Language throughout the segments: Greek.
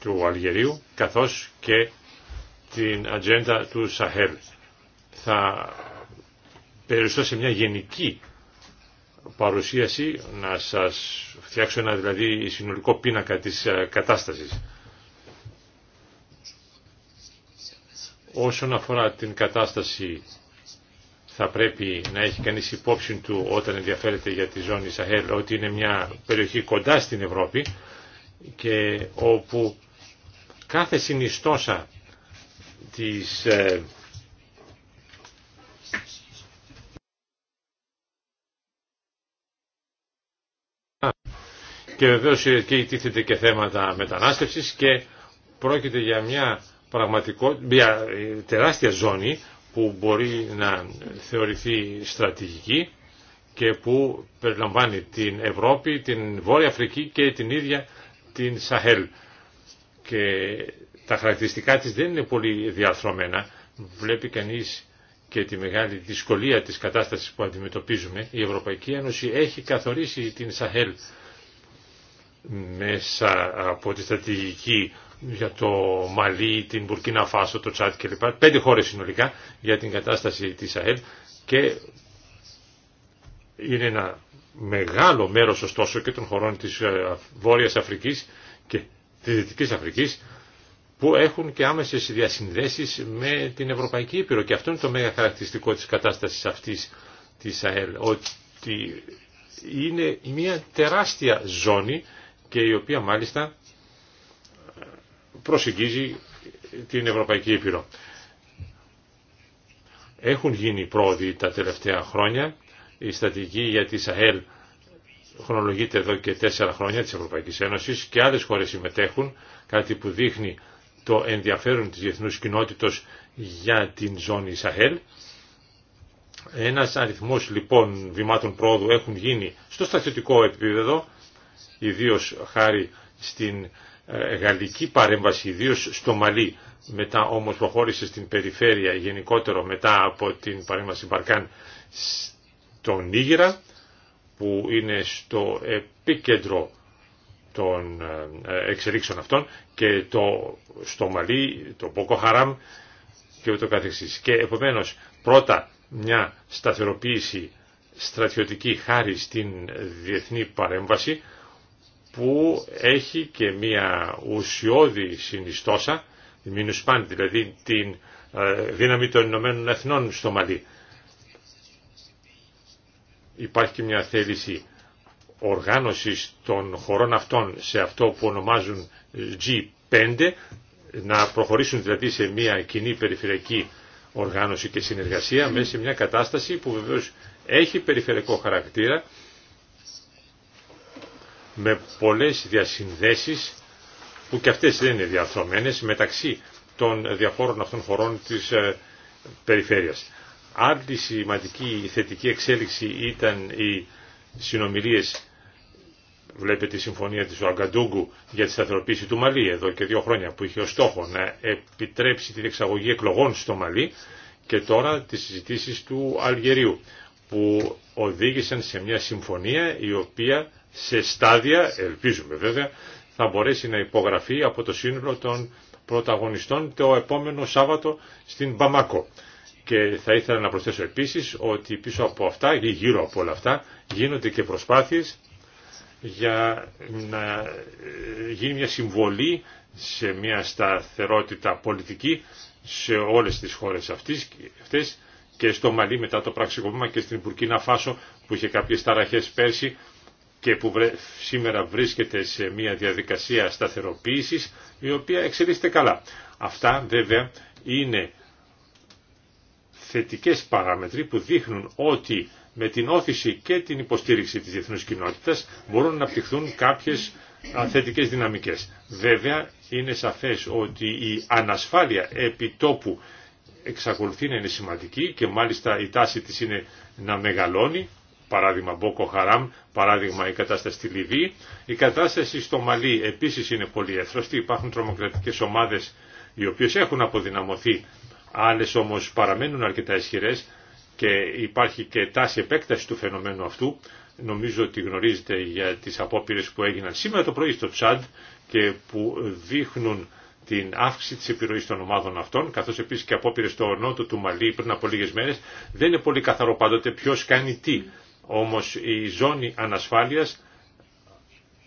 του Αλγερίου καθώς και την ατζέντα του Σαχέλ. Θα περιοριστώ σε μια γενική παρουσίαση, να σας φτιάξω ένα δηλαδή συνολικό πίνακα της ε, κατάστασης. Όσον αφορά την κατάσταση θα πρέπει να έχει κανείς υπόψη του όταν ενδιαφέρεται για τη ζώνη Σαχέλ ότι είναι μια περιοχή κοντά στην Ευρώπη και όπου κάθε συνιστόσα της ε, και βεβαίως εκεί τίθεται και θέματα μετανάστευσης και πρόκειται για μια, πραγματικό, μια ε, τεράστια ζώνη που μπορεί να θεωρηθεί στρατηγική και που περιλαμβάνει την Ευρώπη, την Βόρεια Αφρική και την ίδια την Σαχέλ. Και τα χαρακτηριστικά της δεν είναι πολύ διαρθρωμένα. Βλέπει κανείς και τη μεγάλη δυσκολία της κατάστασης που αντιμετωπίζουμε. Η Ευρωπαϊκή Ένωση έχει καθορίσει την Σαχέλ μέσα από τη στρατηγική για το Μαλί, την Μπουρκίνα Φάσο, το Τσάτ κλπ. Πέντε χώρες συνολικά για την κατάσταση της ΑΕΛ και είναι ένα μεγάλο μέρος ωστόσο και των χωρών της ε, Βόρειας Αφρικής και της Δυτικής Αφρικής που έχουν και άμεσες διασυνδέσεις με την Ευρωπαϊκή Ήπειρο και αυτό είναι το μέγα χαρακτηριστικό της κατάστασης αυτής της ΑΕΛ ότι είναι μια τεράστια ζώνη και η οποία μάλιστα προσεγγίζει την Ευρωπαϊκή Ήπειρο. Έχουν γίνει πρόοδοι τα τελευταία χρόνια η στρατηγική για τη Σαχέλ χρονολογείται εδώ και τέσσερα χρόνια της Ευρωπαϊκής Ένωσης και άλλες χώρες συμμετέχουν, κάτι που δείχνει το ενδιαφέρον της διεθνούς κοινότητος για την ζώνη Σαχέλ. Ένας αριθμός λοιπόν βημάτων πρόοδου έχουν γίνει στο στρατιωτικό επίπεδο, ιδίω χάρη στην ε, γαλλική παρέμβαση, ιδίω στο Μαλί, μετά όμως προχώρησε στην περιφέρεια γενικότερο μετά από την παρέμβαση Μπαρκάν τον Νίγηρα που είναι στο επίκεντρο των ε, εξελίξεων αυτών και το στο Μαλί, το Μπόκο και ούτω καθεξής. Και επομένως πρώτα μια σταθεροποίηση στρατιωτική χάρη στην διεθνή παρέμβαση που έχει και μια ουσιώδη συνιστόσα, μινουσπάν δηλαδή την ε, δύναμη των Ηνωμένων Εθνών στο Μαλί υπάρχει και μια θέληση οργάνωσης των χωρών αυτών σε αυτό που ονομάζουν G5, να προχωρήσουν δηλαδή σε μια κοινή περιφερειακή οργάνωση και συνεργασία μέσα σε μια κατάσταση που βεβαίως έχει περιφερειακό χαρακτήρα με πολλές διασυνδέσεις που και αυτές δεν είναι διαρθρωμένες μεταξύ των διαφόρων αυτών χωρών της ε, περιφέρειας. Άλλη σημαντική θετική εξέλιξη ήταν οι συνομιλίες, βλέπετε η συμφωνία της Ουαγκαντούγκου για τη σταθεροποίηση του Μαλή εδώ και δύο χρόνια που είχε ως στόχο να επιτρέψει τη εξαγωγή εκλογών στο Μαλή και τώρα τις συζητήσεις του Αλγερίου που οδήγησαν σε μια συμφωνία η οποία σε στάδια, ελπίζουμε βέβαια, θα μπορέσει να υπογραφεί από το σύνολο των πρωταγωνιστών το επόμενο Σάββατο στην Μπαμακό. Και θα ήθελα να προσθέσω επίσης ότι πίσω από αυτά ή γύρω από όλα αυτά γίνονται και προσπάθειες για να ε, γίνει μια συμβολή σε μια σταθερότητα πολιτική σε όλες τις χώρες αυτές και στο Μαλί μετά το πραξικοπήμα και στην Πουρκίνα Φάσο που είχε κάποιες ταραχές πέρσι και που σήμερα βρίσκεται σε μια διαδικασία σταθεροποίησης η οποία εξελίσσεται καλά. Αυτά βέβαια είναι θετικές παράμετροι που δείχνουν ότι με την όθηση και την υποστήριξη της διεθνούς κοινότητας μπορούν να απτυχθούν κάποιες θετικές δυναμικές. Βέβαια είναι σαφές ότι η ανασφάλεια επί τόπου εξακολουθεί να είναι σημαντική και μάλιστα η τάση της είναι να μεγαλώνει, παράδειγμα Μπόκο Χαράμ, παράδειγμα η κατάσταση στη Λιβύη. Η κατάσταση στο Μαλί επίσης είναι πολύ εύθροστη, υπάρχουν τρομοκρατικές ομάδες οι οποίες έχουν αποδυναμωθεί Άλλες όμως παραμένουν αρκετά ισχυρές και υπάρχει και τάση επέκταση του φαινομένου αυτού. Νομίζω ότι γνωρίζετε για τις απόπειρες που έγιναν σήμερα το πρωί στο Τσάντ και που δείχνουν την αύξηση της επιρροής των ομάδων αυτών, καθώς επίσης και απόπειρες στο νότο του Μαλή πριν από λίγες μέρες. Δεν είναι πολύ καθαρό πάντοτε ποιος κάνει τι. Όμως η ζώνη ανασφάλειας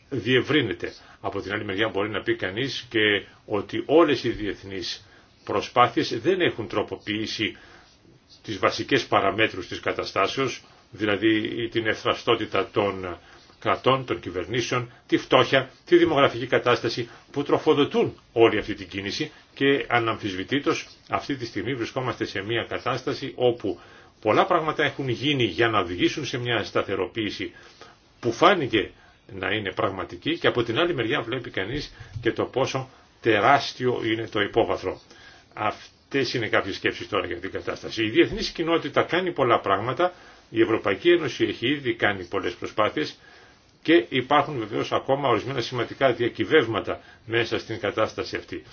διευρύνεται. Από την άλλη μεριά μπορεί να πει κανείς και ότι όλες οι διεθνείς προσπάθειες δεν έχουν τροποποιήσει τις βασικές παραμέτρους της καταστάσεως, δηλαδή την ευθραστότητα των κρατών, των κυβερνήσεων, τη φτώχεια, τη δημογραφική κατάσταση που τροφοδοτούν όλη αυτή την κίνηση και αναμφισβητήτως αυτή τη στιγμή βρισκόμαστε σε μια κατάσταση όπου πολλά πράγματα έχουν γίνει για να οδηγήσουν σε μια σταθεροποίηση που φάνηκε να είναι πραγματική και από την άλλη μεριά βλέπει κανείς και το πόσο τεράστιο είναι το υπόβαθρο. Αυτέ είναι κάποιες σκέψει τώρα για την κατάσταση. Η διεθνής κοινότητα κάνει πολλά πράγματα, η Ευρωπαϊκή Ένωση έχει ήδη κάνει πολλές προσπάθειες και υπάρχουν βεβαίω ακόμα ορισμένα σημαντικά διακυβεύματα μέσα στην κατάσταση αυτή.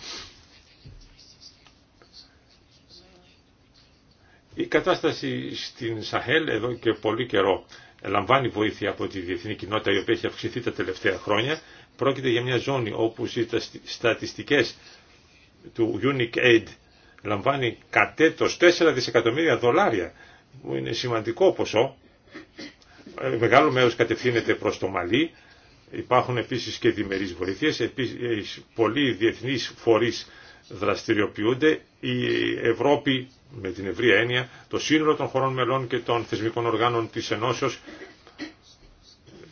Η κατάσταση στην Σαχέλ εδώ και πολύ καιρό λαμβάνει βοήθεια από τη διεθνή κοινότητα η οποία έχει αυξηθεί τα τελευταία χρόνια. Πρόκειται για μια ζώνη όπου οι στατιστικές του Unique Aid λαμβάνει κατέτος 4 δισεκατομμύρια δολάρια που είναι σημαντικό ποσό ε, μεγάλο μέρος κατευθύνεται προς το Μαλί υπάρχουν επίσης και διμερείς βοήθειες επίσης πολλοί διεθνείς φορείς δραστηριοποιούνται η Ευρώπη με την ευρία έννοια το σύνολο των χωρών μελών και των θεσμικών οργάνων της Ενώσεως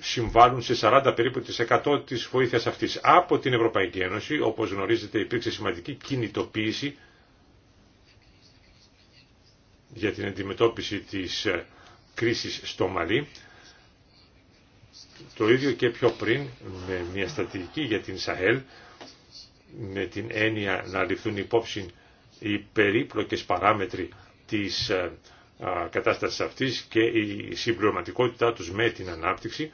συμβάλλουν σε 40 περίπου τις 100 της βοήθειας αυτής. Από την Ευρωπαϊκή Ένωση, όπως γνωρίζετε, υπήρξε σημαντική κινητοποίηση για την αντιμετώπιση της ε, κρίσης στο Μαλί. Το ίδιο και πιο πριν με μια στρατηγική για την Σαχέλ, με την έννοια να ληφθούν υπόψη οι περίπλοκες παράμετροι της ε, κατάστασης αυτής και η συμπληρωματικότητά τους με την ανάπτυξη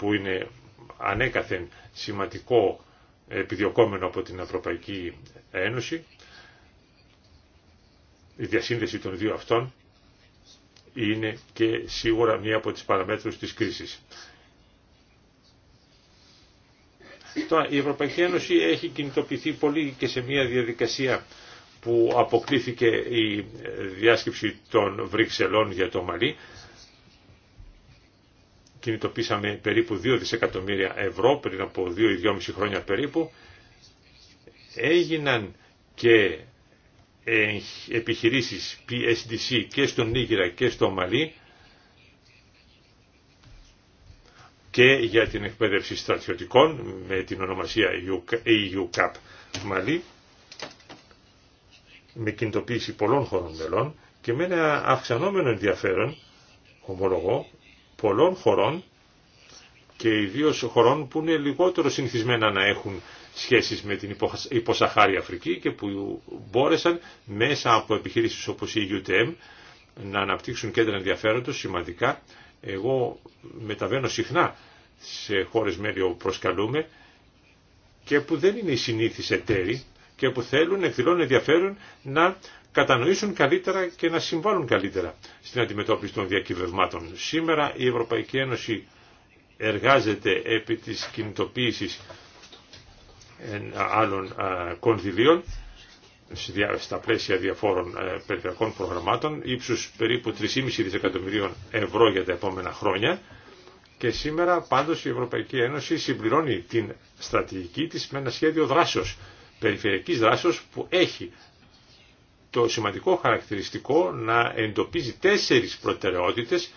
που είναι ανέκαθεν σημαντικό επιδιωκόμενο από την Ευρωπαϊκή Ένωση, η διασύνδεση των δύο αυτών είναι και σίγουρα μία από τις παραμέτρους της κρίσης. Τώρα, η Ευρωπαϊκή Ένωση έχει κινητοποιηθεί πολύ και σε μία διαδικασία που αποκλήθηκε η διάσκεψη των Βρυξελών για το Μαλί κινητοποίησαμε περίπου 2 δισεκατομμύρια ευρώ πριν από 2-2,5 χρόνια περίπου, έγιναν και επιχειρήσεις PSDC και στον Νίγηρα και στο Μαλή και για την εκπαίδευση στρατιωτικών με την ονομασία EUCAP Μαλί με κινητοποίηση πολλών χωρών μελών και με ένα αυξανόμενο ενδιαφέρον ομολογώ πολλών χωρών και ιδίως χωρών που είναι λιγότερο συνηθισμένα να έχουν σχέσεις με την υποσαχάρη Αφρική και που μπόρεσαν μέσα από επιχειρήσεις όπως η UTM να αναπτύξουν κέντρα ενδιαφέροντος σημαντικά. Εγώ μεταβαίνω συχνά σε χώρες μέλη όπου προσκαλούμε και που δεν είναι οι συνήθεις εταίροι και που θέλουν εκδηλώνουν ενδιαφέρον να κατανοήσουν καλύτερα και να συμβάλλουν καλύτερα στην αντιμετώπιση των διακυβευμάτων. Σήμερα η Ευρωπαϊκή Ένωση εργάζεται επί της κινητοποίησης άλλων κονδυλίων στα πλαίσια διαφόρων περιφερειακών προγραμμάτων ύψους περίπου 3,5 δισεκατομμυρίων ευρώ για τα επόμενα χρόνια και σήμερα πάντως η Ευρωπαϊκή Ένωση συμπληρώνει την στρατηγική της με ένα σχέδιο δράσεως, περιφερειακής δράσεως που έχει το σημαντικό χαρακτηριστικό να εντοπίζει τέσσερις προτεραιότητες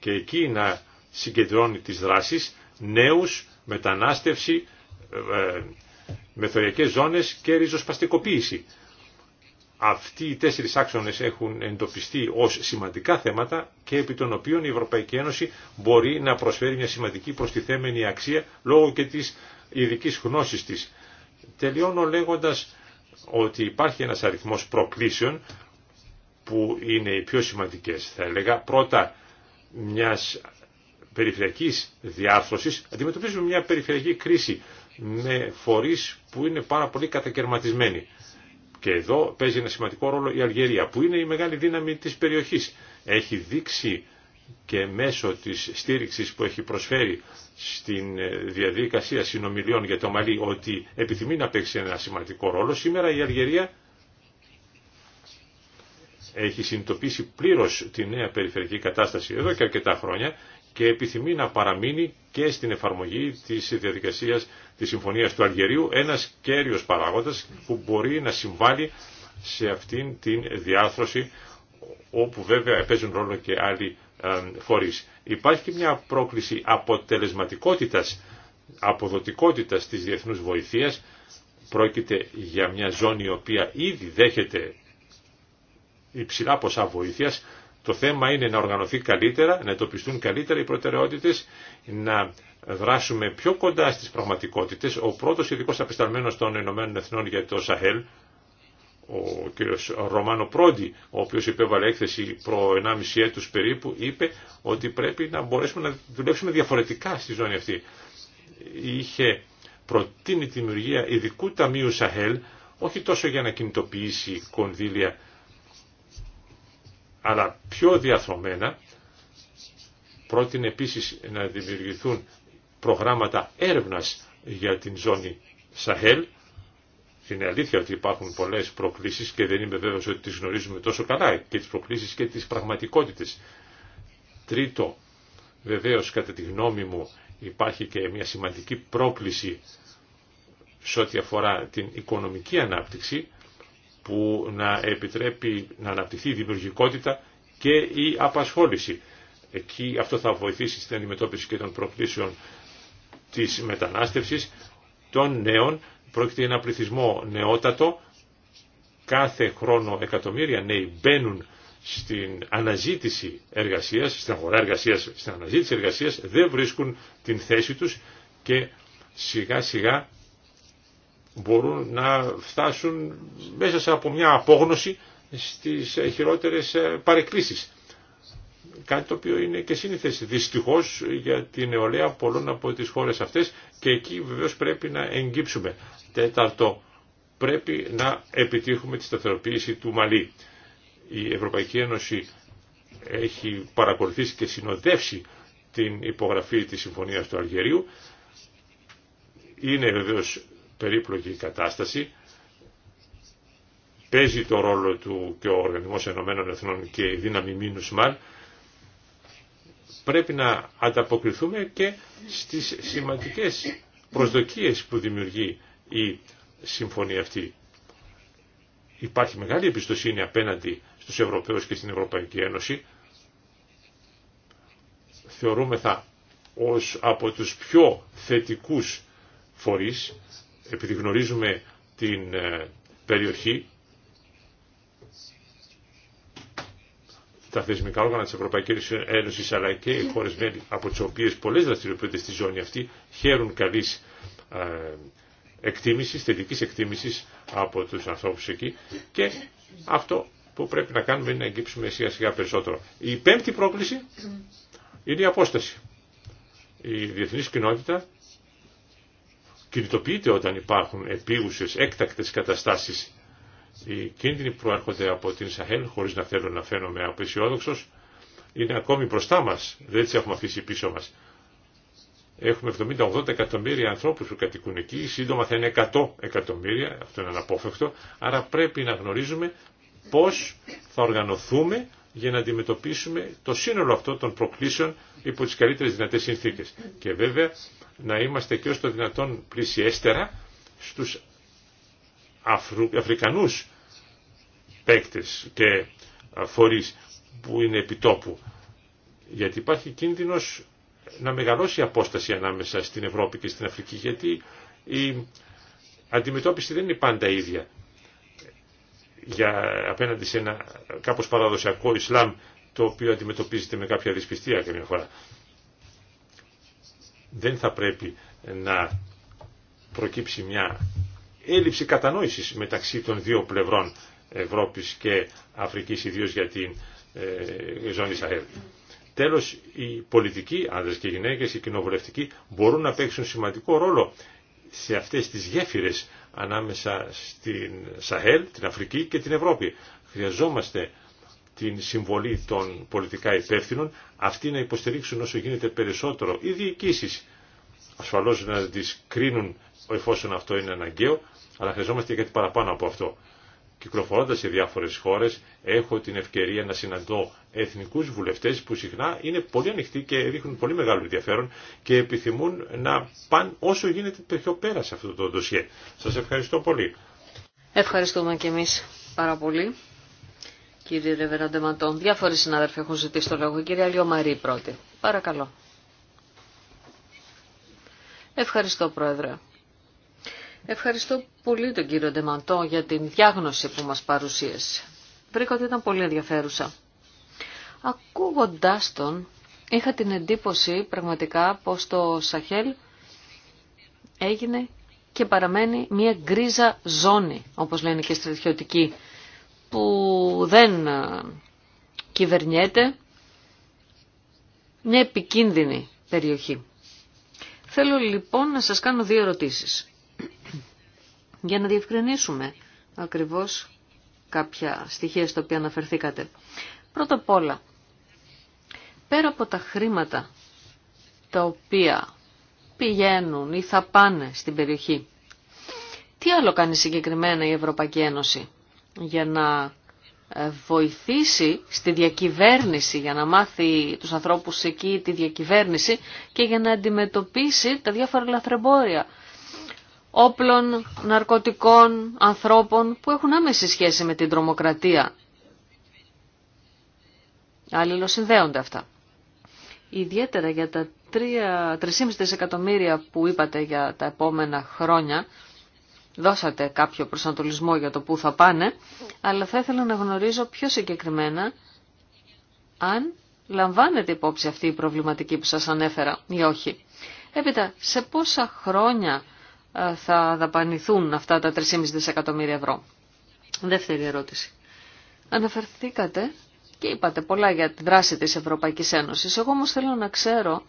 και εκεί να συγκεντρώνει τις δράσεις νέους, μετανάστευση, ε, ε, μεθοριακές ζώνες και ριζοσπαστικοποίηση. Αυτοί οι τέσσερις άξονες έχουν εντοπιστεί ως σημαντικά θέματα και επί των οποίων η Ευρωπαϊκή Ένωση μπορεί να προσφέρει μια σημαντική προστιθέμενη αξία λόγω και της ειδική γνώσης της. Τελειώνω λέγοντας ότι υπάρχει ένας αριθμός προκλήσεων που είναι οι πιο σημαντικές. Θα έλεγα πρώτα μιας περιφερειακής διάρθρωσης αντιμετωπίζουμε μια περιφερειακή κρίση με φορείς που είναι πάρα πολύ κατακαιρματισμένοι. Και εδώ παίζει ένα σημαντικό ρόλο η Αλγερία που είναι η μεγάλη δύναμη της περιοχής. Έχει δείξει και μέσω της στήριξης που έχει προσφέρει στην ε, διαδικασία συνομιλιών για το Μαλί ότι επιθυμεί να παίξει ένα σημαντικό ρόλο, σήμερα η Αλγερία έχει συνειδητοποιήσει πλήρως τη νέα περιφερειακή κατάσταση εδώ και αρκετά χρόνια και επιθυμεί να παραμείνει και στην εφαρμογή της διαδικασίας της Συμφωνίας του Αλγερίου ένας κέριος παράγοντας που μπορεί να συμβάλλει σε αυτήν την διάρθρωση όπου βέβαια παίζουν ρόλο και άλλοι ε, φορείς. Υπάρχει και μια πρόκληση αποτελεσματικότητας, αποδοτικότητας της διεθνούς βοηθείας. Πρόκειται για μια ζώνη η οποία ήδη δέχεται υψηλά ποσά βοήθειας. Το θέμα είναι να οργανωθεί καλύτερα, να εντοπιστούν καλύτερα οι προτεραιότητες, να δράσουμε πιο κοντά στις πραγματικότητες. Ο πρώτος ειδικός απεσταλμένος των ΗΕ για το Σαχέλ, ο κ. Ρωμάνο Πρόντι, ο οποίος υπέβαλε έκθεση προ 1,5 έτους περίπου, είπε ότι πρέπει να μπορέσουμε να δουλέψουμε διαφορετικά στη ζώνη αυτή. Είχε προτείνει τη δημιουργία ειδικού ταμείου Σαχέλ, όχι τόσο για να κινητοποιήσει κονδύλια, αλλά πιο διαθρωμένα. Πρότεινε επίσης να δημιουργηθούν προγράμματα έρευνας για την ζώνη Σαχέλ, είναι αλήθεια ότι υπάρχουν πολλές προκλήσεις και δεν είμαι βέβαιο ότι τις γνωρίζουμε τόσο καλά και τις προκλήσεις και τις πραγματικότητες. Τρίτο, βεβαίω κατά τη γνώμη μου υπάρχει και μια σημαντική πρόκληση σε ό,τι αφορά την οικονομική ανάπτυξη που να επιτρέπει να αναπτυχθεί η δημιουργικότητα και η απασχόληση. Εκεί αυτό θα βοηθήσει στην αντιμετώπιση και των προκλήσεων της μετανάστευσης, των νέων, Πρόκειται για ένα πληθυσμό νεότατο. Κάθε χρόνο εκατομμύρια νέοι μπαίνουν στην αναζήτηση εργασίας, στην αγορά εργασίας, στην αναζήτηση εργασίας, δεν βρίσκουν την θέση τους και σιγά σιγά μπορούν να φτάσουν μέσα από μια απόγνωση στις χειρότερες ε, παρεκκλήσεις. Κάτι το οποίο είναι και σύνηθες δυστυχώς για την νεολαία πολλών από τις χώρες αυτές και εκεί βεβαίως πρέπει να εγκύψουμε. Τέταρτο, πρέπει να επιτύχουμε τη σταθεροποίηση του Μαλή. Η Ευρωπαϊκή Ένωση έχει παρακολουθήσει και συνοδεύσει την υπογραφή της Συμφωνίας του Αλγερίου. Είναι βεβαίω περίπλοκη η κατάσταση. Παίζει το ρόλο του και ο Οργανισμός Ενωμένων Εθνών και η δύναμη Μίνους Μαλ. Πρέπει να ανταποκριθούμε και στις σημαντικές προσδοκίες που δημιουργεί η συμφωνία αυτή. Υπάρχει μεγάλη εμπιστοσύνη απέναντι στους Ευρωπαίους και στην Ευρωπαϊκή Ένωση. Θεωρούμεθα ως από τους πιο θετικούς φορείς, επειδή γνωρίζουμε την ε, περιοχή, τα θεσμικά όργανα της Ευρωπαϊκής Ένωσης αλλά και οι χώρες μέλη από τις οποίες πολλές δραστηριοποιούνται στη ζώνη αυτή χαίρουν καλής ε, εκτίμησης, θετική εκτίμησης από τους ανθρώπους εκεί και αυτό που πρέπει να κάνουμε είναι να εγκύψουμε σιγά σιγά περισσότερο. Η πέμπτη πρόκληση είναι η απόσταση. Η διεθνής κοινότητα κινητοποιείται όταν υπάρχουν επίγουσες, έκτακτες καταστάσεις. Οι κίνδυνοι που προέρχονται από την Σαχέλ, χωρίς να θέλω να φαίνομαι απεσιόδοξος, είναι ακόμη μπροστά μας, δεν τις έχουμε αφήσει πίσω μας. Έχουμε 70-80 εκατομμύρια ανθρώπους που κατοικούν εκεί, σύντομα θα είναι 100 εκατομμύρια, αυτό είναι αναπόφευκτο, άρα πρέπει να γνωρίζουμε πώς θα οργανωθούμε για να αντιμετωπίσουμε το σύνολο αυτό των προκλήσεων υπό τις καλύτερες δυνατές συνθήκες. Και βέβαια να είμαστε και ως το δυνατόν πλησιέστερα στους Αφρου, Αφρικανούς παίκτες και φορείς που είναι επιτόπου. Γιατί υπάρχει κίνδυνος να μεγαλώσει η απόσταση ανάμεσα στην Ευρώπη και στην Αφρική γιατί η αντιμετώπιση δεν είναι πάντα ίδια για, απέναντι σε ένα κάπως παραδοσιακό Ισλάμ το οποίο αντιμετωπίζεται με κάποια δυσπιστία καμιά φορά. Δεν θα πρέπει να προκύψει μια έλλειψη κατανόησης μεταξύ των δύο πλευρών Ευρώπης και Αφρικής, ιδίως για την ε, ζώνη Σαχέλ. Τέλος, οι πολιτικοί, άνδρες και γυναίκες, οι κοινοβουλευτικοί μπορούν να παίξουν σημαντικό ρόλο σε αυτές τις γέφυρες ανάμεσα στην Σαχέλ, την Αφρική και την Ευρώπη. Χρειαζόμαστε την συμβολή των πολιτικά υπεύθυνων, αυτοί να υποστηρίξουν όσο γίνεται περισσότερο οι διοικήσει. Ασφαλώ να τι κρίνουν εφόσον αυτό είναι αναγκαίο, αλλά χρειαζόμαστε και κάτι παραπάνω από αυτό κυκλοφορώντας σε διάφορες χώρες έχω την ευκαιρία να συναντώ εθνικούς βουλευτές που συχνά είναι πολύ ανοιχτοί και δείχνουν πολύ μεγάλο ενδιαφέρον και επιθυμούν να πάνε όσο γίνεται πιο πέρα σε αυτό το ντοσιέ. Σας ευχαριστώ πολύ. Ευχαριστούμε και εμείς πάρα πολύ. Κύριε Ρεβεράντε Ματών, διάφοροι συνάδελφοι έχουν ζητήσει το λόγο. Κύριε Αλιομαρή πρώτη. Παρακαλώ. Ευχαριστώ Πρόεδρε. Ευχαριστώ πολύ τον κύριο Ντεμαντό για την διάγνωση που μας παρουσίασε. Βρήκα ότι ήταν πολύ ενδιαφέρουσα. Ακούγοντάς τον, είχα την εντύπωση πραγματικά πως το Σαχέλ έγινε και παραμένει μια γκρίζα ζώνη, όπως λένε και στρατιωτικοί, που δεν ε, κυβερνιέται μια επικίνδυνη περιοχή. Θέλω λοιπόν να σας κάνω δύο ερωτήσεις για να διευκρινίσουμε ακριβώς κάποια στοιχεία στο οποία αναφερθήκατε. Πρώτα απ' όλα, πέρα από τα χρήματα τα οποία πηγαίνουν ή θα πάνε στην περιοχή, τι άλλο κάνει συγκεκριμένα η Ευρωπαϊκή Ένωση για να ε, βοηθήσει στη διακυβέρνηση, για να μάθει τους ανθρώπους εκεί τη διακυβέρνηση και για να αντιμετωπίσει τα διάφορα λαθρεμπόρια όπλων, ναρκωτικών, ανθρώπων που έχουν άμεση σχέση με την τρομοκρατία. συνδέονται αυτά. Ιδιαίτερα για τα 3,5 δισεκατομμύρια που είπατε για τα επόμενα χρόνια, δώσατε κάποιο προσανατολισμό για το πού θα πάνε, αλλά θα ήθελα να γνωρίζω πιο συγκεκριμένα αν λαμβάνετε υπόψη αυτή η προβληματική που σας ανέφερα ή όχι. Έπειτα, σε πόσα χρόνια θα δαπανηθούν αυτά τα 3,5 δισεκατομμύρια ευρώ. Δεύτερη ερώτηση. Αναφερθήκατε και είπατε πολλά για τη δράση της Ευρωπαϊκής Ένωσης. Εγώ όμως θέλω να ξέρω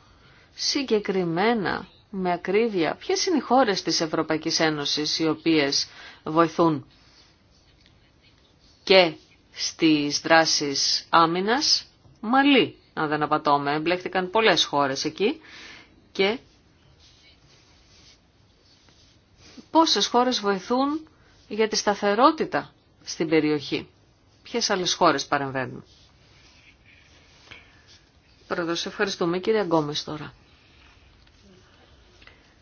συγκεκριμένα, με ακρίβεια, ποιες είναι οι χώρες της Ευρωπαϊκής Ένωσης οι οποίες βοηθούν και στις δράσεις άμυνας Μαλή, αν δεν απατώμε. Εμπλέχτηκαν πολλές χώρες εκεί και πόσες χώρες βοηθούν για τη σταθερότητα στην περιοχή. Ποιες άλλες χώρες παρεμβαίνουν. Πρόεδρος, ευχαριστούμε. Κύριε Γκόμες τώρα.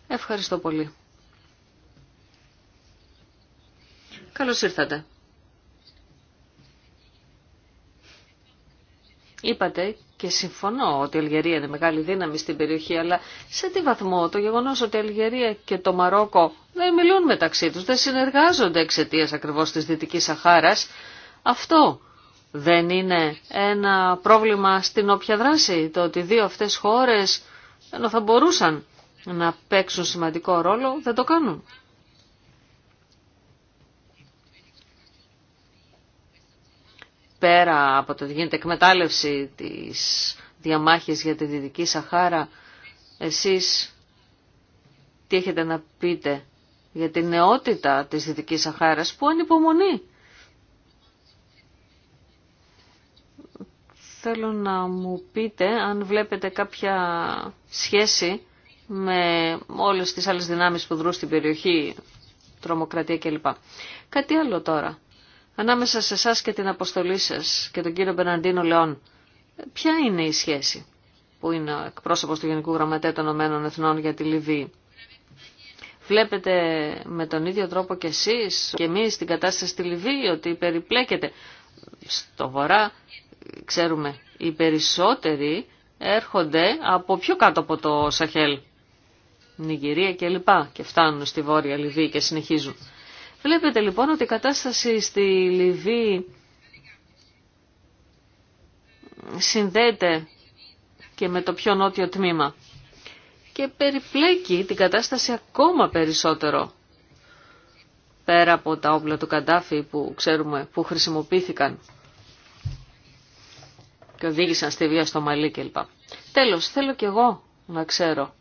Ευχαριστώ πολύ. Καλώς ήρθατε. Είπατε και συμφωνώ ότι η Αλγερία είναι μεγάλη δύναμη στην περιοχή, αλλά σε τι βαθμό το γεγονό ότι η Αλγερία και το Μαρόκο δεν μιλούν μεταξύ του, δεν συνεργάζονται εξαιτία ακριβώ τη δυτική Σαχάρα. αυτό δεν είναι ένα πρόβλημα στην όποια δράση, το ότι δύο αυτέ χώρε ενώ θα μπορούσαν να παίξουν σημαντικό ρόλο δεν το κάνουν. πέρα από το ότι γίνεται εκμετάλλευση της διαμάχης για τη Δυτική Σαχάρα, εσείς τι έχετε να πείτε για την νεότητα της Δυτικής Σαχάρας που ανυπομονεί. Θέλω να μου πείτε αν βλέπετε κάποια σχέση με όλες τις άλλες δυνάμεις που δρούν στην περιοχή, τρομοκρατία κλπ. Κάτι άλλο τώρα ανάμεσα σε εσά και την αποστολή σα και τον κύριο Μπεναντίνο Λεόν, ποια είναι η σχέση που είναι ο εκπρόσωπο του Γενικού Γραμματέα των Ηνωμένων Εθνών για τη Λιβύη. Βλέπετε με τον ίδιο τρόπο κι εσείς και εμείς την κατάσταση στη Λιβύη ότι περιπλέκεται. Στο βορρά, ξέρουμε, οι περισσότεροι έρχονται από πιο κάτω από το Σαχέλ. Νιγηρία και λοιπά και φτάνουν στη Βόρεια Λιβύη και συνεχίζουν. Βλέπετε λοιπόν ότι η κατάσταση στη Λιβύη συνδέεται και με το πιο νότιο τμήμα και περιπλέκει την κατάσταση ακόμα περισσότερο πέρα από τα όπλα του Καντάφη που ξέρουμε που χρησιμοποιήθηκαν και οδήγησαν στη βία στο Μαλί κλπ. Τέλος, θέλω κι εγώ να ξέρω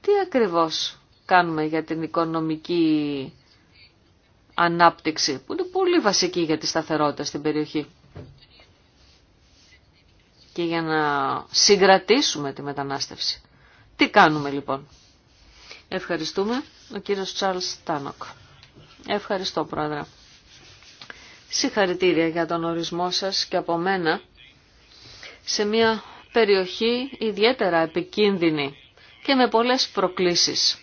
τι ακριβώς κάνουμε για την οικονομική ανάπτυξη, που είναι πολύ βασική για τη σταθερότητα στην περιοχή. Και για να συγκρατήσουμε τη μετανάστευση. Τι κάνουμε λοιπόν. Ευχαριστούμε ο κύριος Τσάρλς Τάνοκ. Ευχαριστώ πρόεδρε. Συγχαρητήρια για τον ορισμό σας και από μένα σε μια περιοχή ιδιαίτερα επικίνδυνη και με πολλές προκλήσεις.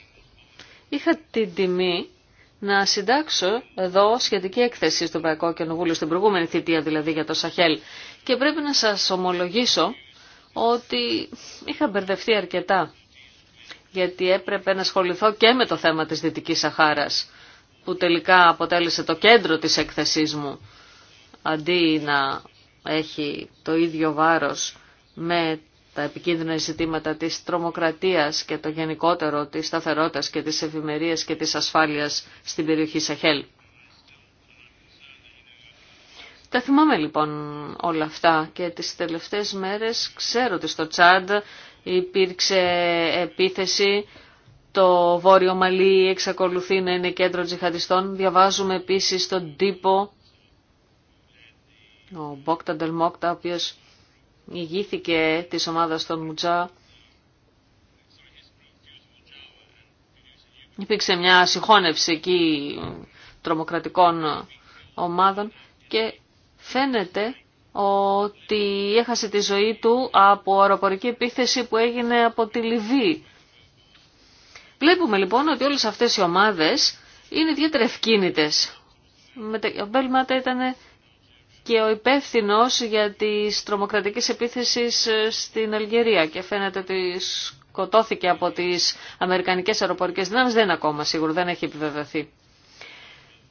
Είχα την τιμή να συντάξω εδώ σχετική έκθεση στο Παϊκό Κοινοβούλιο, στην προηγούμενη θητεία δηλαδή για το Σαχέλ. Και πρέπει να σας ομολογήσω ότι είχα μπερδευτεί αρκετά, γιατί έπρεπε να ασχοληθώ και με το θέμα της Δυτικής Σαχάρας, που τελικά αποτέλεσε το κέντρο της έκθεσής μου, αντί να έχει το ίδιο βάρος με τα επικίνδυνα ζητήματα της τρομοκρατίας και το γενικότερο της σταθερότητας και της ευημερίας και της ασφάλειας στην περιοχή Σαχέλ. Τα θυμάμαι λοιπόν όλα αυτά και τις τελευταίες μέρες ξέρω ότι στο Τσάντ υπήρξε επίθεση το Βόρειο Μαλί εξακολουθεί να είναι κέντρο τζιχαντιστών. Διαβάζουμε επίσης τον τύπο ο Μπόκτα Ντελμόκτα, ο οποίος ηγήθηκε της ομάδας των Μουτζά. Υπήρξε μια συγχώνευση εκεί τρομοκρατικών ομάδων και φαίνεται ότι έχασε τη ζωή του από αεροπορική επίθεση που έγινε από τη Λιβύη. Βλέπουμε λοιπόν ότι όλες αυτές οι ομάδες είναι ιδιαίτερα ευκίνητες. Ο Μπέλματα ήταν και ο υπεύθυνο για τις τρομοκρατικές επίθεσεις ε, στην Αλγερία και φαίνεται ότι σκοτώθηκε από τις Αμερικανικές αεροπορικέ, δυνάμει. δεν είναι ακόμα σίγουρο, δεν έχει επιβεβαιωθεί.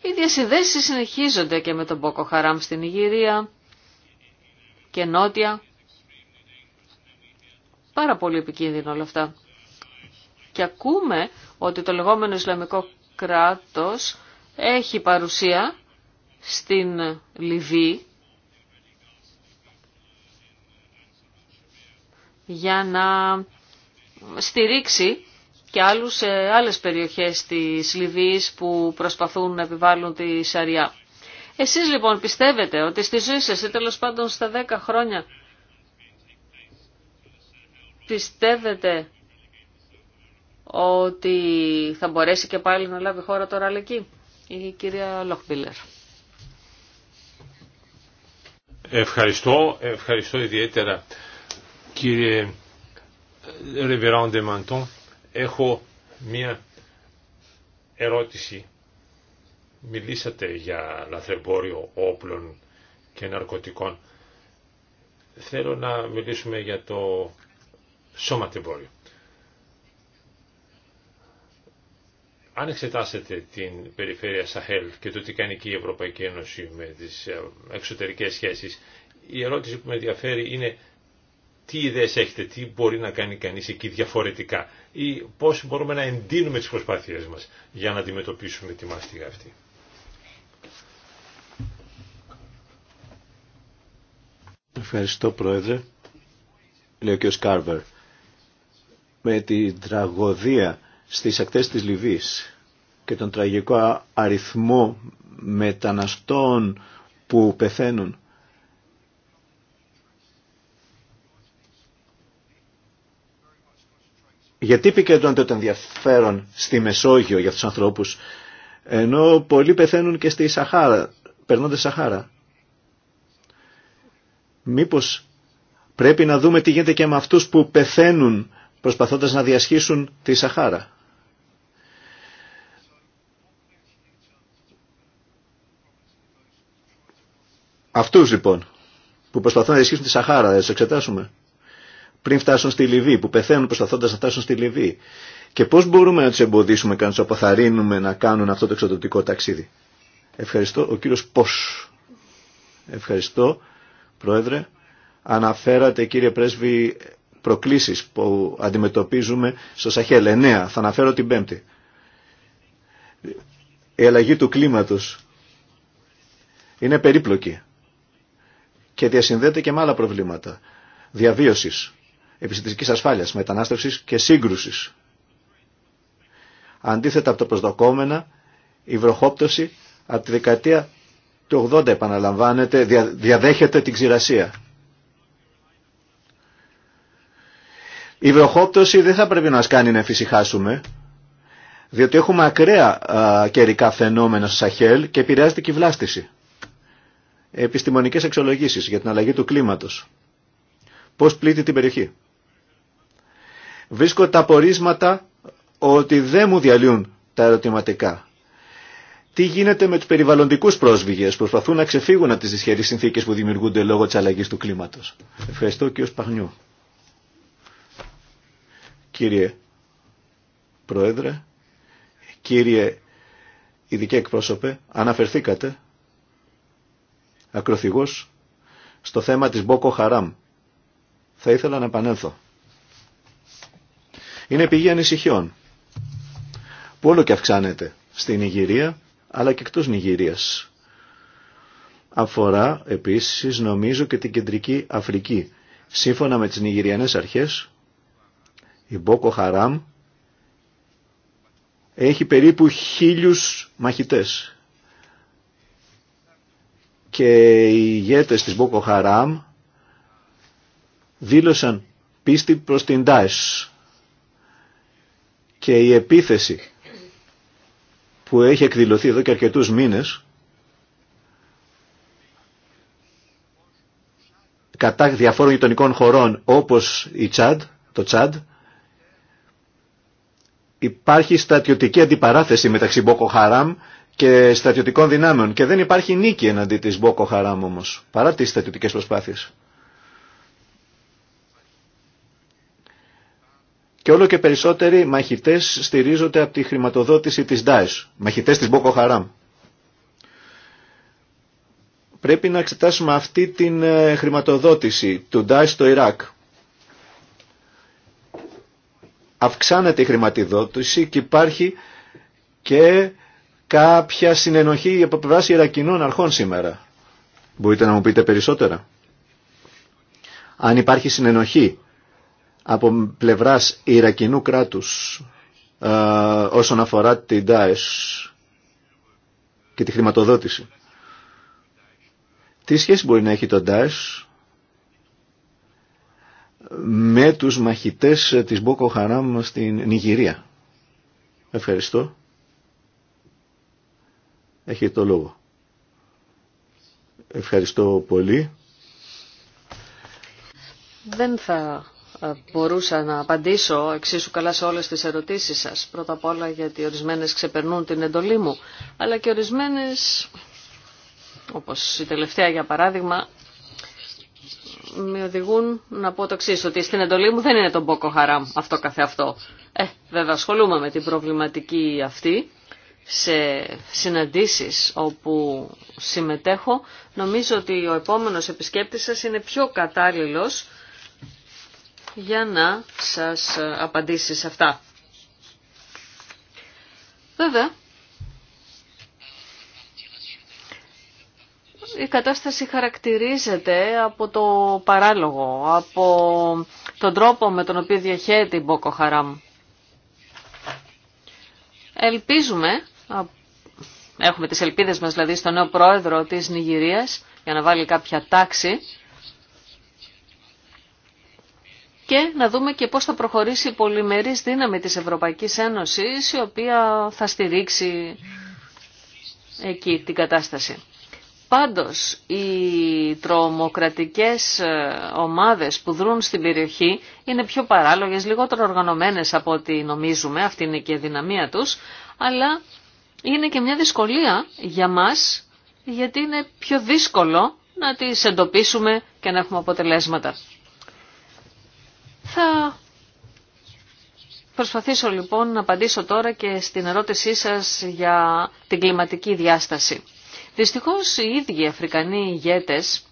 Οι διασυνδέσει συνεχίζονται και με τον Μπόκο Χαράμ στην Ιγυρία και νότια. Πάρα πολύ επικίνδυνο όλα αυτά. Και ακούμε ότι το λεγόμενο Ισλαμικό κράτος έχει παρουσία στην Λιβύη για να στηρίξει και άλλους σε άλλες περιοχές της Λιβύης που προσπαθούν να επιβάλλουν τη Σαριά. Εσείς λοιπόν πιστεύετε ότι στη ζωή σας ή τέλος πάντων στα 10 χρόνια πιστεύετε ότι θα μπορέσει και πάλι να λάβει χώρα το εκεί η κυρία Λοχμπίλερ. Ευχαριστώ, ευχαριστώ ιδιαίτερα κύριε Ρεβεράντε Μαντών. Έχω μία ερώτηση. Μιλήσατε για λαθρεμπόριο όπλων και ναρκωτικών. Θέλω να μιλήσουμε για το σώματεμπόριο. αν εξετάσετε την περιφέρεια Σαχέλ και το τι κάνει και η Ευρωπαϊκή Ένωση με τις ε, εξωτερικές σχέσεις, η ερώτηση που με ενδιαφέρει είναι τι ιδέες έχετε, τι μπορεί να κάνει κανείς εκεί διαφορετικά ή πώς μπορούμε να εντείνουμε τις προσπάθειές μας για να αντιμετωπίσουμε τη μάστιγα αυτή. Ευχαριστώ Πρόεδρε. και ο Σκάρβερ. Με την τραγωδία στις ακτές της Λιβύης και τον τραγικό αριθμό μεταναστών που πεθαίνουν Γιατί επικεντρώνεται το ενδιαφέρον στη Μεσόγειο για τους ανθρώπους, ενώ πολλοί πεθαίνουν και στη Σαχάρα, περνώντας Σαχάρα. Μήπως πρέπει να δούμε τι γίνεται και με αυτούς που πεθαίνουν προσπαθώντας να διασχίσουν τη Σαχάρα. Αυτούς λοιπόν που προσπαθούν να ισχύσουν τη Σαχάρα, θα του εξετάσουμε. Πριν φτάσουν στη Λιβύη, που πεθαίνουν προσπαθώντα να φτάσουν στη Λιβύη. Και πώ μπορούμε να του εμποδίσουμε και να του αποθαρρύνουμε να κάνουν αυτό το εξοδοτικό ταξίδι. Ευχαριστώ. Ο κύριο Πώς. Ευχαριστώ, Πρόεδρε. Αναφέρατε, κύριε Πρέσβη, προκλήσει που αντιμετωπίζουμε στο Σαχέλ. Εννέα. Θα αναφέρω την Πέμπτη. Η αλλαγή του κλίματος είναι περίπλοκη και διασυνδέεται και με άλλα προβλήματα διαβίωσης, επιστημική ασφάλειας, μετανάστευσης και σύγκρουσης. Αντίθετα από το προσδοκόμενα, η βροχόπτωση από τη δεκαετία του 80 επαναλαμβάνεται, διαδέχεται την ξηρασία. Η βροχόπτωση δεν θα πρέπει να μας κάνει να εφησυχάσουμε, διότι έχουμε ακραία καιρικά φαινόμενα στο Σαχέλ και επηρεάζεται και η βλάστηση επιστημονικές αξιολογήσεις για την αλλαγή του κλίματος. Πώς πλήττει την περιοχή. Βρίσκω τα πορίσματα ότι δεν μου διαλύουν τα ερωτηματικά. Τι γίνεται με τους περιβαλλοντικούς πρόσφυγες που προσπαθούν να ξεφύγουν από τις δυσχερείς συνθήκες που δημιουργούνται λόγω της αλλαγής του κλίματος. Ευχαριστώ κύριο Σπαχνιού Κύριε Πρόεδρε, κύριε ειδική Εκπρόσωπε, αναφερθήκατε ακροθυγός στο θέμα της Μπόκο Χαράμ. Θα ήθελα να επανέλθω. Είναι πηγή ανησυχιών που όλο και αυξάνεται στην Νιγηρία αλλά και εκτός Νιγηρίας. Αφορά επίσης νομίζω και την Κεντρική Αφρική. Σύμφωνα με τις Νιγηριανές αρχές η Μπόκο Χαράμ έχει περίπου χίλιους μαχητές και οι ηγέτες της Μποκοχαράμ δήλωσαν πίστη προς την Τάις. και η επίθεση που έχει εκδηλωθεί εδώ και αρκετούς μήνες κατά διαφόρων γειτονικών χωρών όπως η Τσάντ, το Τσάντ υπάρχει στατιωτική αντιπαράθεση μεταξύ Μποκοχαράμ και στρατιωτικών δυνάμεων και δεν υπάρχει νίκη εναντί της Μπόκο Χαράμ όμως, παρά τις στρατιωτικές προσπάθειες. Και όλο και περισσότεροι μαχητές στηρίζονται από τη χρηματοδότηση της ΝΤΑΕΣ, μαχητές της Μπόκο Χαράμ. Πρέπει να εξετάσουμε αυτή την ε, χρηματοδότηση του ΝΤΑΕΣ στο Ιράκ. Αυξάνεται η χρηματοδότηση και υπάρχει και κάποια συνενοχή από πλευρά Ιρακινών αρχών σήμερα. Μπορείτε να μου πείτε περισσότερα. Αν υπάρχει συνενοχή από πλευράς Ιρακινού κράτους ε, όσον αφορά την ΤΑΕΣ και τη χρηματοδότηση. Τι σχέση μπορεί να έχει το ΤΑΕΣ με τους μαχητές της Μπόκο Χαράμ στην Νιγηρία. Ευχαριστώ. Έχετε το λόγο. Ευχαριστώ πολύ. Δεν θα ε, μπορούσα να απαντήσω εξίσου καλά σε όλες τις ερωτήσεις σας. Πρώτα απ' όλα γιατί ορισμένες ξεπερνούν την εντολή μου, αλλά και ορισμένες, όπως η τελευταία για παράδειγμα, με οδηγούν να πω το εξή, ότι στην εντολή μου δεν είναι τον Μπόκο Χαράμ αυτό καθεαυτό. Ε, βέβαια ασχολούμαι με την προβληματική αυτή, σε συναντήσεις όπου συμμετέχω, νομίζω ότι ο επόμενος επισκέπτης σας είναι πιο κατάλληλος για να σας απαντήσει σε αυτά. Βέβαια, η κατάσταση χαρακτηρίζεται από το παράλογο, από τον τρόπο με τον οποίο διαχέεται η Μπόκο Χαράμ. Ελπίζουμε Έχουμε τις ελπίδες μας δηλαδή στον νέο πρόεδρο της Νιγηρίας για να βάλει κάποια τάξη και να δούμε και πώς θα προχωρήσει η πολυμερής δύναμη της Ευρωπαϊκής Ένωσης η οποία θα στηρίξει εκεί την κατάσταση. Πάντως, οι τρομοκρατικές ε, ομάδες που δρούν στην περιοχή είναι πιο παράλογες, λιγότερο οργανωμένες από ό,τι νομίζουμε, αυτή είναι και η δυναμία τους, αλλά είναι και μια δυσκολία για μας, γιατί είναι πιο δύσκολο να τις εντοπίσουμε και να έχουμε αποτελέσματα. Θα προσπαθήσω λοιπόν να απαντήσω τώρα και στην ερώτησή σας για την κλιματική διάσταση. Δυστυχώς οι ίδιοι Αφρικανοί ηγέτες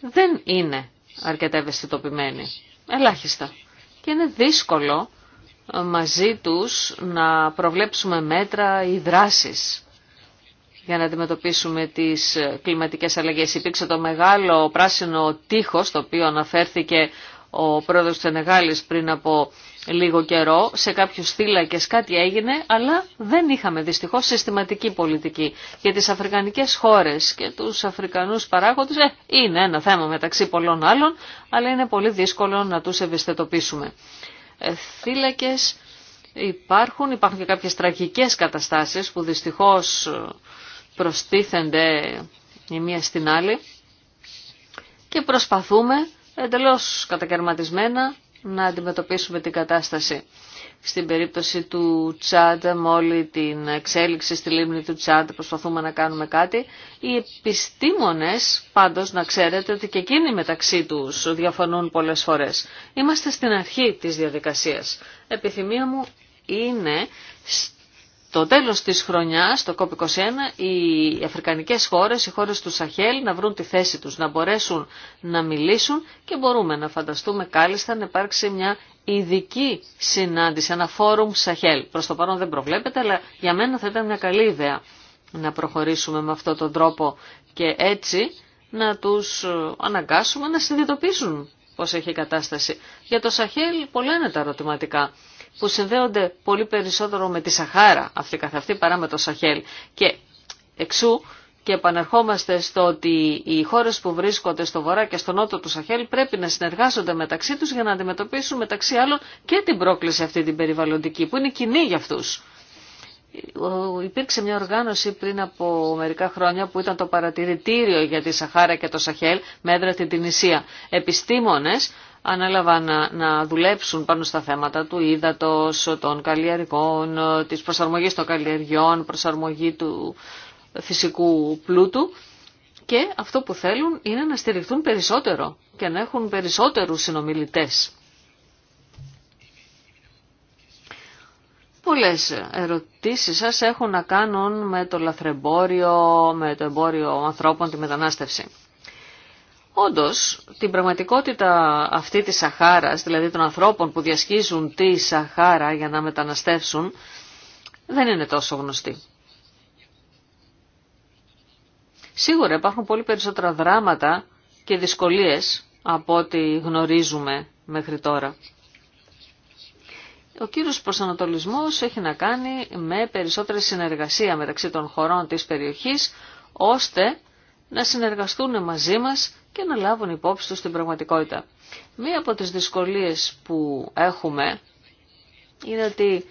δεν είναι αρκετά ευαισθητοποιημένοι. Ελάχιστα. Και είναι δύσκολο μαζί τους να προβλέψουμε μέτρα ή δράσεις για να αντιμετωπίσουμε τις κλιματικές αλλαγές. Υπήρξε το μεγάλο πράσινο τείχος, το οποίο αναφέρθηκε ο πρόεδρος της Ενεγάλης πριν από λίγο καιρό. Σε κάποιους θύλακες κάτι έγινε, αλλά δεν είχαμε δυστυχώς συστηματική πολιτική. Για τις αφρικανικές χώρες και τους αφρικανούς παράγοντες ε, είναι ένα θέμα μεταξύ πολλών άλλων, αλλά είναι πολύ δύσκολο να τους ευαισθητοποιήσουμε θύλακες υπάρχουν, υπάρχουν και κάποιες τραγικές καταστάσεις που δυστυχώς προστίθενται η μία στην άλλη και προσπαθούμε εντελώς κατακαιρματισμένα να αντιμετωπίσουμε την κατάσταση στην περίπτωση του Τσάντ, με όλη την εξέλιξη στη λίμνη του Τσάντ προσπαθούμε να κάνουμε κάτι. Οι επιστήμονες πάντως να ξέρετε ότι και εκείνοι μεταξύ τους διαφωνούν πολλές φορές. Είμαστε στην αρχή της διαδικασίας. Επιθυμία μου είναι το τέλος της χρονιάς, το COP21, οι αφρικανικές χώρες, οι χώρες του Σαχέλ να βρουν τη θέση τους, να μπορέσουν να μιλήσουν και μπορούμε να φανταστούμε κάλλιστα να υπάρξει μια ειδική συνάντηση, ένα φόρουμ Σαχέλ. Προς το παρόν δεν προβλέπεται, αλλά για μένα θα ήταν μια καλή ιδέα να προχωρήσουμε με αυτόν τον τρόπο και έτσι να τους ε, αναγκάσουμε να συνειδητοποιήσουν πώς έχει η κατάσταση. Για το Σαχέλ πολλά είναι τα ερωτηματικά που συνδέονται πολύ περισσότερο με τη Σαχάρα αυτή καθ' αυτή παρά με το Σαχέλ. Και εξού και επανερχόμαστε στο ότι οι χώρες που βρίσκονται στο βορρά και στο νότο του Σαχέλ πρέπει να συνεργάζονται μεταξύ τους για να αντιμετωπίσουν μεταξύ άλλων και την πρόκληση αυτή την περιβαλλοντική που είναι κοινή για αυτούς. Υπήρξε μια οργάνωση πριν από μερικά χρόνια που ήταν το παρατηρητήριο για τη Σαχάρα και το Σαχέλ με έδρα την Τινησία. Επιστήμονες ανέλαβαν να, να δουλέψουν πάνω στα θέματα του ύδατος, των καλλιεργών, της προσαρμογής των καλλιεργιών, προσαρμογή του φυσικού πλούτου και αυτό που θέλουν είναι να στηριχθούν περισσότερο και να έχουν περισσότερους συνομιλητές. Πολλές ερωτήσεις σας έχουν να κάνουν με το λαθρεμπόριο, με το εμπόριο ανθρώπων, τη μετανάστευση. Όντως, την πραγματικότητα αυτή της Σαχάρας, δηλαδή των ανθρώπων που διασχίζουν τη Σαχάρα για να μεταναστεύσουν, δεν είναι τόσο γνωστή. Σίγουρα υπάρχουν πολύ περισσότερα δράματα και δυσκολίες από ό,τι γνωρίζουμε μέχρι τώρα. Ο κύριος προσανατολισμός έχει να κάνει με περισσότερη συνεργασία μεταξύ των χωρών της περιοχής, ώστε να συνεργαστούν μαζί μας και να λάβουν υπόψη τους την πραγματικότητα. Μία από τις δυσκολίες που έχουμε είναι ότι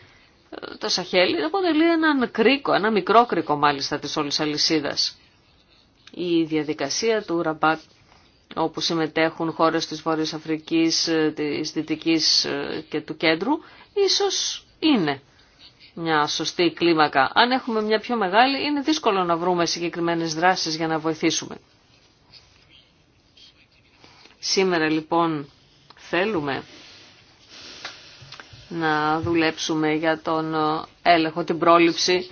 ε, το Σαχέλι αποτελεί ένα κρίκο, ένα μικρό κρίκο μάλιστα της όλης αλυσίδας. Η διαδικασία του Ραμπάτ όπου συμμετέχουν χώρες της Βόρειας Αφρικής, ε, της Δυτικής ε, και του Κέντρου, ίσως είναι μια σωστή κλίμακα. Αν έχουμε μια πιο μεγάλη, είναι δύσκολο να βρούμε συγκεκριμένες δράσεις για να βοηθήσουμε. Σήμερα λοιπόν θέλουμε να δουλέψουμε για τον έλεγχο, την πρόληψη.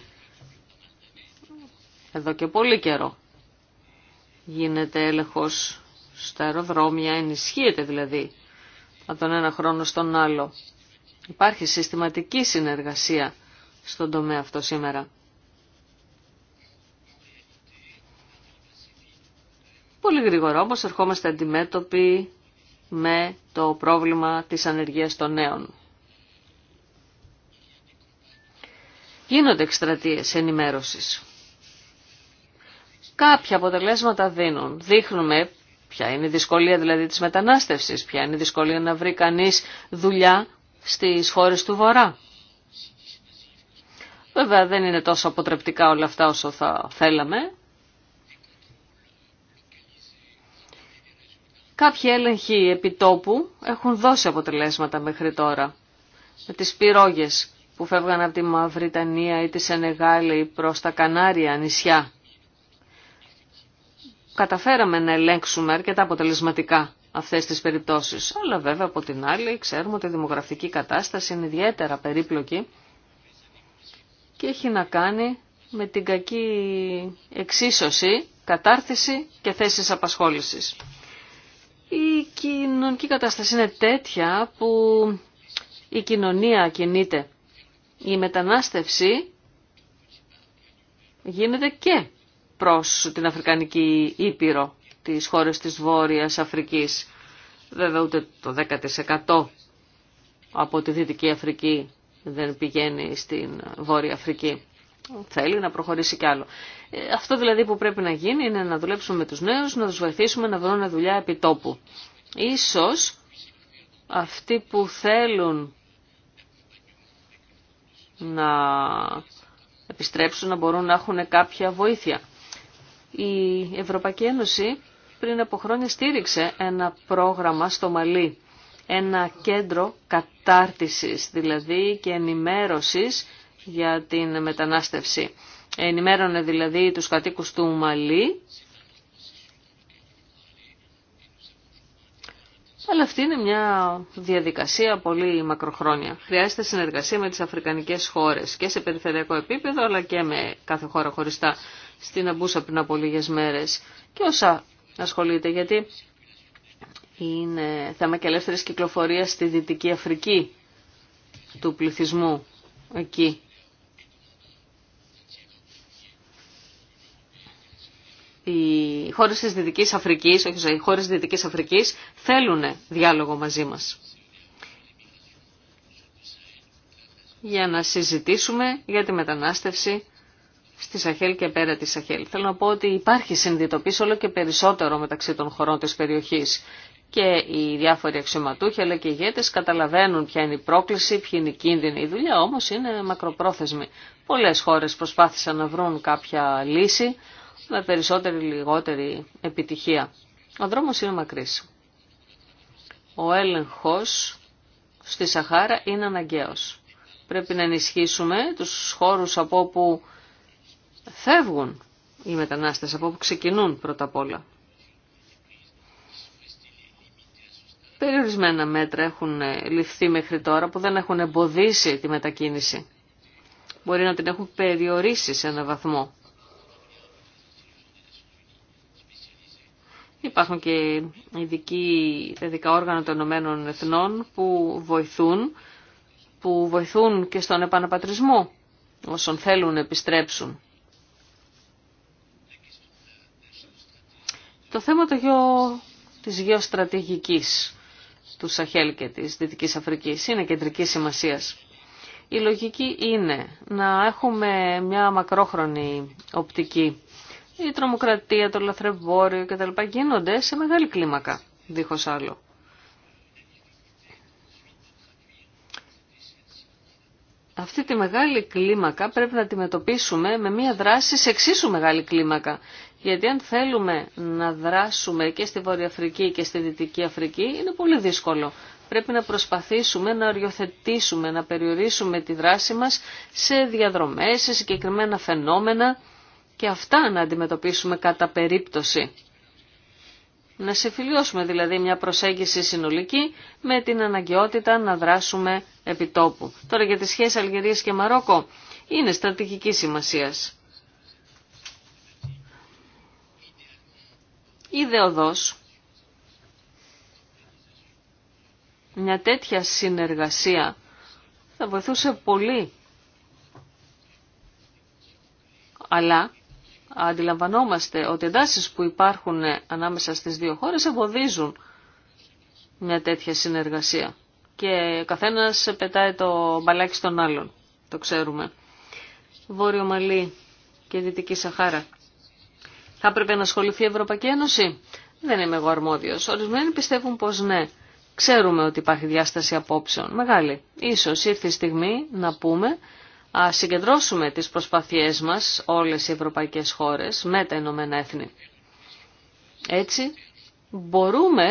Εδώ και πολύ καιρό γίνεται έλεγχος στα αεροδρόμια, ενισχύεται δηλαδή από τον ένα χρόνο στον άλλο. Υπάρχει συστηματική συνεργασία στον τομέα αυτό σήμερα. Πολύ γρήγορα όμως ερχόμαστε αντιμέτωποι με το πρόβλημα της ανεργίας των νέων. Γίνονται εκστρατείες ενημέρωσης. Κάποια αποτελέσματα δίνουν. Δείχνουμε ποια είναι η δυσκολία δηλαδή της μετανάστευσης, ποια είναι η δυσκολία να βρει κανείς δουλειά στις χώρες του Βορρά. Βέβαια δεν είναι τόσο αποτρεπτικά όλα αυτά όσο θα θέλαμε, Κάποιοι έλεγχοι επιτόπου έχουν δώσει αποτελέσματα μέχρι τώρα. Με τις πυρόγες που φεύγαν από τη Μαυριτανία ή τη Σενεγάλη προς τα Κανάρια νησιά. Καταφέραμε να ελέγξουμε αρκετά αποτελεσματικά αυτές τις περιπτώσεις. Αλλά βέβαια από την άλλη ξέρουμε ότι η δημογραφική κατάσταση είναι ιδιαίτερα περίπλοκη και έχει να κάνει με την κακή εξίσωση, κατάρτιση και θέσεις απασχόλησης η κοινωνική κατάσταση είναι τέτοια που η κοινωνία κινείται. Η μετανάστευση γίνεται και προς την Αφρικανική Ήπειρο, τις χώρες της Βόρειας Αφρικής. Βέβαια ούτε το 10% από τη Δυτική Αφρική δεν πηγαίνει στην Βόρεια Αφρική θέλει να προχωρήσει κι άλλο. Ε, αυτό δηλαδή που πρέπει να γίνει είναι να δουλέψουμε με τους νέους, να τους βοηθήσουμε να βρουν δουλειά επί τόπου. Ίσως αυτοί που θέλουν να επιστρέψουν να μπορούν να έχουν κάποια βοήθεια. Η Ευρωπαϊκή Ένωση πριν από χρόνια στήριξε ένα πρόγραμμα στο Μαλί, ένα κέντρο κατάρτισης δηλαδή και ενημέρωσης για την μετανάστευση. Ενημέρωνε δηλαδή τους κατοίκους του Μαλή. Αλλά αυτή είναι μια διαδικασία πολύ μακροχρόνια. Χρειάζεται συνεργασία με τις αφρικανικές χώρες και σε περιφερειακό επίπεδο αλλά και με κάθε χώρα χωριστά. Στην Αμπούσα πριν από λίγε μέρες και όσα ασχολείται γιατί είναι θέμα και ελεύθερη κυκλοφορίας στη Δυτική Αφρική του πληθυσμού εκεί. οι χώρες της Δυτικής Αφρικής, όχι οι χώρες Δυτικής Αφρικής θέλουν διάλογο μαζί μας. Για να συζητήσουμε για τη μετανάστευση στη Σαχέλ και πέρα τη Σαχέλ. Θέλω να πω ότι υπάρχει συνειδητοποίηση όλο και περισσότερο μεταξύ των χωρών της περιοχής και οι διάφοροι αξιωματούχοι αλλά και οι ηγέτες καταλαβαίνουν ποια είναι η πρόκληση, ποια είναι η κίνδυνη. Η δουλειά όμως είναι μακροπρόθεσμη. Πολλές χώρες προσπάθησαν να βρουν κάποια λύση με περισσότερη ή λιγότερη επιτυχία. Ο δρόμος είναι μακρύς. Ο έλεγχος στη Σαχάρα είναι αναγκαίος. Πρέπει να ενισχύσουμε τους χώρους από όπου φεύγουν οι μετανάστες, από όπου ξεκινούν πρώτα απ' όλα. Περιορισμένα μέτρα έχουν ληφθεί μέχρι τώρα που δεν έχουν εμποδίσει τη μετακίνηση. Μπορεί να την έχουν περιορίσει σε ένα βαθμό. Υπάρχουν και ειδικοί, ειδικά όργανα των Ηνωμένων Εθνών που βοηθούν, που βοηθούν και στον επαναπατρισμό όσων θέλουν να επιστρέψουν. Το θέμα το γιο, της γεωστρατηγικής του Σαχέλ και της Δυτικής Αφρικής είναι κεντρική σημασίας. Η λογική είναι να έχουμε μια μακρόχρονη οπτική η τρομοκρατία, το λαθρεμπόριο κτλ. γίνονται σε μεγάλη κλίμακα, δίχως άλλο. Αυτή τη μεγάλη κλίμακα πρέπει να αντιμετωπίσουμε με μια δράση σε εξίσου μεγάλη κλίμακα. Γιατί αν θέλουμε να δράσουμε και στη Βόρεια Αφρική και στη Δυτική Αφρική είναι πολύ δύσκολο. Πρέπει να προσπαθήσουμε να οριοθετήσουμε, να περιορίσουμε τη δράση μας σε διαδρομές, σε συγκεκριμένα φαινόμενα και αυτά να αντιμετωπίσουμε κατά περίπτωση. Να συμφιλιώσουμε δηλαδή μια προσέγγιση συνολική με την αναγκαιότητα να δράσουμε επιτόπου. Τώρα για τις σχέσεις Αλγερίας και Μαρόκο είναι στρατηγική σημασίας. Ιδεοδός, μια τέτοια συνεργασία θα βοηθούσε πολύ. Αλλά αντιλαμβανόμαστε ότι εντάσει που υπάρχουν ανάμεσα στις δύο χώρες εμποδίζουν μια τέτοια συνεργασία. Και καθένας πετάει το μπαλάκι στον άλλον, το ξέρουμε. Βόρειο Μαλή και Δυτική Σαχάρα. Θα έπρεπε να ασχοληθεί η Ευρωπαϊκή Ένωση. Δεν είμαι εγώ αρμόδιος. Ορισμένοι πιστεύουν πω ναι. Ξέρουμε ότι υπάρχει διάσταση απόψεων. Μεγάλη. Ίσως ήρθε η στιγμή να πούμε Ας συγκεντρώσουμε τις προσπάθειές μας όλες οι ευρωπαϊκές χώρες με τα Ηνωμένα Έθνη. Έτσι μπορούμε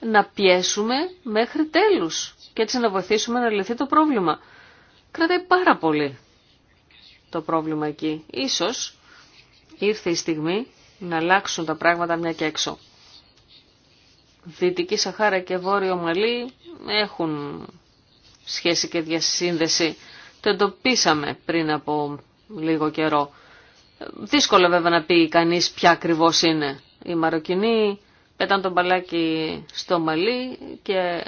να πιέσουμε μέχρι τέλους και έτσι να βοηθήσουμε να λυθεί το πρόβλημα. Κρατάει πάρα πολύ το πρόβλημα εκεί. Ίσως ήρθε η στιγμή να αλλάξουν τα πράγματα μια και έξω. Δυτική Σαχάρα και Βόρειο Μαλή έχουν σχέση και διασύνδεση το εντοπίσαμε πριν από λίγο καιρό. Δύσκολο βέβαια να πει κανείς ποια ακριβώ είναι. Οι Μαροκινοί πέταν τον μπαλάκι στο μαλλί και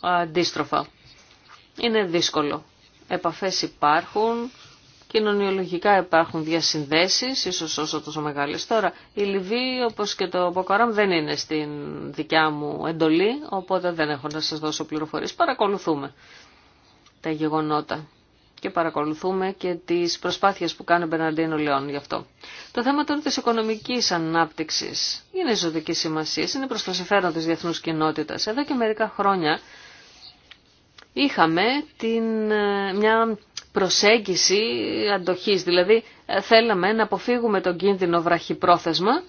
αντίστροφα. Είναι δύσκολο. Επαφές υπάρχουν, κοινωνιολογικά υπάρχουν διασυνδέσεις, ίσως όσο τόσο μεγάλες τώρα. Η Λιβύη, όπως και το Μποκοράμ δεν είναι στην δικιά μου εντολή, οπότε δεν έχω να σας δώσω πληροφορίες. Παρακολουθούμε τα γεγονότα και παρακολουθούμε και τις προσπάθειες που κάνει ο Μπερναντίνο Λεόν γι' αυτό. Το θέμα τώρα της οικονομικής ανάπτυξης είναι ζωτική σημασία, είναι προς το συμφέρον της διεθνούς κοινότητας. Εδώ και μερικά χρόνια είχαμε την, ε, μια προσέγγιση αντοχής, δηλαδή ε, θέλαμε να αποφύγουμε τον κίνδυνο βραχυπρόθεσμα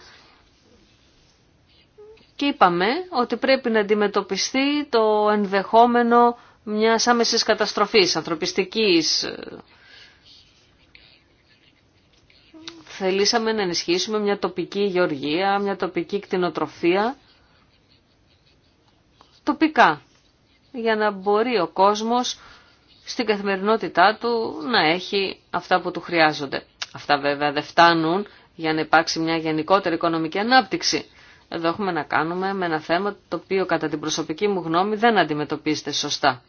και είπαμε ότι πρέπει να αντιμετωπιστεί το ενδεχόμενο μια άμεσης καταστροφής, ανθρωπιστικής. Θελήσαμε να ενισχύσουμε μια τοπική γεωργία, μια τοπική κτηνοτροφία, τοπικά, για να μπορεί ο κόσμος στην καθημερινότητά του να έχει αυτά που του χρειάζονται. Αυτά βέβαια δεν φτάνουν για να υπάρξει μια γενικότερη οικονομική ανάπτυξη. Εδώ έχουμε να κάνουμε με ένα θέμα το οποίο κατά την προσωπική μου γνώμη δεν αντιμετωπίζεται σωστά.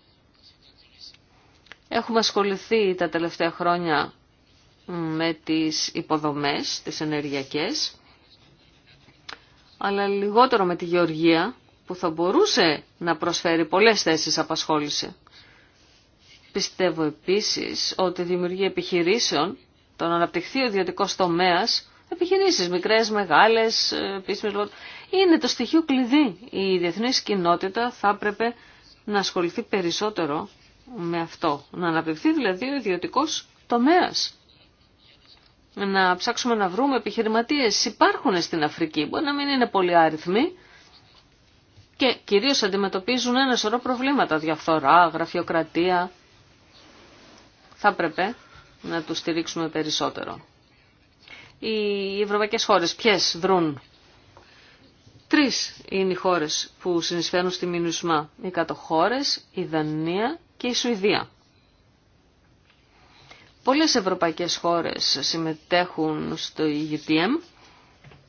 Έχουμε ασχοληθεί τα τελευταία χρόνια με τις υποδομές, τις ενεργειακές, αλλά λιγότερο με τη γεωργία που θα μπορούσε να προσφέρει πολλές θέσεις απασχόληση. Πιστεύω επίσης ότι η δημιουργία επιχειρήσεων, το να αναπτυχθεί ο ιδιωτικό τομέα, επιχειρήσεις μικρές, μεγάλες, ε, επίσημε, λοιπόν, είναι το στοιχείο κλειδί. Η διεθνή κοινότητα θα έπρεπε να ασχοληθεί περισσότερο με αυτό. Να αναπτυχθεί δηλαδή ο ιδιωτικό τομέα. Να ψάξουμε να βρούμε επιχειρηματίες. Υπάρχουν στην Αφρική, μπορεί να μην είναι πολύ άριθμοι και κυρίω αντιμετωπίζουν ένα σωρό προβλήματα, διαφθορά, γραφειοκρατία. Θα έπρεπε να του στηρίξουμε περισσότερο. Οι ευρωπαϊκές χώρες ποιες δρούν. Τρεις είναι οι χώρες που συνεισφέρουν στη Μινουσμά. Οι κάτω χώρες, η Δανία και η Σουηδία. Πολλές ευρωπαϊκές χώρες συμμετέχουν στο UTM, e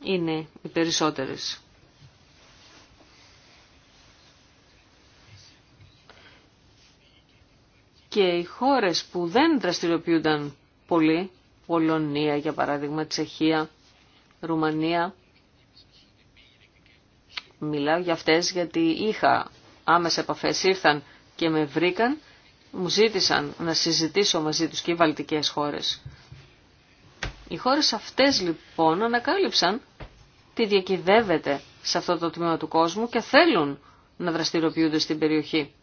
είναι οι περισσότερες. Και οι χώρες που δεν δραστηριοποιούνταν πολύ, Πολωνία για παράδειγμα, Τσεχία, Ρουμανία, μιλάω για αυτές γιατί είχα άμεσα επαφές, ήρθαν και με βρήκαν, μου ζήτησαν να συζητήσω μαζί τους και οι βαλτικές χώρες. Οι χώρες αυτές λοιπόν ανακάλυψαν τι διακυδεύεται σε αυτό το τμήμα του κόσμου και θέλουν να δραστηριοποιούνται στην περιοχή.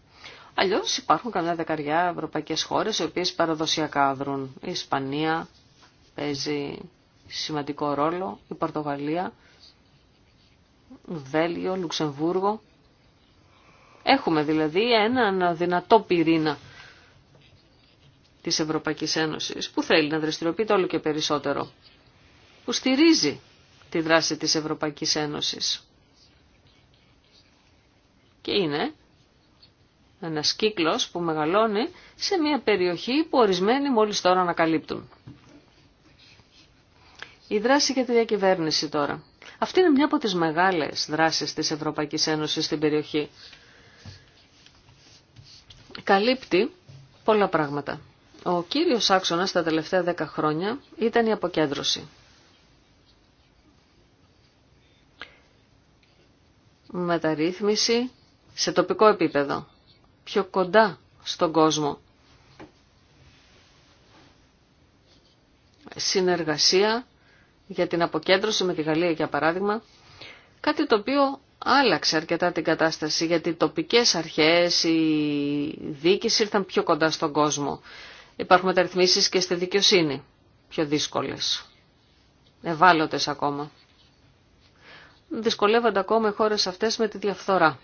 Αλλιώς υπάρχουν κανένα δεκαριά ευρωπαϊκές χώρες οι οποίες παραδοσιακά δρουν. Η Ισπανία παίζει σημαντικό ρόλο, η Πορτογαλία, Βέλγιο, Λουξεμβούργο. Έχουμε δηλαδή έναν δυνατό πυρήνα της Ευρωπαϊκής Ένωσης που θέλει να δραστηριοποιείται όλο και περισσότερο, που στηρίζει τη δράση της Ευρωπαϊκής Ένωσης. Και είναι ένας κύκλος που μεγαλώνει σε μια περιοχή που ορισμένοι μόλις τώρα ανακαλύπτουν. Η δράση για τη διακυβέρνηση τώρα. Αυτή είναι μια από τις μεγάλες δράσεις της Ευρωπαϊκής Ένωσης στην περιοχή καλύπτει πολλά πράγματα. Ο κύριος άξονας τα τελευταία δέκα χρόνια ήταν η αποκέντρωση. Μεταρρύθμιση σε τοπικό επίπεδο, πιο κοντά στον κόσμο. Συνεργασία για την αποκέντρωση με τη Γαλλία για παράδειγμα, κάτι το οποίο άλλαξε αρκετά την κατάσταση γιατί οι τοπικές αρχές, οι δίκες ήρθαν πιο κοντά στον κόσμο. Υπάρχουν μεταρρυθμίσεις και στη δικαιοσύνη, πιο δύσκολες, ευάλωτες ακόμα. Δυσκολεύονται ακόμα οι χώρες αυτές με τη διαφθορά.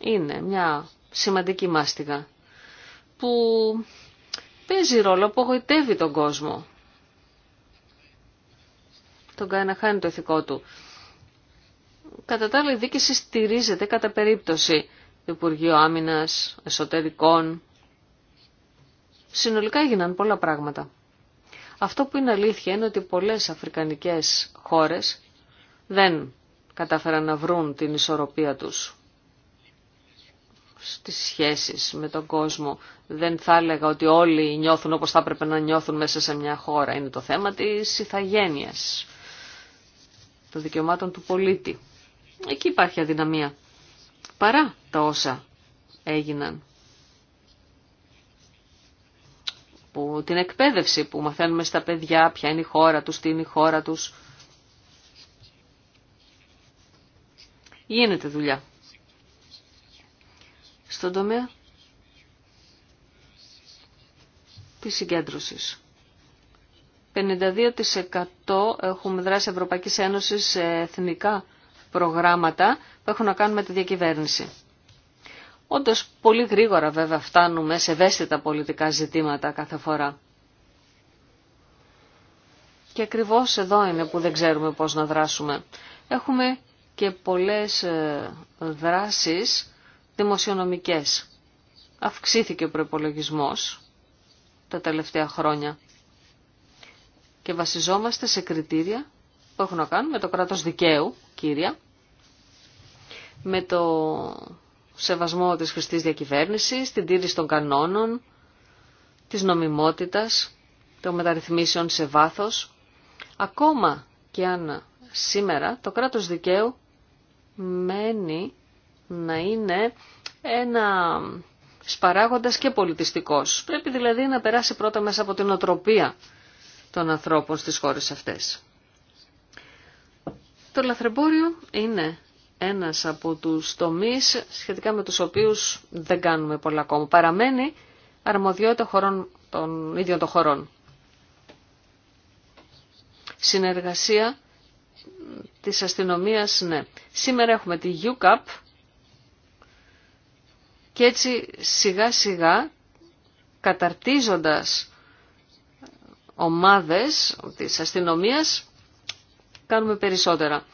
Είναι μια σημαντική μάστιγα που παίζει ρόλο, απογοητεύει τον κόσμο. Τον κάνει να χάνει το ηθικό του. Κατά τα άλλα η δίκηση στηρίζεται κατά περίπτωση του Υπουργείο Άμυνας, Εσωτερικών. Συνολικά έγιναν πολλά πράγματα. Αυτό που είναι αλήθεια είναι ότι πολλές αφρικανικές χώρες δεν κατάφεραν να βρουν την ισορροπία τους στις σχέσεις με τον κόσμο. Δεν θα έλεγα ότι όλοι νιώθουν όπως θα έπρεπε να νιώθουν μέσα σε μια χώρα. Είναι το θέμα της ηθαγένειας, των δικαιωμάτων του πολίτη. Εκεί υπάρχει αδυναμία. Παρά τα όσα έγιναν. Που, την εκπαίδευση που μαθαίνουμε στα παιδιά, ποια είναι η χώρα τους, τι είναι η χώρα τους. Γίνεται δουλειά. Στον τομέα της συγκέντρωσης. 52% έχουμε δράσει Ευρωπαϊκής Ένωσης εθνικά προγράμματα που έχουν να κάνουν με τη διακυβέρνηση. Όντω πολύ γρήγορα βέβαια φτάνουμε σε ευαίσθητα πολιτικά ζητήματα κάθε φορά. Και ακριβώ εδώ είναι που δεν ξέρουμε πώς να δράσουμε. Έχουμε και πολλές ε, δράσεις δημοσιονομικές. Αυξήθηκε ο προπολογισμό τα τελευταία χρόνια και βασιζόμαστε σε κριτήρια που έχουν να κάνουν με το κράτος δικαίου, κύρια, με το σεβασμό της χρηστής διακυβέρνησης, την τήρηση των κανόνων, της νομιμότητας, των μεταρρυθμίσεων σε βάθος, ακόμα και αν σήμερα το κράτος δικαίου μένει να είναι ένα σπαράγοντας και πολιτιστικός. Πρέπει δηλαδή να περάσει πρώτα μέσα από την οτροπία των ανθρώπων στις χώρες αυτές. Το λαθρεμπόριο είναι ένας από τους τομείς σχετικά με τους οποίους δεν κάνουμε πολλά ακόμα. Παραμένει αρμοδιότητα χωρών, των ίδιων των χωρών. Συνεργασία της αστυνομίας, ναι. Σήμερα έχουμε τη UCAP και έτσι σιγά σιγά καταρτίζοντας ομάδες της αστυνομίας κάνουμε περισσότερα.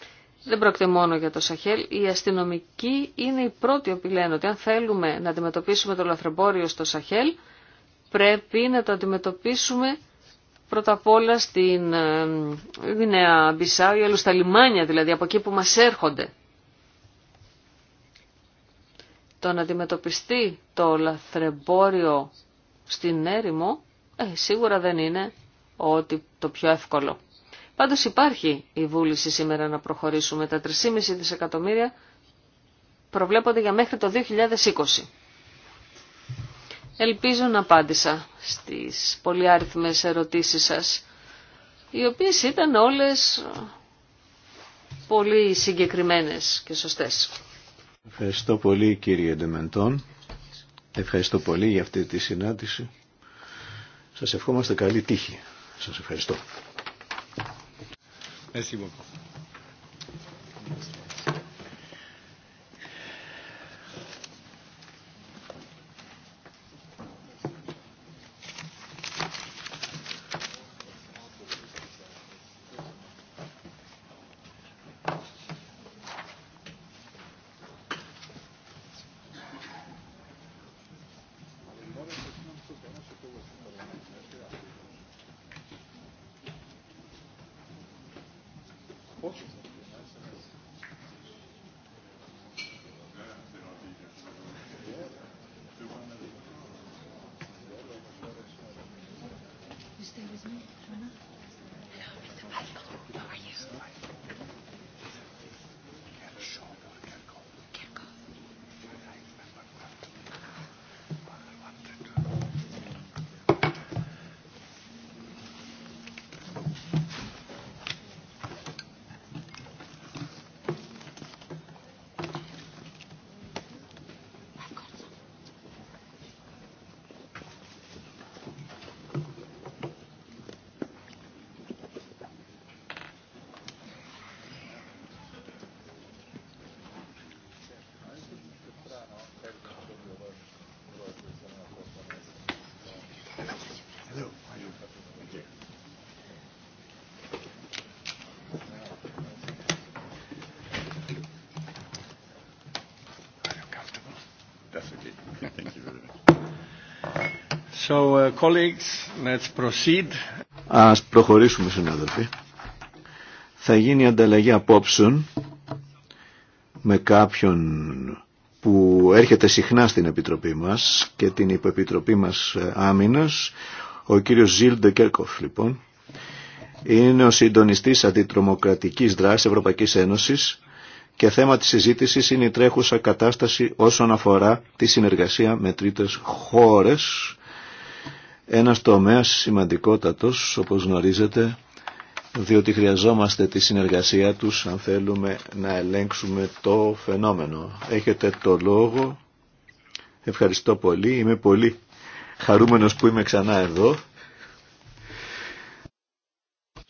Δεν πρόκειται μόνο για το Σαχέλ. Οι αστυνομικοί είναι οι πρώτοι που λένε ότι αν θέλουμε να αντιμετωπίσουμε το λαθρεμπόριο στο Σαχέλ, πρέπει να το αντιμετωπίσουμε πρώτα απ' όλα στην ε, Νέα Μπισάου ή στα λιμάνια, δηλαδή από εκεί που μας έρχονται. Το να αντιμετωπιστεί το λαθρεμπόριο στην έρημο, ε, σίγουρα δεν είναι ότι το πιο εύκολο. Πάντως υπάρχει η βούληση σήμερα να προχωρήσουμε. Τα 3,5 δισεκατομμύρια προβλέπονται για μέχρι το 2020. Ελπίζω να απάντησα στις πολυάριθμες ερωτήσεις σας, οι οποίες ήταν όλες πολύ συγκεκριμένες και σωστές. Ευχαριστώ πολύ κύριε Ντεμεντών. Ευχαριστώ πολύ για αυτή τη συνάντηση. Σας ευχόμαστε καλή τύχη. Σας ευχαριστώ. Merci beaucoup. So, uh, colleagues, let's proceed. Ας προχωρήσουμε, συνάδελφοι. Θα γίνει ανταλλαγή απόψεων με κάποιον που έρχεται συχνά στην Επιτροπή μας και την Υποεπιτροπή μας ε, Άμυνας, ο κύριος Ζιλ Ντεκέρκοφ λοιπόν. Είναι ο συντονιστής αντιτρομοκρατικής δράσης Ευρωπαϊκής Ένωσης και θέμα της συζήτησης είναι η τρέχουσα κατάσταση όσον αφορά τη συνεργασία με τρίτες χώρες ένας τομέας σημαντικότατος, όπως γνωρίζετε, διότι χρειαζόμαστε τη συνεργασία τους αν θέλουμε να ελέγξουμε το φαινόμενο. Έχετε το λόγο. Ευχαριστώ πολύ. Είμαι πολύ χαρούμενος που είμαι ξανά εδώ.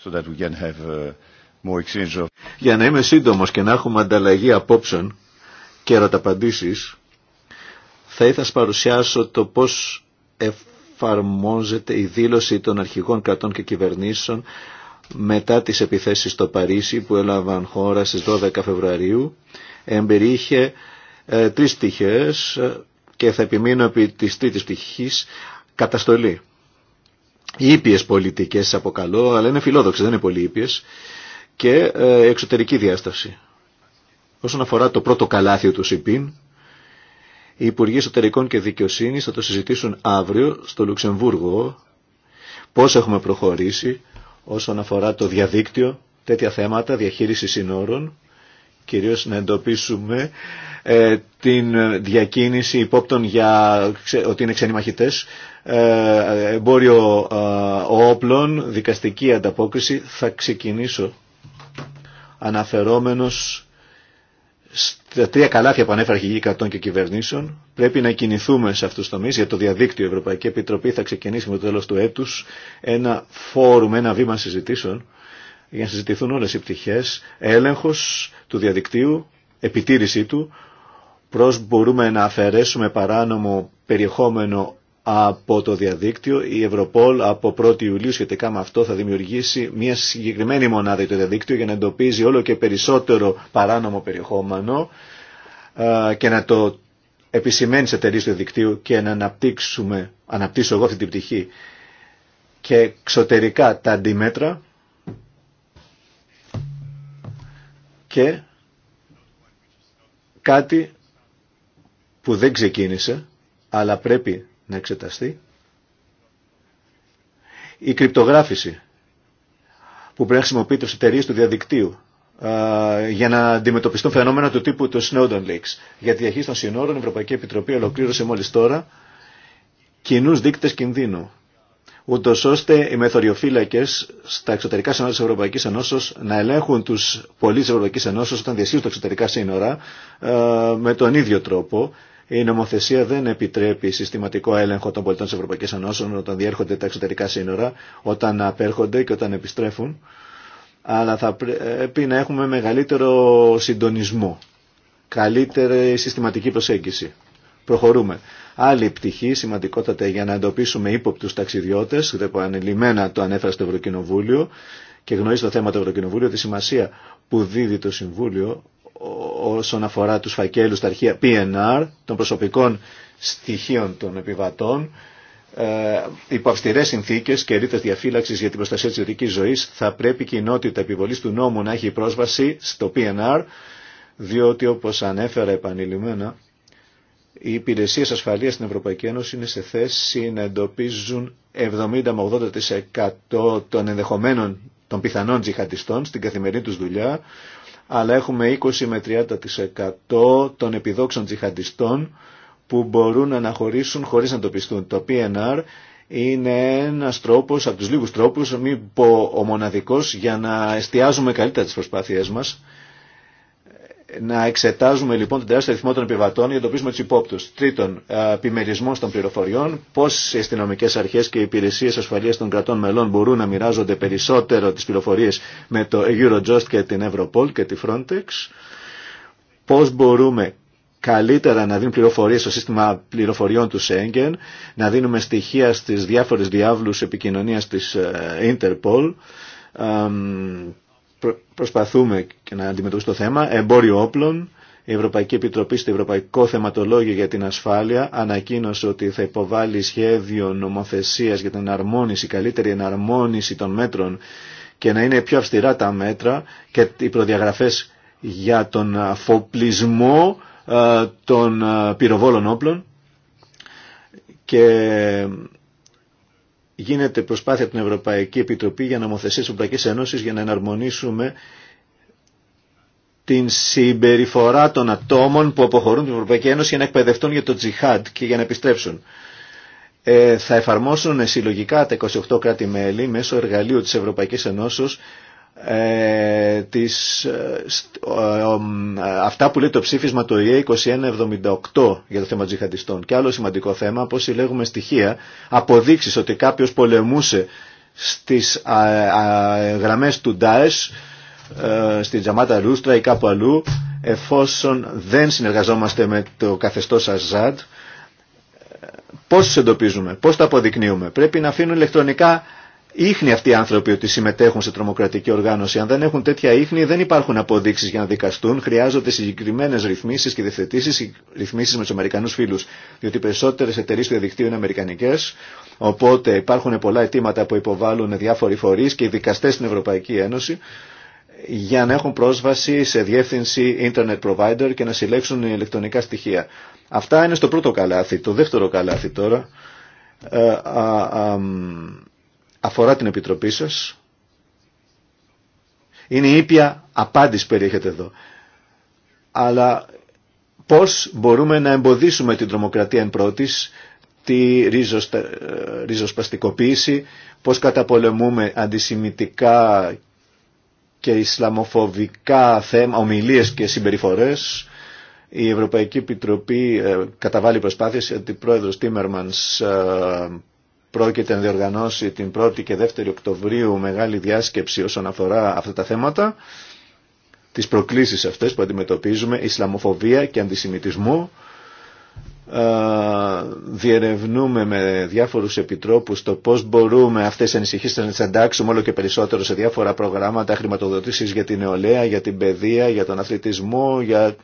So that we can have uh, Για να είμαι σύντομος και να έχουμε ανταλλαγή απόψεων και ερωταπαντήσεις, θα ήθελα να παρουσιάσω το πώς εφαρμόζεται η δήλωση των αρχηγών κρατών και κυβερνήσεων μετά τις επιθέσεις στο Παρίσι που έλαβαν χώρα στις 12 Φεβρουαρίου εμπεριείχε ε, τρεις πτυχές ε, και θα επιμείνω επί της τρίτης πτυχής καταστολή. Οι ήπιες πολιτικές αποκαλώ, αλλά είναι φιλόδοξες, δεν είναι πολύ ήπιες και ε, εξωτερική διάσταση. Όσον αφορά το πρώτο καλάθι του ΣΥΠΗΝ, οι Υπουργοί Εσωτερικών και Δικαιοσύνης θα το συζητήσουν αύριο στο Λουξεμβούργο πώς έχουμε προχωρήσει όσον αφορά το διαδίκτυο, τέτοια θέματα, διαχείριση συνόρων, κυρίως να εντοπίσουμε ε, την διακίνηση υπόπτων για ότι είναι ξένοι μαχητές, ε, εμπόριο ε, όπλων, δικαστική ανταπόκριση. Θα ξεκινήσω αναφερόμενος τα τρία καλάθια που ανέφερα αρχηγοί κρατών και κυβερνήσεων. Πρέπει να κινηθούμε σε αυτού του τομεί. Για το διαδίκτυο, η Ευρωπαϊκή Επιτροπή θα ξεκινήσει με το τέλο του έτου ένα φόρουμ, ένα βήμα συζητήσεων για να συζητηθούν όλε οι πτυχέ. Έλεγχο του διαδικτύου, επιτήρησή του, πώ μπορούμε να αφαιρέσουμε παράνομο περιεχόμενο από το διαδίκτυο. Η Ευρωπόλ από 1η Ιουλίου σχετικά με αυτό θα δημιουργήσει μια συγκεκριμένη μονάδα για το διαδίκτυο για να εντοπίζει όλο και περισσότερο παράνομο περιεχόμενο ε, και να το επισημαίνει σε εταιρείε του διαδικτύου και να αναπτύξουμε, αναπτύσσω εγώ αυτή την πτυχή και εξωτερικά τα αντίμετρα και κάτι που δεν ξεκίνησε αλλά πρέπει να εξεταστεί. Η κρυπτογράφηση που πρέπει να χρησιμοποιείται στις εταιρείε του διαδικτύου για να αντιμετωπιστούν φαινόμενα του τύπου του Snowden Leaks. Για τη διαχείριση των συνόρων η Ευρωπαϊκή Επιτροπή ολοκλήρωσε μόλις τώρα κοινού δείκτες κινδύνου ούτω ώστε οι μεθοριοφύλακε στα εξωτερικά σύνορα τη Ευρωπαϊκή Ενώσεω να ελέγχουν του πολίτε τη Ευρωπαϊκή Ενώσεω όταν διασχίζουν τα εξωτερικά σύνορα με τον ίδιο τρόπο η νομοθεσία δεν επιτρέπει συστηματικό έλεγχο των πολιτών τη Ευρωπαϊκή Ενώσεων όταν διέρχονται τα εξωτερικά σύνορα, όταν απέρχονται και όταν επιστρέφουν. Αλλά θα πρέπει να έχουμε μεγαλύτερο συντονισμό. Καλύτερη συστηματική προσέγγιση. Προχωρούμε. Άλλη πτυχή, σημαντικότατα για να εντοπίσουμε ύποπτου ταξιδιώτε, που ανελημμένα το ανέφερα στο Ευρωκοινοβούλιο και γνωρίζει το θέμα του Ευρωκοινοβούλιο, τη σημασία που δίδει το Συμβούλιο όσον αφορά τους φακέλους, στα αρχεία PNR, των προσωπικών στοιχείων των επιβατών, ε, υπό αυστηρέ συνθήκε και ρήτες διαφύλαξη για την προστασία της ιδιωτικής ζωής θα πρέπει η κοινότητα επιβολή του νόμου να έχει πρόσβαση στο PNR, διότι όπως ανέφερα επανειλημμένα, οι υπηρεσίε ασφαλείας στην Ευρωπαϊκή Ένωση είναι σε θέση να εντοπίζουν 70 με 80% των ενδεχομένων των πιθανών τζιχαντιστών στην καθημερινή τους δουλειά, αλλά έχουμε 20 με 30% των επιδόξων τζιχαντιστών που μπορούν να αναχωρήσουν χωρίς να το πιστούν. Το PNR είναι ένας τρόπος, από τους λίγους τρόπους, μη πω ο μοναδικός, για να εστιάζουμε καλύτερα τις προσπάθειές μας να εξετάζουμε λοιπόν τον τεράστιο αριθμό των επιβατών για να εντοπίσουμε του υπόπτου. Τρίτον, ε, επιμερισμό των πληροφοριών. Πώ οι αστυνομικέ αρχέ και οι υπηρεσίε ασφαλεία των κρατών μελών μπορούν να μοιράζονται περισσότερο τι πληροφορίε με το Eurojust και την Europol και τη Frontex. Πώ μπορούμε καλύτερα να δίνουμε πληροφορίε στο σύστημα πληροφοριών του Σέγγεν, να δίνουμε στοιχεία στι διάφορε διάβλους επικοινωνία τη ε, Interpol, προσπαθούμε και να αντιμετωπίσουμε το θέμα. Εμπόριο όπλων. Η Ευρωπαϊκή Επιτροπή στο Ευρωπαϊκό Θεματολόγιο για την Ασφάλεια ανακοίνωσε ότι θα υποβάλει σχέδιο νομοθεσία για την εναρμόνιση, καλύτερη εναρμόνιση των μέτρων και να είναι πιο αυστηρά τα μέτρα και οι προδιαγραφές για τον αφοπλισμό ε, των ε, πυροβόλων όπλων και γίνεται προσπάθεια από την Ευρωπαϊκή Επιτροπή για νομοθεσίε τη Ευρωπαϊκής Ένωσης για να εναρμονίσουμε την συμπεριφορά των ατόμων που αποχωρούν την Ευρωπαϊκή Ένωση για να εκπαιδευτούν για το τζιχάντ και για να επιστρέψουν. Ε, θα εφαρμόσουν συλλογικά τα 28 κράτη-μέλη μέσω εργαλείου της Ευρωπαϊκής Ένωση. Ε, ε, ε, αυτά που λέει το ψήφισμα το ΙΕ 2178 για το θέμα τζιχαντιστών και άλλο σημαντικό θέμα πως συλλέγουμε στοιχεία αποδείξεις ότι κάποιος πολεμούσε στις α, γραμμές του Ντάες ε, στην Τζαμάτα Ρούστρα ή κάπου αλλού εφόσον δεν συνεργαζόμαστε με το καθεστώς Αζάντ πώς τους εντοπίζουμε, πώς τα αποδεικνύουμε πρέπει να αφήνουν ηλεκτρονικά ίχνη αυτοί οι άνθρωποι ότι συμμετέχουν σε τρομοκρατική οργάνωση. Αν δεν έχουν τέτοια ίχνη δεν υπάρχουν αποδείξει για να δικαστούν. Χρειάζονται συγκεκριμένε ρυθμίσει και διευθετήσει, ρυθμίσει με του Αμερικανού φίλου. Διότι περισσότερε εταιρείε του διαδικτύου είναι Αμερικανικέ, Οπότε υπάρχουν πολλά αιτήματα που υποβάλλουν διάφοροι φορεί και οι δικαστέ στην Ευρωπαϊκή Ένωση για να έχουν πρόσβαση σε διεύθυνση internet provider και να συλλέξουν ηλεκτρονικά στοιχεία. Αυτά είναι στο πρώτο καλάθι. Το δεύτερο καλάθι τώρα ε, αφορά την Επιτροπή σας. Είναι η ήπια απάντηση που περιέχεται εδώ. Αλλά πώς μπορούμε να εμποδίσουμε την τρομοκρατία εν πρώτης, τη ριζοσπαστικοποίηση, ε, πώς καταπολεμούμε αντισημιτικά και ισλαμοφοβικά θέμα, ομιλίες και συμπεριφορές. Η Ευρωπαϊκή Επιτροπή ε, καταβάλει προσπάθειες, ότι πρόεδρος Τίμερμανς ε, πρόκειται να διοργανώσει την 1η και 2η Οκτωβρίου μεγάλη διάσκεψη όσον αφορά αυτά τα θέματα, τις προκλήσεις αυτές που αντιμετωπίζουμε, Ισλαμοφοβία και αντισημιτισμό. Ε, διερευνούμε με διάφορους επιτρόπους το πώς μπορούμε αυτές τις ανησυχίες να τις εντάξουμε όλο και περισσότερο σε διάφορα προγράμματα χρηματοδοτήσεις για την νεολαία, για την παιδεία, για τον αθλητισμό, για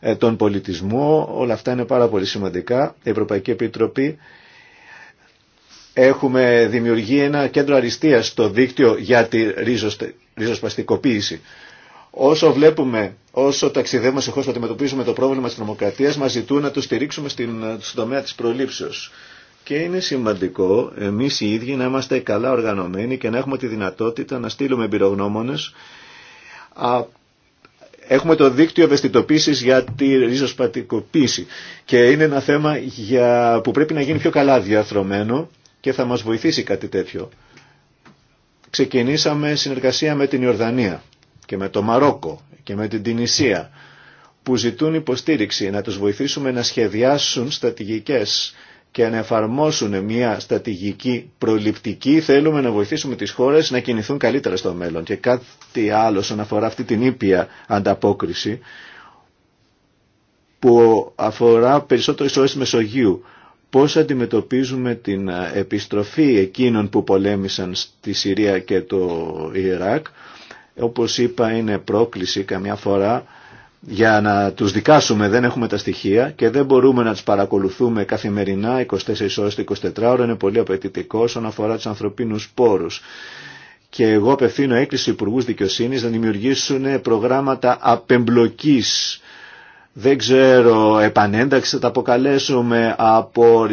ε, τον πολιτισμό. Όλα αυτά είναι πάρα πολύ σημαντικά. Η Ευρωπαϊκή Επιτροπή Έχουμε δημιουργεί ένα κέντρο αριστείας στο δίκτυο για τη ριζοσπαστικοποίηση. Όσο βλέπουμε, όσο ταξιδεύουμε συγχώς που αντιμετωπίζουμε το πρόβλημα της νομοκρατίας, μας ζητούν να το στηρίξουμε στην, στον τομέα της προλήψεως. Και είναι σημαντικό εμείς οι ίδιοι να είμαστε καλά οργανωμένοι και να έχουμε τη δυνατότητα να στείλουμε εμπειρογνώμονες. Έχουμε το δίκτυο ευαισθητοποίησης για τη ριζοσπατικοποίηση και είναι ένα θέμα για... που πρέπει να γίνει πιο καλά διαθρωμένο και θα μας βοηθήσει κάτι τέτοιο. Ξεκινήσαμε συνεργασία με την Ιορδανία και με το Μαρόκο και με την Τινησία που ζητούν υποστήριξη να τους βοηθήσουμε να σχεδιάσουν στρατηγικές και να εφαρμόσουν μια στρατηγική προληπτική θέλουμε να βοηθήσουμε τις χώρες να κινηθούν καλύτερα στο μέλλον και κάτι άλλο σαν αφορά αυτή την ήπια ανταπόκριση που αφορά περισσότερο Μεσογείου πώς αντιμετωπίζουμε την επιστροφή εκείνων που πολέμησαν στη Συρία και το Ιράκ. Όπως είπα είναι πρόκληση καμιά φορά για να τους δικάσουμε δεν έχουμε τα στοιχεία και δεν μπορούμε να τους παρακολουθούμε καθημερινά 24 ώρες 24 ώρες είναι πολύ απαιτητικό όσον αφορά τους ανθρωπίνους πόρους. Και εγώ απευθύνω έκκληση στους Υπουργούς Δικαιοσύνης να δημιουργήσουν προγράμματα απεμπλοκής δεν ξέρω, επανένταξη θα τα αποκαλέσουμε από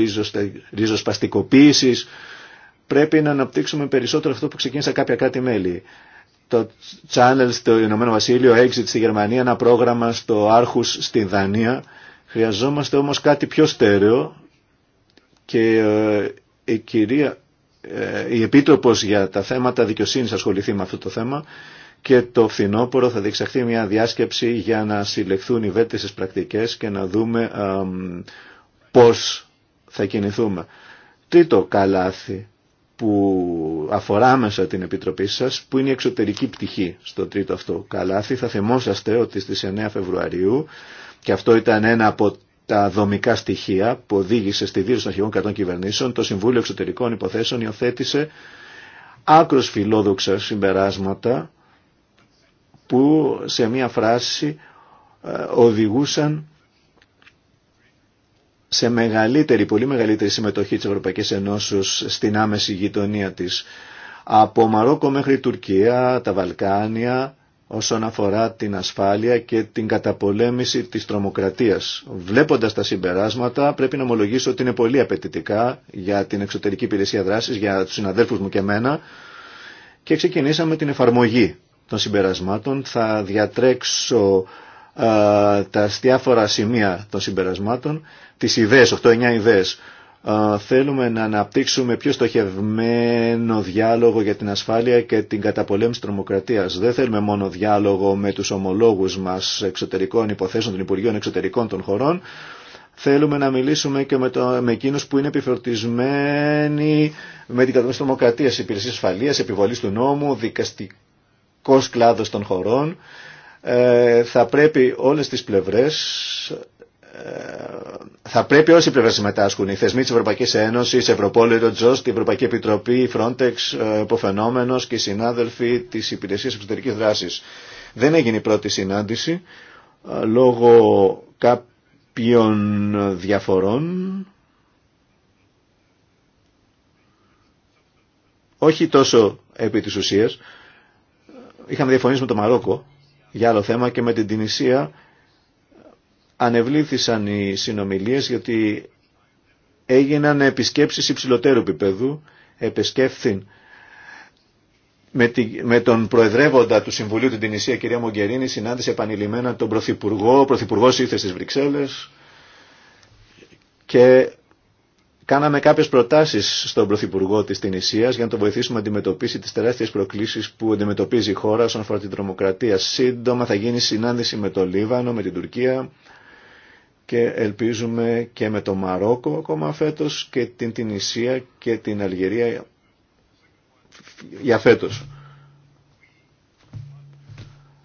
ριζοσπαστικοποίηση. Πρέπει να αναπτύξουμε περισσότερο αυτό που ξεκίνησα κάποια κάτι μέλη. Το Channel στο Ηνωμένο Βασίλειο, Exit στη Γερμανία, ένα πρόγραμμα στο Άρχους στη Δανία. Χρειαζόμαστε όμως κάτι πιο στέρεο και ε, η κυρία, ε, η Επίτροπος για τα θέματα δικαιοσύνης ασχοληθεί με αυτό το θέμα και το φθινόπωρο θα διεξαχθεί μια διάσκεψη για να συλλεχθούν οι βέτησες πρακτικές και να δούμε πώς θα κινηθούμε. Τρίτο καλάθι που αφορά μέσα την Επιτροπή σας, που είναι η εξωτερική πτυχή στο τρίτο αυτό καλάθι. Θα θυμόσαστε ότι στις 9 Φεβρουαρίου, και αυτό ήταν ένα από τα δομικά στοιχεία που οδήγησε στη δήλωση των αρχηγών Κατών κυβερνήσεων, το Συμβούλιο Εξωτερικών Υποθέσεων υιοθέτησε άκρος φιλόδοξα συμπεράσματα που σε μία φράση ε, οδηγούσαν σε μεγαλύτερη, πολύ μεγαλύτερη συμμετοχή της Ευρωπαϊκής Ενώσεως στην άμεση γειτονία της. Από Μαρόκο μέχρι Τουρκία, τα Βαλκάνια, όσον αφορά την ασφάλεια και την καταπολέμηση της τρομοκρατίας. Βλέποντας τα συμπεράσματα πρέπει να ομολογήσω ότι είναι πολύ απαιτητικά για την εξωτερική υπηρεσία δράσης, για τους συναδέλφους μου και εμένα και ξεκινήσαμε την εφαρμογή των συμπερασμάτων. Θα διατρέξω τα διάφορα σημεία των συμπερασμάτων, τις ιδέες, 8-9 ιδέες. Α, θέλουμε να αναπτύξουμε πιο στοχευμένο διάλογο για την ασφάλεια και την καταπολέμηση τρομοκρατίας. Δεν θέλουμε μόνο διάλογο με τους ομολόγους μας εξωτερικών υποθέσεων των Υπουργείων Εξωτερικών των χωρών, θέλουμε να μιλήσουμε και με, το, με εκείνους που είναι επιφορτισμένοι με την κατανοήση τρομοκρατίας, υπηρεσίες ασφαλείας, επιβολής του νόμου, δικαστικ, βασικός κλάδος των χωρών. Ε, θα πρέπει όλες τις πλευρές ε, θα πρέπει όσοι πλευρές συμμετάσχουν, οι θεσμοί τη Ευρωπαϊκή Ένωση, Ευρωπόλου, η η Ευρωπαϊκή Επιτροπή, η Frontex, ε, υποφαινόμενο και οι συνάδελφοι της υπηρεσίας εξωτερικής Δράση. Δεν έγινε η πρώτη συνάντηση λόγω κάποιων διαφορών. Όχι τόσο επί της ουσίας, είχαμε διαφωνήσει με το Μαρόκο για άλλο θέμα και με την Τινησία ανεβλήθησαν οι συνομιλίες γιατί έγιναν επισκέψεις υψηλότερου επίπεδου, επισκέφθην με, με τον Προεδρεύοντα του Συμβουλίου την Τινησία, κυρία Μογκερίνη, συνάντησε επανειλημμένα τον Πρωθυπουργό, ο Πρωθυπουργός ήρθε στις Βρυξέλλες και Κάναμε κάποιε προτάσει στον Πρωθυπουργό τη Τινησία για να τον βοηθήσουμε να αντιμετωπίσει τι τεράστιε προκλήσει που αντιμετωπίζει η χώρα όσον αφορά την τρομοκρατία. Σύντομα θα γίνει συνάντηση με το Λίβανο, με την Τουρκία και ελπίζουμε και με το Μαρόκο ακόμα φέτο και την Τινησία και την Αλγερία για φέτο.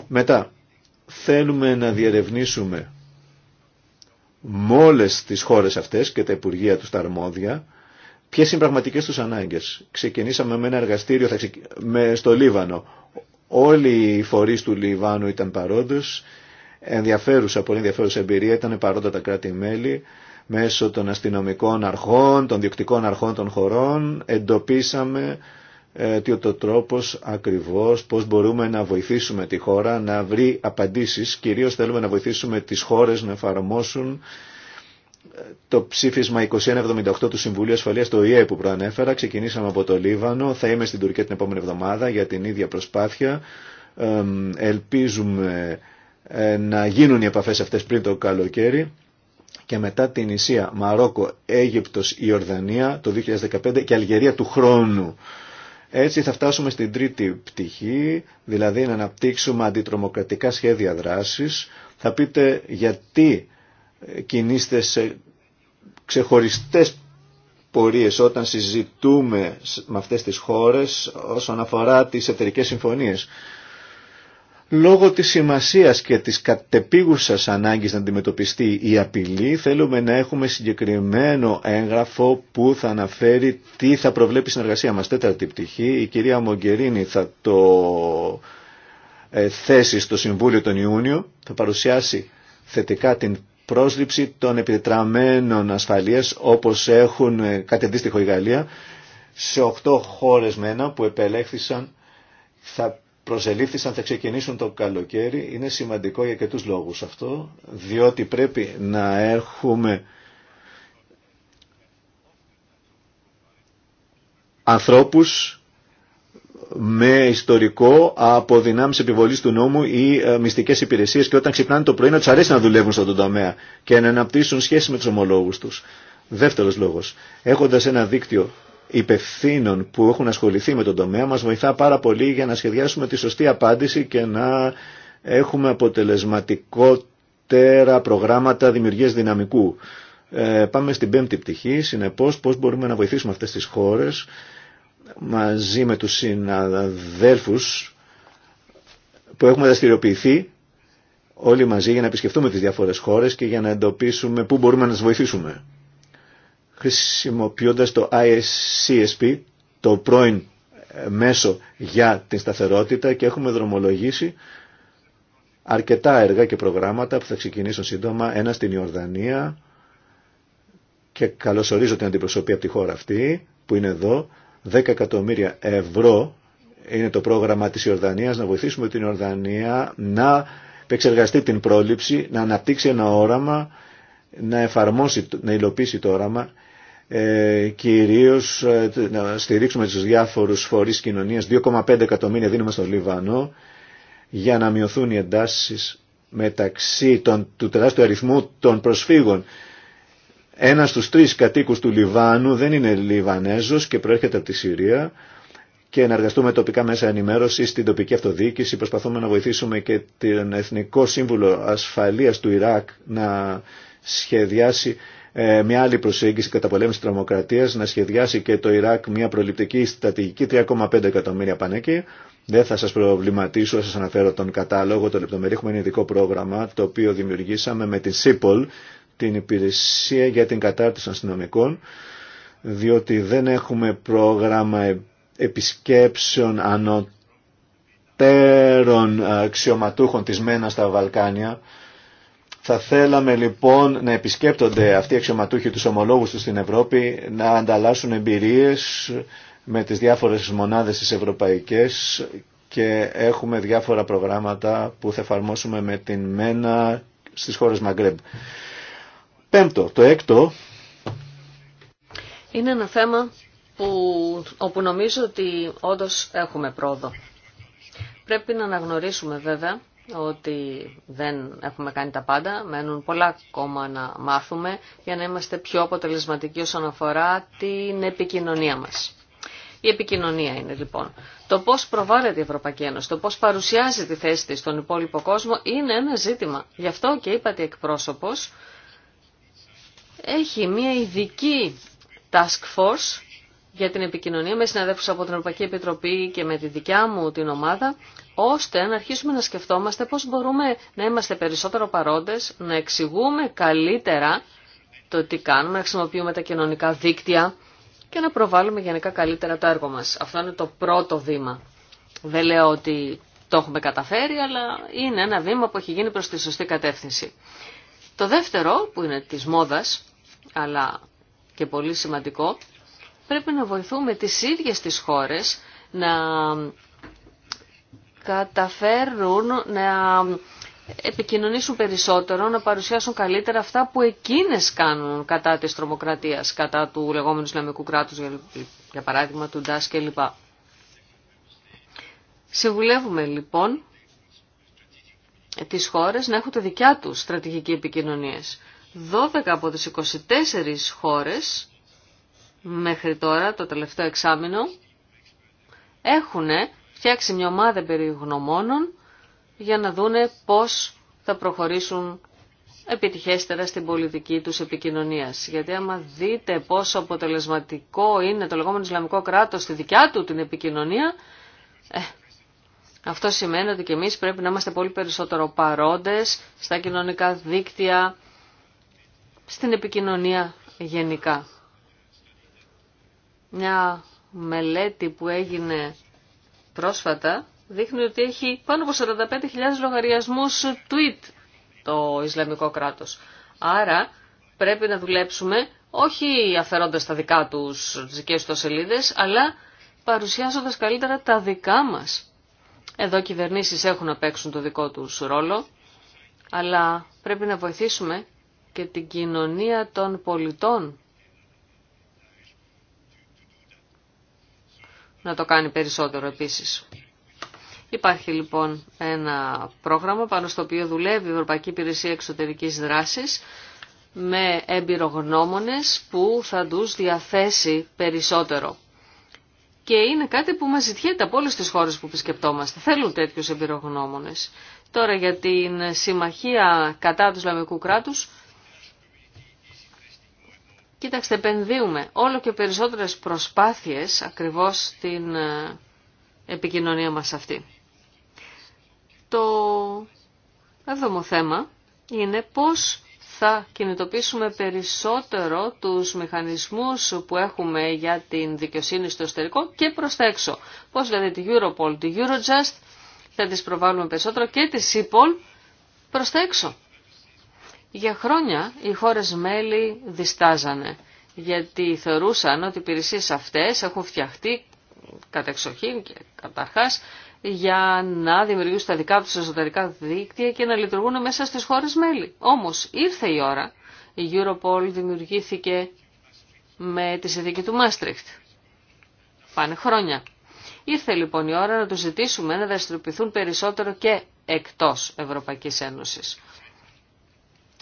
Μετά, θέλουμε να διερευνήσουμε με όλε τις χώρες αυτές και τα Υπουργεία τους τα αρμόδια ποιες είναι οι πραγματικές τους ανάγκες. Ξεκινήσαμε με ένα εργαστήριο με... στο Λίβανο. Όλοι οι φορείς του Λιβάνου ήταν παρόντες. Ενδιαφέρουσα, πολύ ενδιαφέρουσα εμπειρία ήταν παρόντα τα κράτη-μέλη μέσω των αστυνομικών αρχών, των διοκτικών αρχών των χωρών εντοπίσαμε τι ο τρόπος ακριβώς πώς μπορούμε να βοηθήσουμε τη χώρα να βρει απαντήσεις. Κυρίως θέλουμε να βοηθήσουμε τις χώρες να εφαρμόσουν ε, το ψήφισμα 2178 του Συμβουλίου Ασφαλείας του ΙΕ που προανέφερα. Ξεκινήσαμε από το Λίβανο. Θα είμαι στην Τουρκία την επόμενη εβδομάδα για την ίδια προσπάθεια. Ελπίζουμε ε, να γίνουν οι επαφές αυτές πριν το καλοκαίρι και μετά την Ισία, Μαρόκο, Αίγυπτος, Ιορδανία το 2015 και Αλγερία του χρόνου. Έτσι θα φτάσουμε στην τρίτη πτυχή, δηλαδή να αναπτύξουμε αντιτρομοκρατικά σχέδια δράσης. Θα πείτε γιατί κινείστε σε ξεχωριστές πορείες όταν συζητούμε με αυτές τις χώρες όσον αφορά τις εταιρικές συμφωνίες. Λόγω της σημασίας και της κατεπίγουσας ανάγκης να αντιμετωπιστεί η απειλή, θέλουμε να έχουμε συγκεκριμένο έγγραφο που θα αναφέρει τι θα προβλέπει η συνεργασία μας. Τέταρτη πτυχή, η κυρία Μογκερίνη θα το ε, θέσει στο Συμβούλιο τον Ιούνιο, θα παρουσιάσει θετικά την πρόσληψη των επιτετραμένων ασφαλείας όπως έχουν ε, κάτι αντίστοιχο η Γαλλία σε 8 χώρες μένα που επελέχθησαν θα προσελήφθησαν θα ξεκινήσουν το καλοκαίρι. Είναι σημαντικό για και τους λόγους αυτό, διότι πρέπει να έχουμε ανθρώπους με ιστορικό από δυνάμεις επιβολής του νόμου ή ε, μυστικές υπηρεσίες και όταν ξυπνάνε το πρωί να τους αρέσει να δουλεύουν στον τομέα και να αναπτύσσουν σχέση με τους ομολόγους τους. Δεύτερος λόγος, έχοντας ένα δίκτυο υπευθύνων που έχουν ασχοληθεί με τον τομέα μας βοηθά πάρα πολύ για να σχεδιάσουμε τη σωστή απάντηση και να έχουμε αποτελεσματικότερα προγράμματα δημιουργίας δυναμικού. Ε, πάμε στην πέμπτη πτυχή, συνεπώς πώς μπορούμε να βοηθήσουμε αυτές τις χώρες μαζί με τους συναδέλφους που έχουμε δραστηριοποιηθεί όλοι μαζί για να επισκεφτούμε τις διάφορες χώρες και για να εντοπίσουμε πού μπορούμε να τις βοηθήσουμε χρησιμοποιώντας το ISCSP, το πρώην ε, μέσο για την σταθερότητα και έχουμε δρομολογήσει αρκετά έργα και προγράμματα που θα ξεκινήσουν σύντομα, ένα στην Ιορδανία και καλωσορίζω την αντιπροσωπή από τη χώρα αυτή που είναι εδώ, 10 εκατομμύρια ευρώ είναι το πρόγραμμα της Ιορδανίας να βοηθήσουμε την Ιορδανία να επεξεργαστεί την πρόληψη, να αναπτύξει ένα όραμα, να εφαρμόσει, να υλοποιήσει το όραμα ε, κυρίως ε, να στηρίξουμε τους διάφορους φορείς κοινωνίας, 2,5 εκατομμύρια δίνουμε στο Λιβανό για να μειωθούν οι εντάσεις μεταξύ του τεράστιου αριθμού των προσφύγων. Ένας στους τρεις κατοίκους του Λιβάνου δεν είναι Λιβανέζος και προέρχεται από τη Συρία και να εργαστούμε τοπικά μέσα ενημέρωση στην τοπική αυτοδιοίκηση. Προσπαθούμε να βοηθήσουμε και την Εθνικό Σύμβουλο Ασφαλείας του Ιράκ να σχεδιάσει ε, μια άλλη προσέγγιση κατά πολέμηση τρομοκρατίας να σχεδιάσει και το Ιράκ μια προληπτική στρατηγική 3,5 εκατομμύρια πανέκη. Δεν θα σας προβληματίσω, θα σας αναφέρω τον κατάλογο, το λεπτομερή. Έχουμε ένα ειδικό πρόγραμμα το οποίο δημιουργήσαμε με την ΣΥΠΟΛ, την Υπηρεσία για την Κατάρτιση Αστυνομικών, διότι δεν έχουμε πρόγραμμα ε, επισκέψεων ανωτέρων ε, αξιωματούχων της ΜΕΝΑ στα Βαλκάνια θα θέλαμε λοιπόν να επισκέπτονται αυτοί οι αξιωματούχοι τους ομολόγους τους στην Ευρώπη, να ανταλλάσσουν εμπειρίες με τις διάφορες μονάδες τις ευρωπαϊκές και έχουμε διάφορα προγράμματα που θα εφαρμόσουμε με την ΜΕΝΑ στις χώρες Μαγκρέμπ. Πέμπτο, το έκτο. Είναι ένα θέμα που, όπου νομίζω ότι όντως έχουμε πρόοδο. Πρέπει να αναγνωρίσουμε βέβαια ότι δεν έχουμε κάνει τα πάντα, μένουν πολλά ακόμα να μάθουμε για να είμαστε πιο αποτελεσματικοί όσον αφορά την επικοινωνία μας. Η επικοινωνία είναι λοιπόν. Το πώς προβάλλεται η Ευρωπαϊκή Ένωση, το πώς παρουσιάζει τη θέση της στον υπόλοιπο κόσμο είναι ένα ζήτημα. Γι' αυτό και είπατε εκπρόσωπος έχει μια ειδική task force για την επικοινωνία με συναδέλφους από την Ευρωπαϊκή Επιτροπή και με τη δικιά μου την ομάδα, ώστε να αρχίσουμε να σκεφτόμαστε πώς μπορούμε να είμαστε περισσότερο παρόντες, να εξηγούμε καλύτερα το τι κάνουμε, να χρησιμοποιούμε τα κοινωνικά δίκτυα και να προβάλλουμε γενικά καλύτερα το έργο μας. Αυτό είναι το πρώτο βήμα. Δεν λέω ότι το έχουμε καταφέρει, αλλά είναι ένα βήμα που έχει γίνει προς τη σωστή κατεύθυνση. Το δεύτερο, που είναι της μόδας, αλλά και πολύ σημαντικό, πρέπει να βοηθούμε τις ίδιες τις χώρες να καταφέρουν να επικοινωνήσουν περισσότερο, να παρουσιάσουν καλύτερα αυτά που εκείνες κάνουν κατά της τρομοκρατίας, κατά του λεγόμενου Ισλαμικού κράτους, για παράδειγμα του Ντάς κλπ. Συμβουλεύουμε λοιπόν τις χώρες να έχουν τη δικιά τους στρατηγική επικοινωνίες. 12 από τις 24 χώρες μέχρι τώρα, το τελευταίο εξάμεινο, έχουν φτιάξει μια ομάδα περιγνωμόνων για να δούνε πώς θα προχωρήσουν επιτυχέστερα στην πολιτική τους επικοινωνίας. Γιατί άμα δείτε πόσο αποτελεσματικό είναι το λεγόμενο Ισλαμικό κράτος στη δικιά του την επικοινωνία, ε, αυτό σημαίνει ότι και εμείς πρέπει να είμαστε πολύ περισσότερο παρόντες στα κοινωνικά δίκτυα, στην επικοινωνία γενικά. Μια μελέτη που έγινε πρόσφατα δείχνει ότι έχει πάνω από 45.000 λογαριασμούς tweet το Ισλαμικό κράτος. Άρα πρέπει να δουλέψουμε όχι αφαιρώντας τα δικά τους, τις δικές τους σελίδες, αλλά παρουσιάζοντας καλύτερα τα δικά μας. Εδώ οι κυβερνήσεις έχουν να παίξουν το δικό τους ρόλο, αλλά πρέπει να βοηθήσουμε και την κοινωνία των πολιτών να το κάνει περισσότερο επίσης. Υπάρχει λοιπόν ένα πρόγραμμα πάνω στο οποίο δουλεύει η Ευρωπαϊκή Υπηρεσία Εξωτερικής Δράσης με εμπειρογνώμονες που θα τους διαθέσει περισσότερο. Και είναι κάτι που μας ζητιέται από όλες τις χώρες που επισκεπτόμαστε. Θέλουν τέτοιους εμπειρογνώμονες. Τώρα για την συμμαχία κατά του Ισλαμικού κράτους Κοίταξτε, επενδύουμε όλο και περισσότερες προσπάθειες ακριβώς στην ε, επικοινωνία μας αυτή. Το έβδομο θέμα είναι πώς θα κινητοποιήσουμε περισσότερο τους μηχανισμούς που έχουμε για την δικαιοσύνη στο εσωτερικό και προς τα έξω. Πώς δηλαδή τη Europol, τη Eurojust θα τις προβάλλουμε περισσότερο και τη CIPOL προς τα έξω. Για χρόνια οι χώρες μέλη διστάζανε, γιατί θεωρούσαν ότι οι υπηρεσίες αυτές έχουν φτιαχτεί κατεξοχήν και καταρχάς για να δημιουργήσουν τα δικά τους εσωτερικά δίκτυα και να λειτουργούν μέσα στις χώρες μέλη. Όμως ήρθε η ώρα, η Europol δημιουργήθηκε με τη συνθήκη του Μάστριχτ. Πάνε χρόνια. Ήρθε λοιπόν η ώρα να τους ζητήσουμε να δραστηριοποιηθούν περισσότερο και εκτός Ευρωπαϊκής Ένωσης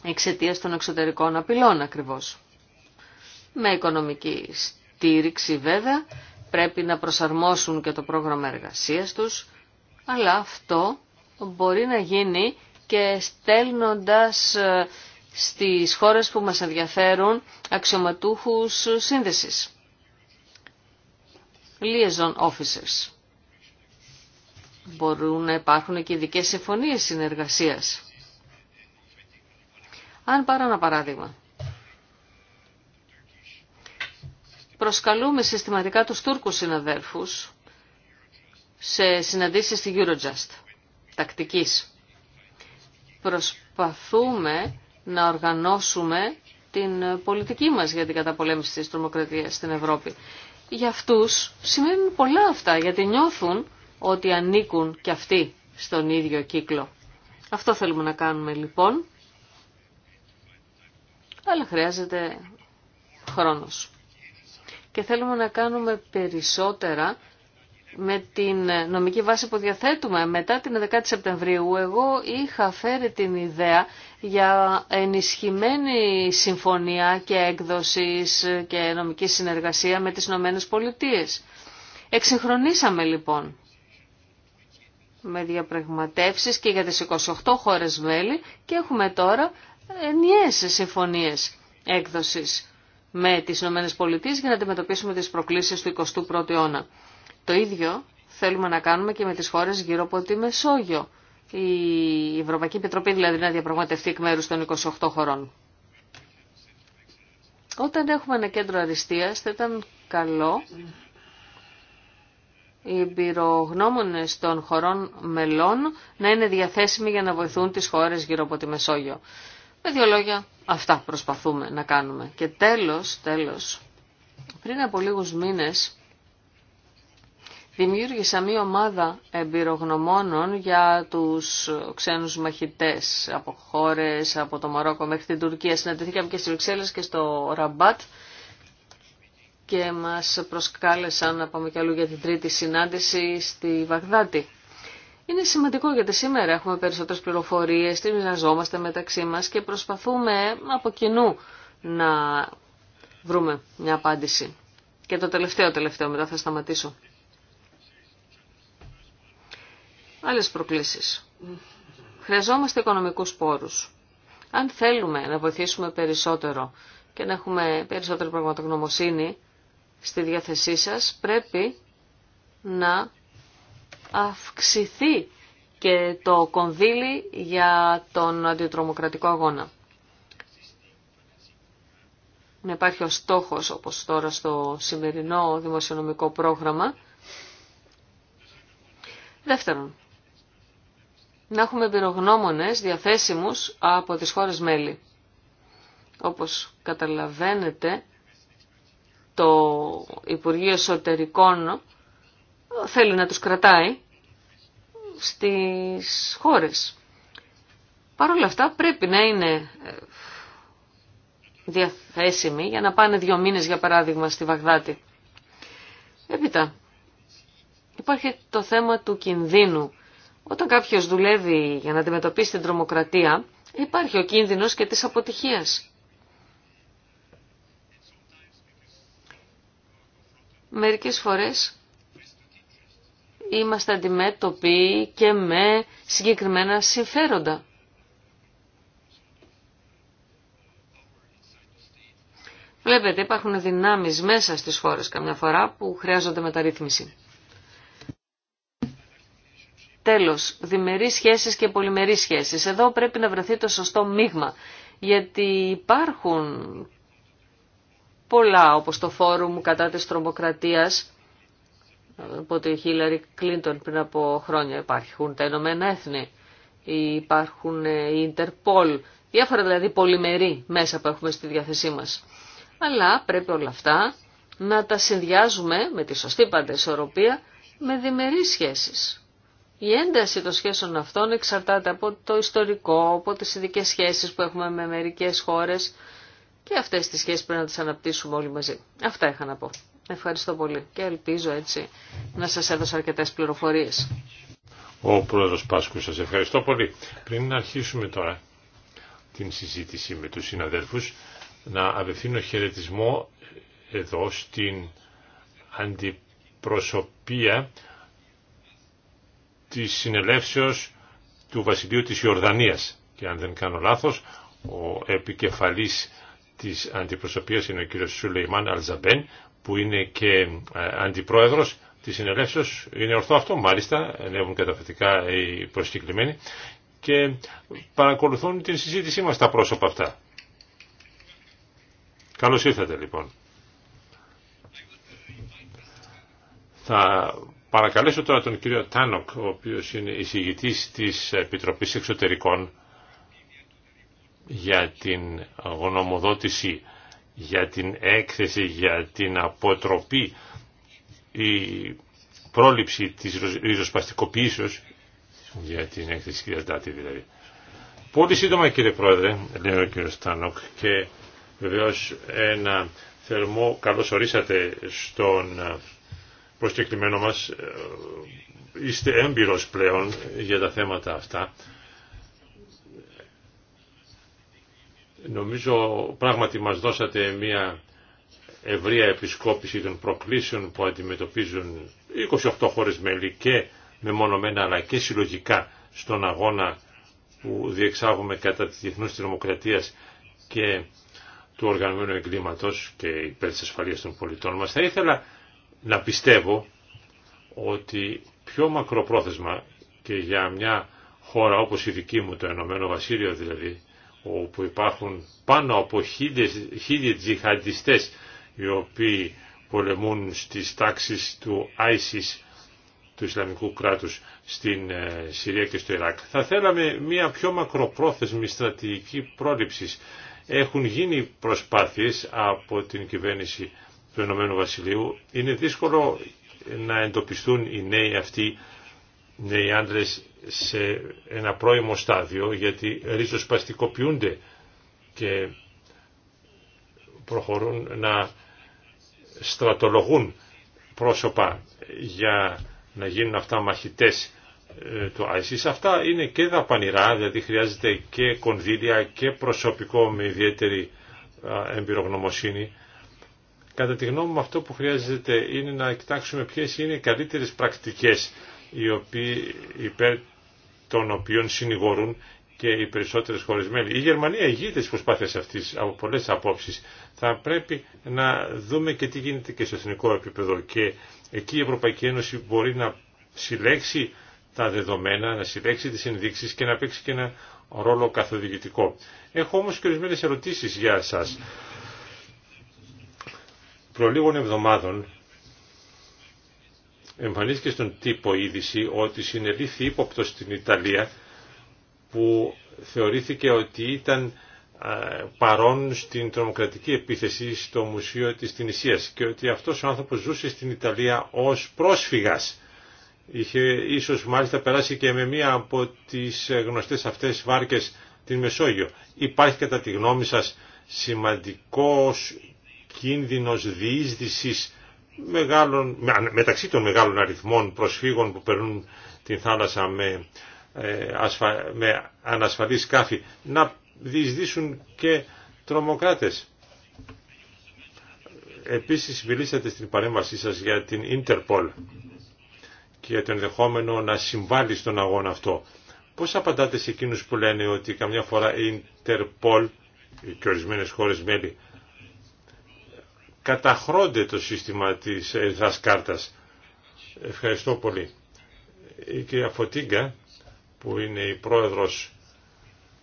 εξαιτίας των εξωτερικών απειλών ακριβώς. Με οικονομική στήριξη βέβαια πρέπει να προσαρμόσουν και το πρόγραμμα εργασίας τους, αλλά αυτό μπορεί να γίνει και στέλνοντας ε, στις χώρες που μας ενδιαφέρουν αξιωματούχους σύνδεσης. Liaison officers. Μπορούν να υπάρχουν και ειδικέ συμφωνίες συνεργασίας. Αν πάρω ένα παράδειγμα. Προσκαλούμε συστηματικά τους Τούρκους συναδέλφους σε συναντήσεις στη Eurojust, τακτικής. Προσπαθούμε να οργανώσουμε την πολιτική μας για την καταπολέμηση της τρομοκρατίας στην Ευρώπη. Για αυτούς σημαίνουν πολλά αυτά, γιατί νιώθουν ότι ανήκουν και αυτοί στον ίδιο κύκλο. Αυτό θέλουμε να κάνουμε λοιπόν αλλά χρειάζεται χρόνος. Και θέλουμε να κάνουμε περισσότερα με την νομική βάση που διαθέτουμε. Μετά την 11η Σεπτεμβρίου εγώ είχα φέρει την ιδέα για ενισχυμένη συμφωνία και έκδοσης και νομική συνεργασία με τις Ηνωμένες Πολιτείες. Εξυγχρονίσαμε λοιπόν με διαπραγματεύσεις και για τις 28 χώρες μέλη και έχουμε τώρα ενιαίες συμφωνίες έκδοσης με τις ΗΠΑ για να αντιμετωπίσουμε τις προκλήσεις του 21ου αιώνα. Το ίδιο θέλουμε να κάνουμε και με τις χώρες γύρω από τη Μεσόγειο. Η Ευρωπαϊκή Επιτροπή δηλαδή να διαπραγματευτεί εκ μέρους των 28 χωρών. Όταν έχουμε ένα κέντρο αριστείας θα ήταν καλό οι εμπειρογνώμονε των χωρών μελών να είναι διαθέσιμοι για να βοηθούν τις χώρες γύρω από τη Μεσόγειο. Με δύο λόγια, αυτά προσπαθούμε να κάνουμε. Και τέλος, τέλος, πριν από λίγους μήνες δημιούργησα μία ομάδα εμπειρογνωμόνων για τους ξένους μαχητές από χώρες, από το Μαρόκο μέχρι την Τουρκία. Συναντηθήκαμε και στις Βρυξέλλες και στο Ραμπάτ και μας προσκάλεσαν να πάμε κι αλλού για την τρίτη συνάντηση στη Βαγδάτη. Είναι σημαντικό γιατί σήμερα έχουμε περισσότερες πληροφορίες, τι μοιραζόμαστε μεταξύ μας και προσπαθούμε από κοινού να βρούμε μια απάντηση. Και το τελευταίο τελευταίο, μετά θα σταματήσω. Άλλες προκλήσεις. Χρειαζόμαστε οικονομικούς πόρους. Αν θέλουμε να βοηθήσουμε περισσότερο και να έχουμε περισσότερη πραγματογνωμοσύνη στη διάθεσή σας, πρέπει να αυξηθεί και το κονδύλι για τον αντιτρομοκρατικό αγώνα. Να υπάρχει ο στόχος, όπως τώρα στο σημερινό δημοσιονομικό πρόγραμμα. Δεύτερον, να έχουμε εμπειρογνώμονες διαθέσιμους από τις χώρες μέλη. Όπως καταλαβαίνετε, το Υπουργείο Εσωτερικών θέλει να τους κρατάει στις χώρες. Παρ' όλα αυτά πρέπει να είναι ε, διαθέσιμοι για να πάνε δύο μήνες για παράδειγμα στη Βαγδάτη. Έπειτα, υπάρχει το θέμα του κινδύνου. Όταν κάποιος δουλεύει για να αντιμετωπίσει την τρομοκρατία, υπάρχει ο κίνδυνος και της αποτυχίας. Μερικές φορές είμαστε αντιμέτωποι και με συγκεκριμένα συμφέροντα. Βλέπετε, υπάρχουν δυνάμεις μέσα στις χώρες καμιά φορά που χρειάζονται μεταρρύθμιση. Τέλος, διμερείς σχέσεις και πολυμερείς σχέσεις. Εδώ πρέπει να βρεθεί το σωστό μείγμα, γιατί υπάρχουν πολλά, όπως το φόρουμ κατά της τρομοκρατίας, από η Χίλαρη Κλίντον πριν από χρόνια. Υπάρχουν τα Ηνωμένα Έθνη, υπάρχουν ε, η Ιντερπολ, διάφορα δηλαδή πολυμερή μέσα που έχουμε στη διάθεσή μας. Αλλά πρέπει όλα αυτά να τα συνδυάζουμε με τη σωστή πάντα με διμερείς σχέσεις. Η ένταση των σχέσεων αυτών εξαρτάται από το ιστορικό, από τις ειδικέ σχέσεις που έχουμε με μερικές χώρες και αυτές τις σχέσεις πρέπει να τις αναπτύσσουμε όλοι μαζί. Αυτά είχα να πω. Ευχαριστώ πολύ και ελπίζω έτσι να σας έδωσα αρκετές πληροφορίες. Ο Πρόεδρος Πάσκου σας ευχαριστώ πολύ. Πριν να αρχίσουμε τώρα την συζήτηση με τους συναδέλφους, να απευθύνω χαιρετισμό εδώ στην αντιπροσωπεία της συνελεύσεως του Βασιλείου της Ιορδανίας. Και αν δεν κάνω λάθος, ο επικεφαλής της αντιπροσωπείας είναι ο κύριος Σουλεϊμάν Αλζαμπέν που είναι και ε, αντιπρόεδρος της συνελεύσεως. Είναι ορθό αυτό, μάλιστα, ενεύουν καταφετικά οι προσκεκλημένοι και παρακολουθούν την συζήτησή μας τα πρόσωπα αυτά. Καλώς ήρθατε λοιπόν. Θα παρακαλέσω τώρα τον κύριο Τάνοκ, ο οποίος είναι εισηγητής της Επιτροπής Εξωτερικών για την γνωμοδότηση, για την έκθεση, για την αποτροπή η πρόληψη της ριζοσπαστικοποίησεως για την έκθεση κυρία Ντάτη δηλαδή. Πολύ σύντομα κύριε Πρόεδρε, λέει ο κύριος Τάνοκ και βεβαίως ένα θερμό καλώς ορίσατε στον ε, προσκεκλημένο μας ε, είστε έμπειρος πλέον για τα θέματα αυτά Νομίζω πράγματι μας δώσατε μια ευρεία επισκόπηση των προκλήσεων που αντιμετωπίζουν 28 χώρες μέλη και μεμονωμένα αλλά και συλλογικά στον αγώνα που διεξάγουμε κατά τη διεθνούς Δημοκρατίας και του οργανωμένου εγκλήματος και υπέρ της ασφαλείας των πολιτών μας. Θα ήθελα να πιστεύω ότι πιο μακροπρόθεσμα και για μια χώρα όπως η δική μου, το Ενωμένο Βασίλειο δηλαδή, όπου υπάρχουν πάνω από χίλιες, χίλιες τζιχαντιστές οι οποίοι πολεμούν στις τάξεις του ISIS του Ισλαμικού κράτους στην ε, Συρία και στο Ιράκ. Θα θέλαμε μια πιο μακροπρόθεσμη στρατηγική πρόληψη. Έχουν γίνει προσπάθειες από την κυβέρνηση του Ηνωμένου Βασιλείου. Είναι δύσκολο να εντοπιστούν οι νέοι αυτοί νέοι άντρε σε ένα πρώιμο στάδιο γιατί ριζοσπαστικοποιούνται και προχωρούν να στρατολογούν πρόσωπα για να γίνουν αυτά μαχητές ε, του ISIS. Αυτά είναι και δαπανηρά, δηλαδή χρειάζεται και κονδύλια και προσωπικό με ιδιαίτερη εμπειρογνωμοσύνη. Κατά τη γνώμη μου αυτό που χρειάζεται είναι να κοιτάξουμε ποιες είναι οι καλύτερες πρακτικές οι οποίοι υπέρ των οποίων συνηγορούν και οι περισσότερες χώρε μέλη. Η Γερμανία ηγείται τι προσπάθειε αυτής από πολλές απόψεις. Θα πρέπει να δούμε και τι γίνεται και στο εθνικό επίπεδο και εκεί η Ευρωπαϊκή Ένωση μπορεί να συλλέξει τα δεδομένα, να συλλέξει τις ενδείξει και να παίξει και ένα ρόλο καθοδηγητικό. Έχω όμω και ορισμένε ερωτήσει για Προ λίγων εβδομάδων εμφανίστηκε στον τύπο είδηση ότι συνελήφθη ύποπτο στην Ιταλία που θεωρήθηκε ότι ήταν παρόν στην τρομοκρατική επίθεση στο Μουσείο της Τινησίας και ότι αυτός ο άνθρωπος ζούσε στην Ιταλία ως πρόσφυγας. Είχε ίσως μάλιστα περάσει και με μία από τις γνωστές αυτές βάρκες την Μεσόγειο. Υπάρχει κατά τη γνώμη σας σημαντικός κίνδυνος διείσδυσης μεγάλων, μεταξύ των μεγάλων αριθμών προσφύγων που περνούν την θάλασσα με, ε, ασφα, με ανασφαλή σκάφη να διεισδύσουν και τρομοκράτες. Επίσης μιλήσατε στην παρέμβασή σας για την Ιντερπολ και για το ενδεχόμενο να συμβάλλει στον αγώνα αυτό. Πώς απαντάτε σε εκείνους που λένε ότι καμιά φορά η Ιντερπολ και ορισμένες χώρες μέλη καταχρώνται το σύστημα της ΕΛΘΑΣ κάρτας. Ευχαριστώ πολύ. Η κυρία Φωτίγκα, που είναι η πρόεδρος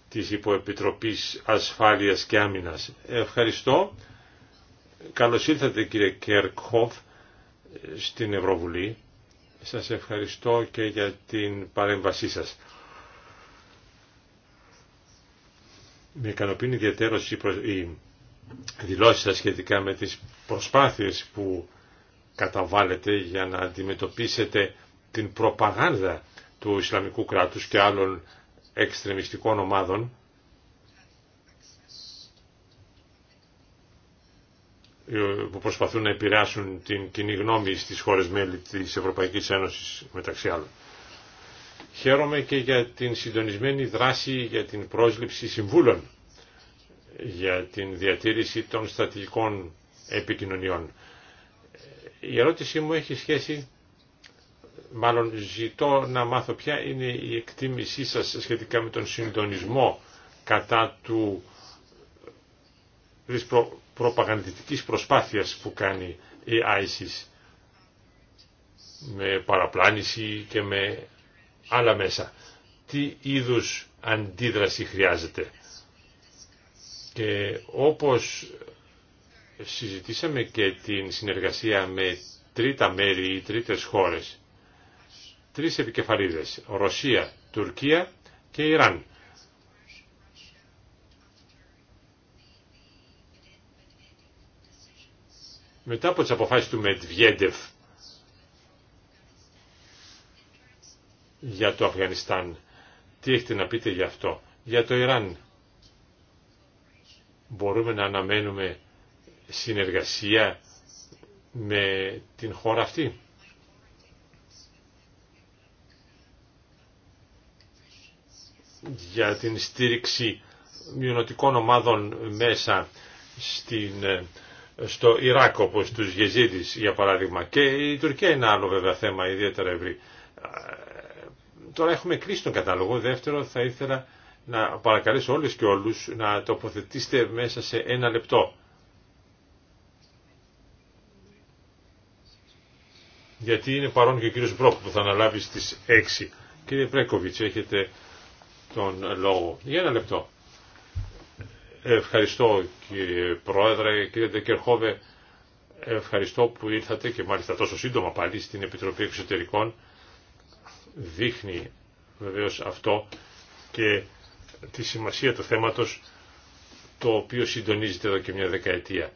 της Υποεπιτροπής Ασφάλειας και Άμυνας. Ευχαριστώ. Καλώς ήρθατε κύριε Κέρκχοφ στην Ευρωβουλή. Σας ευχαριστώ και για την παρέμβασή σας. Με ικανοποιεί ιδιαίτερως η δηλώσει σα σχετικά με τις προσπάθειες που καταβάλλετε για να αντιμετωπίσετε την προπαγάνδα του Ισλαμικού κράτους και άλλων εξτρεμιστικών ομάδων ε, που προσπαθούν να επηρεάσουν την κοινή γνώμη στις χώρες μέλη της Ευρωπαϊκής Ένωσης μεταξύ άλλων. Χαίρομαι και για την συντονισμένη δράση για την πρόσληψη συμβούλων για την διατήρηση των στρατηγικών επικοινωνιών. Η ερώτησή μου έχει σχέση, μάλλον ζητώ να μάθω ποια είναι η εκτίμησή σας σχετικά με τον συντονισμό κατά του της προ, προσπάθειας που κάνει η ISIS με παραπλάνηση και με άλλα μέσα. Τι είδους αντίδραση χρειάζεται. Και όπως συζητήσαμε και την συνεργασία με τρίτα μέρη ή τρίτες χώρες, τρεις επικεφαλίδες, Ρωσία, Τουρκία και Ιράν. Μετά από τις αποφάσεις του Μετβιέντεφ για το Αφγανιστάν, τι έχετε να πείτε γι' αυτό, για το Ιράν, μπορούμε να αναμένουμε συνεργασία με την χώρα αυτή. για την στήριξη μειωνοτικών ομάδων μέσα στην, ε, στο Ιράκ όπως τους Γεζίδης για παράδειγμα και η Τουρκία είναι άλλο βέβαια θέμα ιδιαίτερα ευρύ. Ε, τώρα έχουμε κλείσει τον κατάλογο. Δεύτερο θα ήθελα να παρακαλέσω όλες και όλους να τοποθετήσετε μέσα σε ένα λεπτό. Γιατί είναι παρόν και ο κύριος Μπρόκ που θα αναλάβει στις 6. Κύριε Πρέκοβιτς, έχετε τον λόγο. Για ένα λεπτό. Ευχαριστώ κύριε Πρόεδρε, κύριε Δεκερχόβε. ευχαριστώ που ήρθατε και μάλιστα τόσο σύντομα πάλι στην Επιτροπή Εξωτερικών. Δείχνει βεβαίως αυτό και τη σημασία του θέματος το οποίο συντονίζεται εδώ και μια δεκαετία.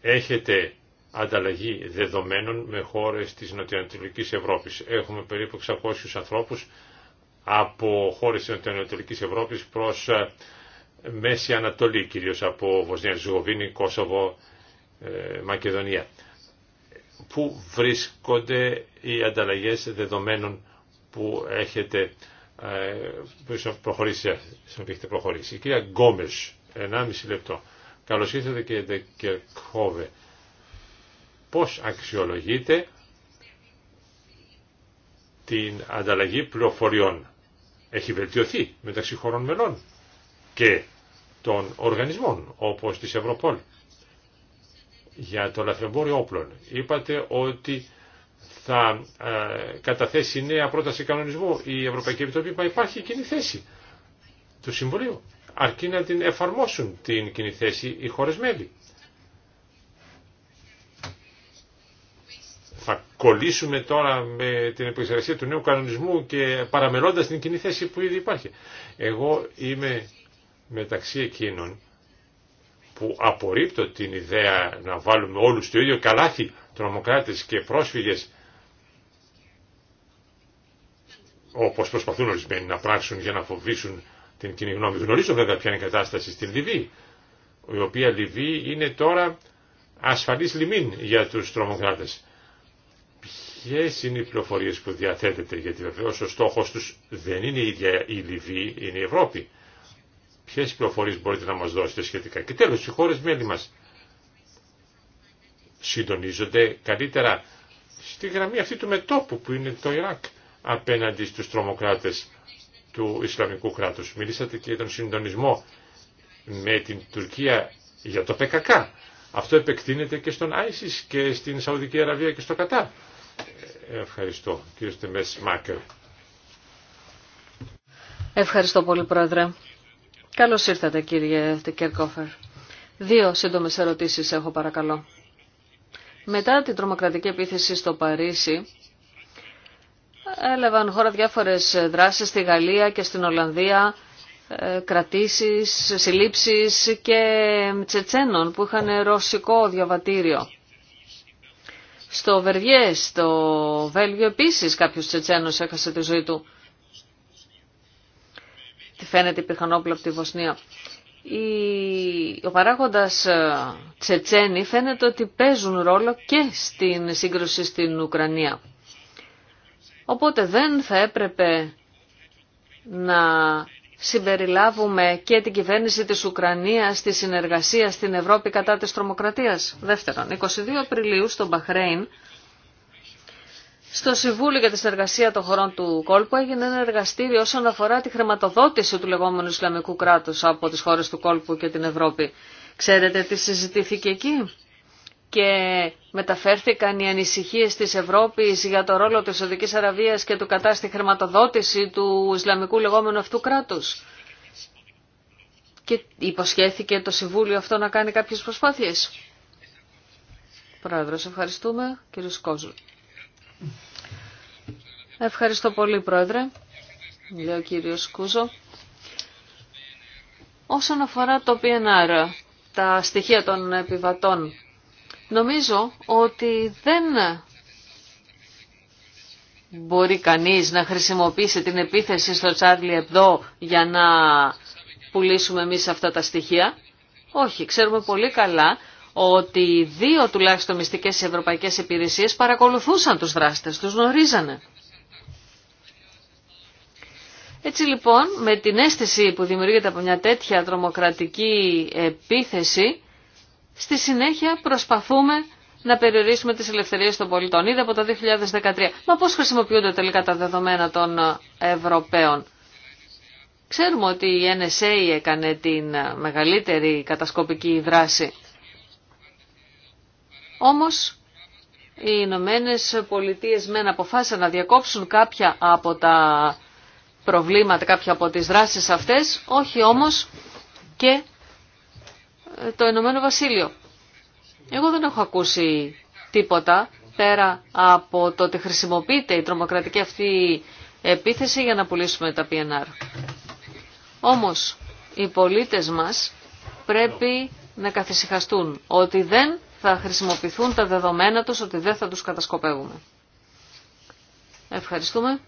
Έχετε ανταλλαγή δεδομένων με χώρες της Νοτιοανατολικής Ευρώπης. Έχουμε περίπου 600 ανθρώπους από χώρες της Νοτιοανατολικής Ευρώπης προς ε, Μέση Ανατολή, κυρίως από Βοσνία, Ζουγοβίνη, Κόσοβο, ε, Μακεδονία. Πού βρίσκονται οι ανταλλαγές δεδομένων ε, που έχετε προχωρήσει, σε έχετε προχωρήσει. Η κυρία Γκόμες, 1,5 λεπτό. Καλώς ήρθατε και Ντεκερκόβε. Πώς αξιολογείτε την ανταλλαγή πληροφοριών. Έχει βελτιωθεί μεταξύ χωρών μελών και των οργανισμών όπως της Ευρωπόλ για το λαθρεμπόριο όπλων. Είπατε ότι θα ε, καταθέσει νέα πρόταση κανονισμού η Ευρωπαϊκή Επιτροπή, μα υπάρχει κοινή θέση του Συμβουλίου. Αρκεί να την εφαρμόσουν την κοινή θέση οι χώρε μέλη. Θα κολλήσουμε τώρα με την επεξεργασία του νέου κανονισμού και παραμελώντας την κοινή θέση που ήδη υπάρχει. Εγώ είμαι μεταξύ εκείνων που απορρίπτω την ιδέα να βάλουμε όλους το ίδιο καλάθι τρομοκράτες και πρόσφυγες Όπω προσπαθούν ορισμένοι να πράξουν για να φοβήσουν την κοινή γνώμη. Γνωρίζω βέβαια ποια είναι η κατάσταση στην Λιβύη, η οποία Λιβύη είναι τώρα ασφαλής λιμίν για του τρομοκράτε. Ποιε είναι οι πληροφορίε που διαθέτεται, γιατί βεβαίω ο στόχο του δεν είναι η ίδια η Λιβύη, είναι η Ευρώπη. Ποιε πληροφορίε μπορείτε να μα δώσετε σχετικά. Και τέλο, οι χώρε μέλη μα συντονίζονται καλύτερα στη γραμμή αυτή του μετόπου που είναι το Ιράκ απέναντι στους τρομοκράτες του Ισλαμικού κράτους. Μιλήσατε και για τον συντονισμό με την Τουρκία για το ΠΚΚ. Αυτό επεκτείνεται και στον Άισις και στην Σαουδική Αραβία και στο Κατά. Ευχαριστώ κύριε Στεμές Μάκερ. Ευχαριστώ πολύ πρόεδρε. Καλώς ήρθατε κύριε Τεκερκόφερ. Δύο σύντομες ερωτήσεις έχω παρακαλώ. Μετά την τρομοκρατική επίθεση στο Παρίσι, έλαβαν χώρα διάφορες δράσεις στη Γαλλία και στην Ολλανδία, ε, κρατήσεις, συλλήψεις και τσετσένων που είχαν ρωσικό διαβατήριο. Στο Βερβιέ, στο Βέλγιο επίσης κάποιος τσετσένος έχασε τη ζωή του. Τι φαίνεται υπήρχαν όπλα από τη Βοσνία. Ο παράγοντας ε, Τσετσένοι φαίνεται ότι παίζουν ρόλο και στην σύγκρουση στην Ουκρανία. Οπότε δεν θα έπρεπε να συμπεριλάβουμε και την κυβέρνηση της Ουκρανίας στη συνεργασία στην Ευρώπη κατά της τρομοκρατίας. Δεύτερον, 22 Απριλίου στο Μπαχρέιν, στο Συμβούλιο για τη Συνεργασία των Χωρών του Κόλπου έγινε ένα εργαστήριο όσον αφορά τη χρηματοδότηση του λεγόμενου Ισλαμικού κράτους από τις χώρες του Κόλπου και την Ευρώπη. Ξέρετε τι συζητήθηκε εκεί και μεταφέρθηκαν οι ανησυχίες της Ευρώπης για το ρόλο της Σαουδικής Αραβίας και του κατάστη χρηματοδότηση του Ισλαμικού λεγόμενου αυτού κράτους. Και υποσχέθηκε το Συμβούλιο αυτό να κάνει κάποιες προσπάθειες. Πρόεδρος, ευχαριστούμε. Κύριος Κόζου. Ευχαριστώ πολύ, Πρόεδρε. Λέω κύριο Σκούζο. Όσον αφορά το PNR, τα στοιχεία των επιβατών Νομίζω ότι δεν μπορεί κανείς να χρησιμοποιήσει την επίθεση στο Τσάρλι Εμπδό για να πουλήσουμε εμείς αυτά τα στοιχεία. Όχι, ξέρουμε πολύ καλά ότι δύο τουλάχιστον μυστικές ευρωπαϊκές υπηρεσίες παρακολουθούσαν τους δράστες, τους γνωρίζανε. Έτσι λοιπόν, με την αίσθηση που δημιουργείται από μια τέτοια τρομοκρατική επίθεση, στη συνέχεια προσπαθούμε να περιορίσουμε τις ελευθερίες των πολιτών. Είδα από το 2013. Μα πώς χρησιμοποιούνται τελικά τα δεδομένα των Ευρωπαίων. Ξέρουμε ότι η NSA έκανε την μεγαλύτερη κατασκοπική δράση. Όμως οι Ηνωμένε Πολιτείες μεν αποφάσισαν να διακόψουν κάποια από τα προβλήματα, κάποια από τις δράσεις αυτές, όχι όμως και το Ηνωμένο Βασίλειο. Εγώ δεν έχω ακούσει τίποτα πέρα από το ότι χρησιμοποιείται η τρομοκρατική αυτή επίθεση για να πουλήσουμε τα PNR. Όμως, οι πολίτες μας πρέπει να καθησυχαστούν ότι δεν θα χρησιμοποιηθούν τα δεδομένα τους, ότι δεν θα τους κατασκοπεύουμε. Ευχαριστούμε.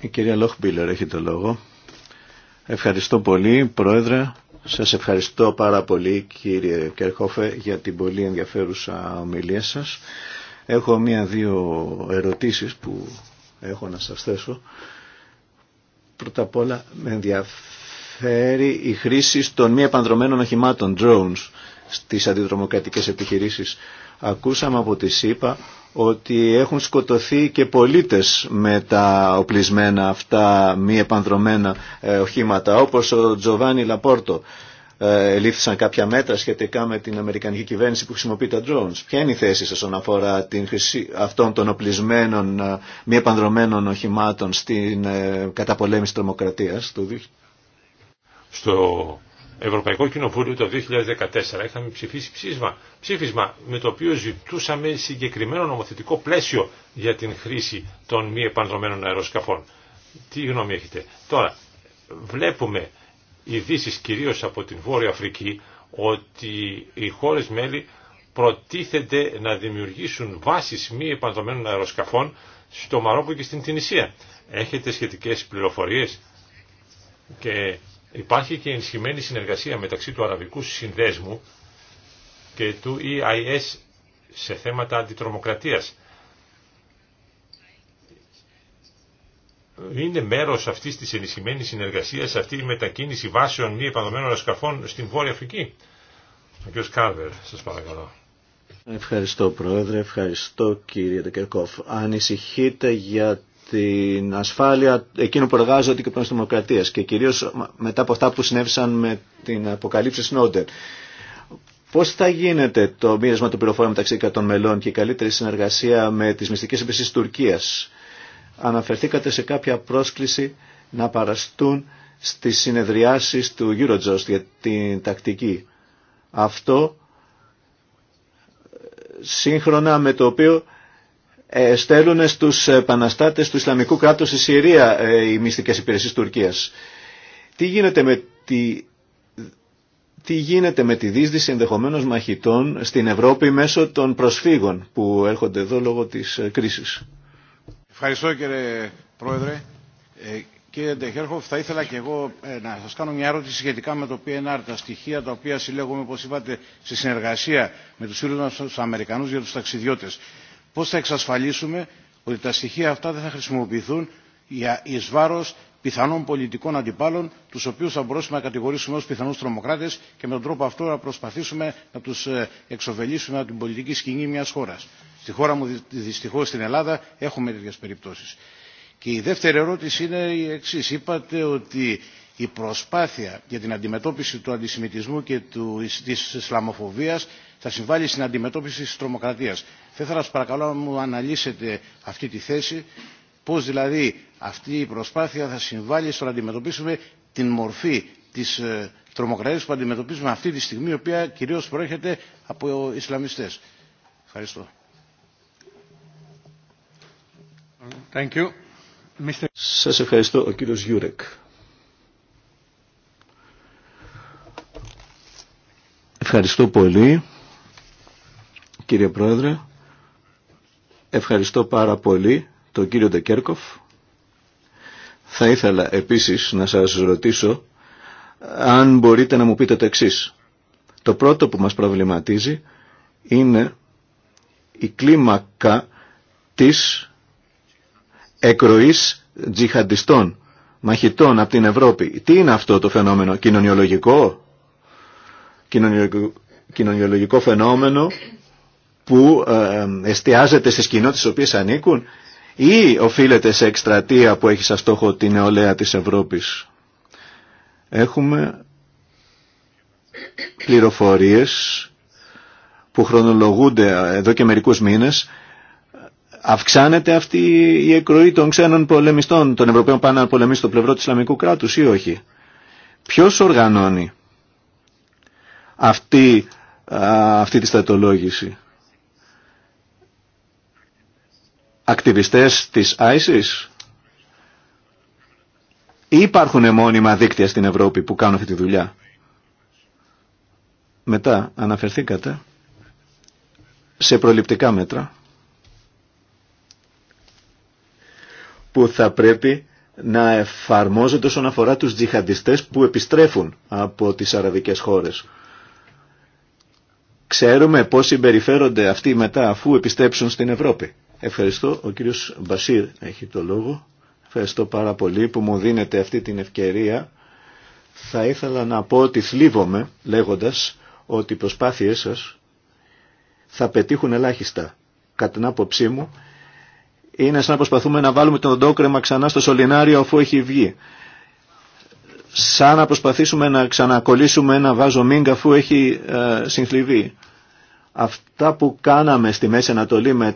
Η κυρία Λόχμπίλερ έχει το λόγο. Ευχαριστώ πολύ, Πρόεδρε. Σας ευχαριστώ πάρα πολύ κύριε Κερχόφε για την πολύ ενδιαφέρουσα ομιλία σας. Έχω μία-δύο ερωτήσεις που έχω να σας θέσω. Πρώτα απ' όλα με ενδιαφέρει η χρήση των μη επανδρομένων οχημάτων, drones, στις αντιδρομοκρατικές επιχειρήσεις. Ακούσαμε από τη ΣΥΠΑ ότι έχουν σκοτωθεί και πολίτες με τα οπλισμένα αυτά μη επανδρομένα ε, οχήματα όπως ο Τζοβάνι Λαπόρτο. Ε, ελήφθησαν κάποια μέτρα σχετικά με την Αμερικανική κυβέρνηση που χρησιμοποιεί τα drones. Ποια είναι η θέση σας όσον αφορά την χρησι... αυτών των οπλισμένων ε, μη επανδρομένων οχημάτων στην καταπολέμηση τρομοκρατίας του Στο Ευρωπαϊκό Κοινοβούλιο το 2014 είχαμε ψηφίσει ψήφισμα, ψήφισμα με το οποίο ζητούσαμε συγκεκριμένο νομοθετικό πλαίσιο για την χρήση των μη επανδρομένων αεροσκαφών. Τι γνώμη έχετε. Τώρα, βλέπουμε ειδήσει κυρίως από την Βόρεια Αφρική ότι οι χώρες μέλη προτίθενται να δημιουργήσουν βάσεις μη επανδρομένων αεροσκαφών στο Μαρόκο και στην Τινησία. Έχετε σχετικές πληροφορίες και Υπάρχει και ενισχυμένη συνεργασία μεταξύ του Αραβικού Συνδέσμου και του EIS σε θέματα αντιτρομοκρατίας. Είναι μέρος αυτής της ενισχυμένης συνεργασίας αυτή η μετακίνηση βάσεων μη επανδομένων ασκαφών στην Βόρεια Αφρική. Ο κ. Κάρβερ, σας παρακαλώ. Ευχαριστώ Πρόεδρε, ευχαριστώ κύριε Τεκερκόφ. Ανησυχείτε για στην ασφάλεια εκείνων που εργάζονται και τη δημοκρατία και κυρίως μετά από αυτά που συνέβησαν με την αποκαλύψη Σνόντερ. Πώς θα γίνεται το μοίρασμα των πληροφοριών μεταξύ των μελών και η καλύτερη συνεργασία με τις μυστικές υπηρεσίες Τουρκίας. Αναφερθήκατε σε κάποια πρόσκληση να παραστούν στις συνεδριάσεις του Eurojust για την τακτική. Αυτό ε, σύγχρονα με το οποίο ε, στέλνουν στους επαναστάτες του Ισλαμικού κράτους στη Συρία ε, οι μυστικές υπηρεσίες Τουρκίας. Τι γίνεται με τη, τι γίνεται με τη δίσδυση ενδεχομένω μαχητών στην Ευρώπη μέσω των προσφύγων που έρχονται εδώ λόγω της ε, κρίσης. Ευχαριστώ κύριε Πρόεδρε. Ε, κύριε Ντεχέρχοφ, θα ήθελα και εγώ ε, να σας κάνω μια ερώτηση σχετικά με το PNR, τα στοιχεία τα οποία συλλέγουμε, όπως είπατε, σε συνεργασία με τους φίλους μας τους Αμερικανούς για τους ταξιδιώτες πώς θα εξασφαλίσουμε ότι τα στοιχεία αυτά δεν θα χρησιμοποιηθούν για εις βάρος πιθανών πολιτικών αντιπάλων, τους οποίους θα μπορούσαμε να κατηγορήσουμε ως πιθανούς τρομοκράτες και με τον τρόπο αυτό να προσπαθήσουμε να τους ε, εξοβελήσουμε από την πολιτική σκηνή μιας χώρας. Στη χώρα μου δυστυχώς στην Ελλάδα έχουμε τέτοιες περιπτώσεις. Και η δεύτερη ερώτηση είναι η εξή. Είπατε ότι η προσπάθεια για την αντιμετώπιση του αντισημιτισμού και του, της Ισλαμοφοβίας θα συμβάλλει στην αντιμετώπιση της τρομοκρατίας. Θα ήθελα σας παρακαλώ να μου αναλύσετε αυτή τη θέση, πώς δηλαδή αυτή η προσπάθεια θα συμβάλλει στο να αντιμετωπίσουμε την μορφή της ε, τρομοκρατίας που αντιμετωπίζουμε αυτή τη στιγμή, η οποία κυρίως προέρχεται από Ισλαμιστές. Ευχαριστώ. Σας ευχαριστώ, ο κύριος Γιούρεκ. Ευχαριστώ πολύ, κύριε Πρόεδρε. Ευχαριστώ πάρα πολύ τον κύριο Ντεκέρκοφ. Θα ήθελα επίσης να σας ρωτήσω αν μπορείτε να μου πείτε το εξής. Το πρώτο που μας προβληματίζει είναι η κλίμακα της εκροής τζιχαντιστών, μαχητών από την Ευρώπη. Τι είναι αυτό το φαινόμενο, κοινωνιολογικό, κοινωνιολογικό φαινόμενο που ε, ε, εστιάζεται στις κοινότητες στις οποίες ανήκουν ή οφείλεται σε εκστρατεία που έχει σαν στόχο την νεολαία της Ευρώπης. Έχουμε πληροφορίες που χρονολογούνται εδώ και μερικούς μήνες αυξάνεται αυτή η εκροή των ξένων πολεμιστών, των Ευρωπαίων πάνω πολεμιστών στο πλευρό του Ισλαμικού κράτους ή όχι. Ποιος οργανώνει αυτή, αυτή τη στρατολόγηση. Ακτιβιστές της ISIS ή υπάρχουν μόνιμα δίκτυα στην Ευρώπη που κάνουν αυτή τη δουλειά. Μετά αναφερθήκατε σε προληπτικά μέτρα που θα πρέπει να εφαρμόζονται όσον αφορά τους τζιχαντιστές που επιστρέφουν από τις αραβικές χώρες. Ξέρουμε πώς συμπεριφέρονται αυτοί μετά αφού επιστέψουν στην Ευρώπη. Ευχαριστώ. Ο κύριος Μπασίρ έχει το λόγο. Ευχαριστώ πάρα πολύ που μου δίνετε αυτή την ευκαιρία. Θα ήθελα να πω ότι θλίβομαι λέγοντας ότι οι προσπάθειές σας θα πετύχουν ελάχιστα. Κατά την άποψή μου είναι σαν να προσπαθούμε να βάλουμε τον δόκρεμα ξανά στο σωληνάριο αφού έχει βγει σαν να προσπαθήσουμε να ξανακολλήσουμε ένα βάζο μίγκα αφού έχει ε, Αυτά που κάναμε στη Μέση Ανατολή με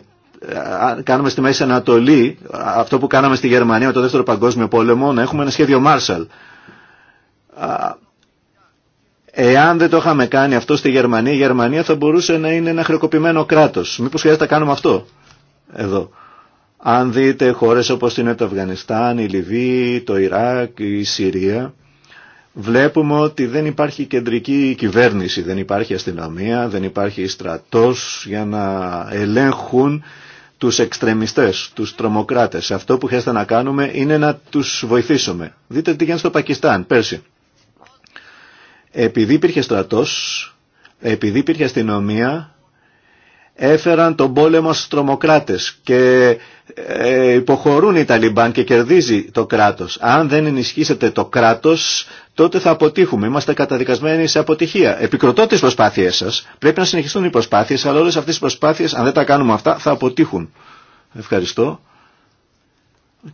ε, στη Μέση Ανατολή αυτό που κάναμε στη Γερμανία με το δεύτερο παγκόσμιο πόλεμο να έχουμε ένα σχέδιο Μάρσαλ εάν δεν το είχαμε κάνει αυτό στη Γερμανία η Γερμανία θα μπορούσε να είναι ένα χρεοκοπημένο κράτος μήπως χρειάζεται να κάνουμε αυτό εδώ αν δείτε χώρες όπως είναι το Αφγανιστάν, η Λιβύη, το Ιράκ, η Συρία βλέπουμε ότι δεν υπάρχει κεντρική κυβέρνηση, δεν υπάρχει αστυνομία, δεν υπάρχει στρατός για να ελέγχουν τους εξτρεμιστές, τους τρομοκράτες. Αυτό που χρειάζεται να κάνουμε είναι να τους βοηθήσουμε. Δείτε τι γίνεται στο Πακιστάν πέρσι. Επειδή υπήρχε στρατός, επειδή υπήρχε αστυνομία, έφεραν τον πόλεμο στους τρομοκράτες και ε, υποχωρούν οι Ταλιμπάν και κερδίζει το κράτος. Αν δεν ενισχύσετε το κράτος, τότε θα αποτύχουμε. Είμαστε καταδικασμένοι σε αποτυχία. Επικροτώ τις προσπάθειές σας. Πρέπει να συνεχιστούν οι προσπάθειες, αλλά όλες αυτές οι προσπάθειες, αν δεν τα κάνουμε αυτά, θα αποτύχουν. Ευχαριστώ.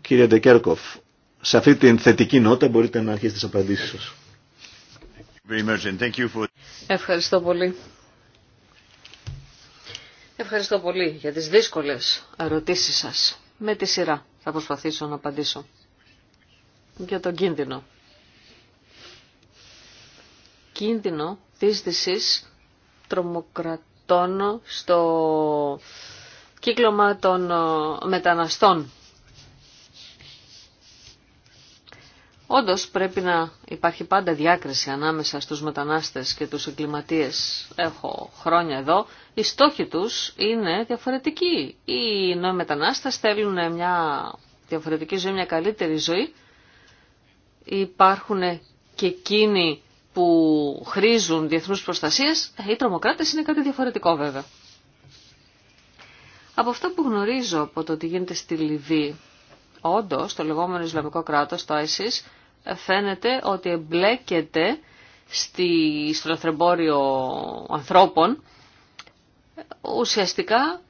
Κύριε Ντεκέρκοφ, σε αυτή την θετική νότα μπορείτε να αρχίσετε τις απαντήσεις σας. Ευχαριστώ πολύ. Ευχαριστώ πολύ για τις δύσκολες ερωτήσεις σας. Με τη σειρά θα προσπαθήσω να απαντήσω. Για τον κίνδυνο. Κίνδυνο δίσδυσης τρομοκρατών στο κύκλωμα των ε, μεταναστών Όντω πρέπει να υπάρχει πάντα διάκριση ανάμεσα στους μετανάστες και τους εγκληματίες. Έχω χρόνια εδώ. Οι στόχοι τους είναι διαφορετικοί. Οι μετανάστες θέλουν μια διαφορετική ζωή, μια καλύτερη ζωή. Υπάρχουν και εκείνοι που χρήζουν διεθνούς προστασίες. Ε, οι τρομοκράτες είναι κάτι διαφορετικό βέβαια. Από αυτό που γνωρίζω από το τι γίνεται στη Λιβύη, όντως το λεγόμενο Ισλαμικό κράτος, το ISIS, φαίνεται ότι εμπλέκεται στη, στο λαθρεμπόριο ανθρώπων, ουσιαστικά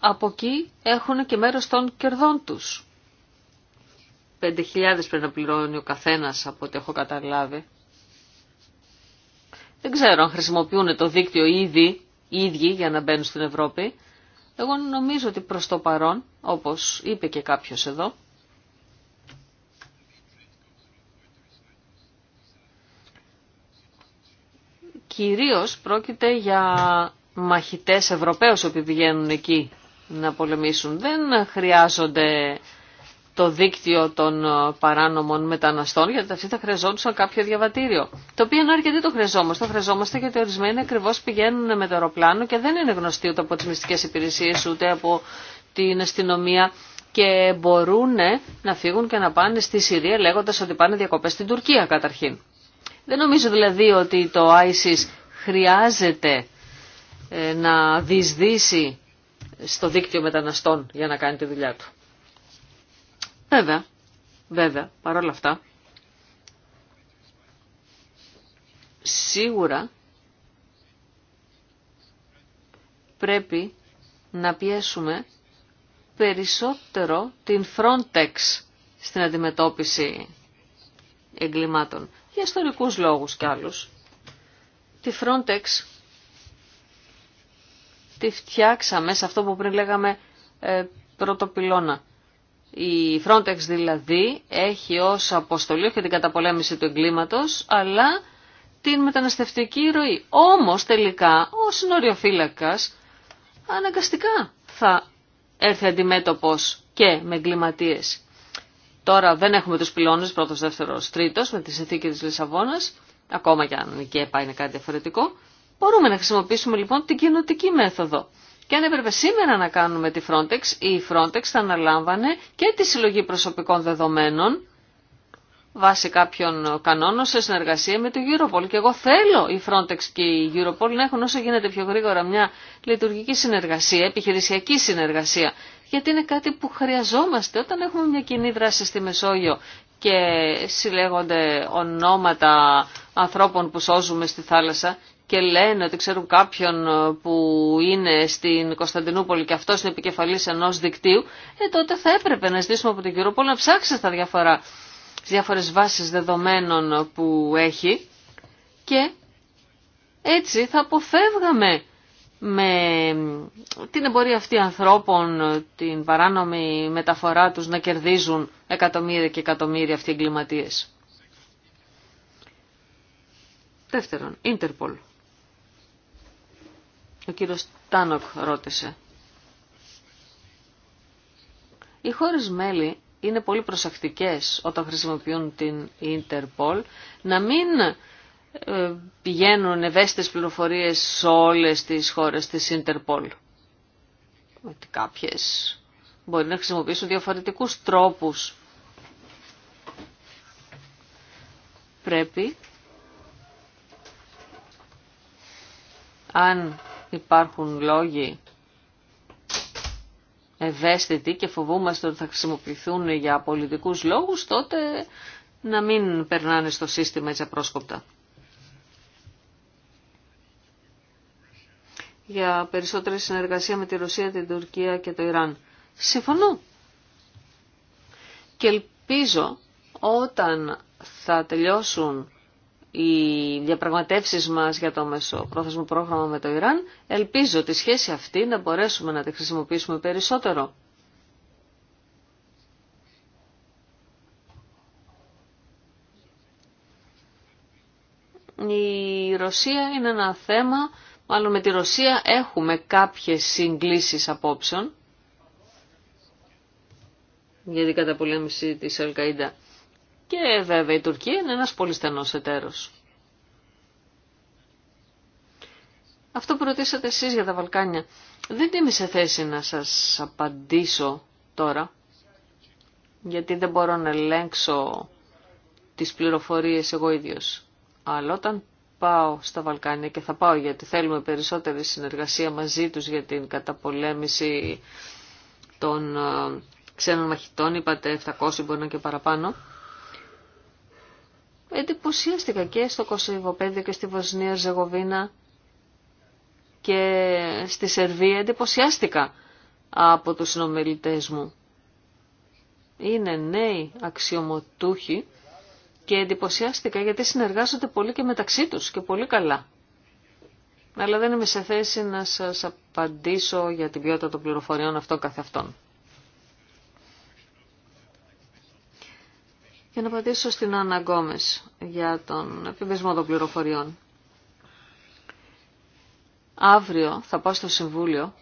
από εκεί έχουν και μέρος των κερδών τους. 5.000 πρέπει να πληρώνει ο καθένας από ό,τι έχω καταλάβει. Δεν ξέρω αν χρησιμοποιούν το δίκτυο ήδη, οι για να μπαίνουν στην Ευρώπη. Εγώ νομίζω ότι προς το παρόν, όπως είπε και κάποιος εδώ, Κυρίως πρόκειται για μαχητές Ευρωπαίους που πηγαίνουν εκεί να πολεμήσουν. Δεν χρειάζονται το δίκτυο των παράνομων μεταναστών, γιατί αυτοί θα χρειαζόντουσαν κάποιο διαβατήριο. Το οποίο είναι αρκετή το χρειαζόμαστε. Το χρειαζόμαστε γιατί ορισμένοι ακριβώ πηγαίνουν με το αεροπλάνο και δεν είναι γνωστοί ούτε από τι μυστικέ υπηρεσίε ούτε από την αστυνομία και μπορούν να φύγουν και να πάνε στη Συρία λέγοντας ότι πάνε διακοπές στην Τουρκία καταρχήν. Δεν νομίζω δηλαδή ότι το ISIS χρειάζεται ε, να δυσδύσει στο δίκτυο μεταναστών για να κάνει τη δουλειά του. Βέβαια, βέβαια, παρόλα αυτά, σίγουρα πρέπει να πιέσουμε περισσότερο την Frontex στην αντιμετώπιση εγκλημάτων για ιστορικούς λόγους κι άλλους. Τη Frontex τη φτιάξαμε σε αυτό που πριν λέγαμε ε, Η Frontex δηλαδή έχει ως αποστολή και την καταπολέμηση του εγκλήματος, αλλά την μεταναστευτική ροή. Όμως τελικά ο συνοριοφύλακας αναγκαστικά θα έρθει αντιμέτωπος και με εγκληματίες. Τώρα δεν έχουμε τους πυλώνες πρώτος, δεύτερο τρίτος με τη συνθήκη της Λισαβόνας, ακόμα και αν η ΚΕΠΑ είναι κάτι διαφορετικό. Μπορούμε να χρησιμοποιήσουμε λοιπόν την κοινοτική μέθοδο. Και αν έπρεπε σήμερα να κάνουμε τη Frontex, η Frontex θα αναλάμβανε και τη συλλογή προσωπικών δεδομένων βάσει κάποιων κανόνων σε συνεργασία με το Europol. Και εγώ θέλω η Frontex και η Europol να έχουν όσο γίνεται πιο γρήγορα μια λειτουργική συνεργασία, επιχειρησιακή συνεργασία γιατί είναι κάτι που χρειαζόμαστε όταν έχουμε μια κοινή δράση στη Μεσόγειο και συλλέγονται ονόματα ανθρώπων που σώζουμε στη θάλασσα και λένε ότι ξέρουν κάποιον που είναι στην Κωνσταντινούπολη και αυτός είναι επικεφαλής ενός δικτύου, ε, τότε θα έπρεπε να ζητήσουμε από την Κυρούπολη να ψάξει τα διάφορα, τις διάφορες βάσεις δεδομένων που έχει και έτσι θα αποφεύγαμε με την εμπορία αυτή ανθρώπων, την παράνομη μεταφορά τους να κερδίζουν εκατομμύρια και εκατομμύρια αυτοί οι εγκληματίες. Δεύτερον, Ίντερπολ. Ο κύριος Τάνοκ ρώτησε. Οι χώρες μέλη είναι πολύ προσεκτικές όταν χρησιμοποιούν την Ιντερπολ να μην ε, πηγαίνουν ευαίσθητες πληροφορίες σε όλες τις χώρες της Ιντερπόλ. Ότι κάποιες μπορεί να χρησιμοποιήσουν διαφορετικούς τρόπους. Πρέπει, αν υπάρχουν λόγοι ευαίσθητοι και φοβούμαστε ότι θα χρησιμοποιηθούν για πολιτικούς λόγους, τότε να μην περνάνε στο σύστημα έτσι απρόσκοπτα. για περισσότερη συνεργασία με τη Ρωσία, την Τουρκία και το Ιράν. Συμφωνώ. Και ελπίζω όταν θα τελειώσουν οι διαπραγματεύσεις μας για το μεσοπρόθεσμο πρόγραμμα με το Ιράν, ελπίζω τη σχέση αυτή να μπορέσουμε να τη χρησιμοποιήσουμε περισσότερο. Η Ρωσία είναι ένα θέμα Μάλλον με τη Ρωσία έχουμε κάποιες συγκλήσεις απόψεων για την καταπολέμηση της Αλκαΐντα. Και βέβαια η Τουρκία είναι ένας πολύ στενός εταίρος. Αυτό που ρωτήσατε εσείς για τα Βαλκάνια. Δεν είμαι σε θέση να σας απαντήσω τώρα, γιατί δεν μπορώ να ελέγξω τις πληροφορίες εγώ ίδιος. Αλλά όταν πάω στα Βαλκάνια και θα πάω γιατί θέλουμε περισσότερη συνεργασία μαζί τους για την καταπολέμηση των ε, ξένων μαχητών, είπατε 700 μπορεί να και παραπάνω. Εντυπωσιάστηκα και στο Κωσοϊβοπέδιο και στη Βοσνία Ζεγοβίνα και στη Σερβία εντυπωσιάστηκα από τους συνομιλητές μου. Είναι νέοι αξιωματούχοι και εντυπωσιάστηκα γιατί συνεργάζονται πολύ και μεταξύ τους και πολύ καλά. Αλλά δεν είμαι σε θέση να σας απαντήσω για την ποιότητα των πληροφοριών αυτών καθ' αυτών. Και να απαντήσω στην Άννα Γκόμες για τον επιβεσμό των πληροφοριών. Αύριο θα πάω στο Συμβούλιο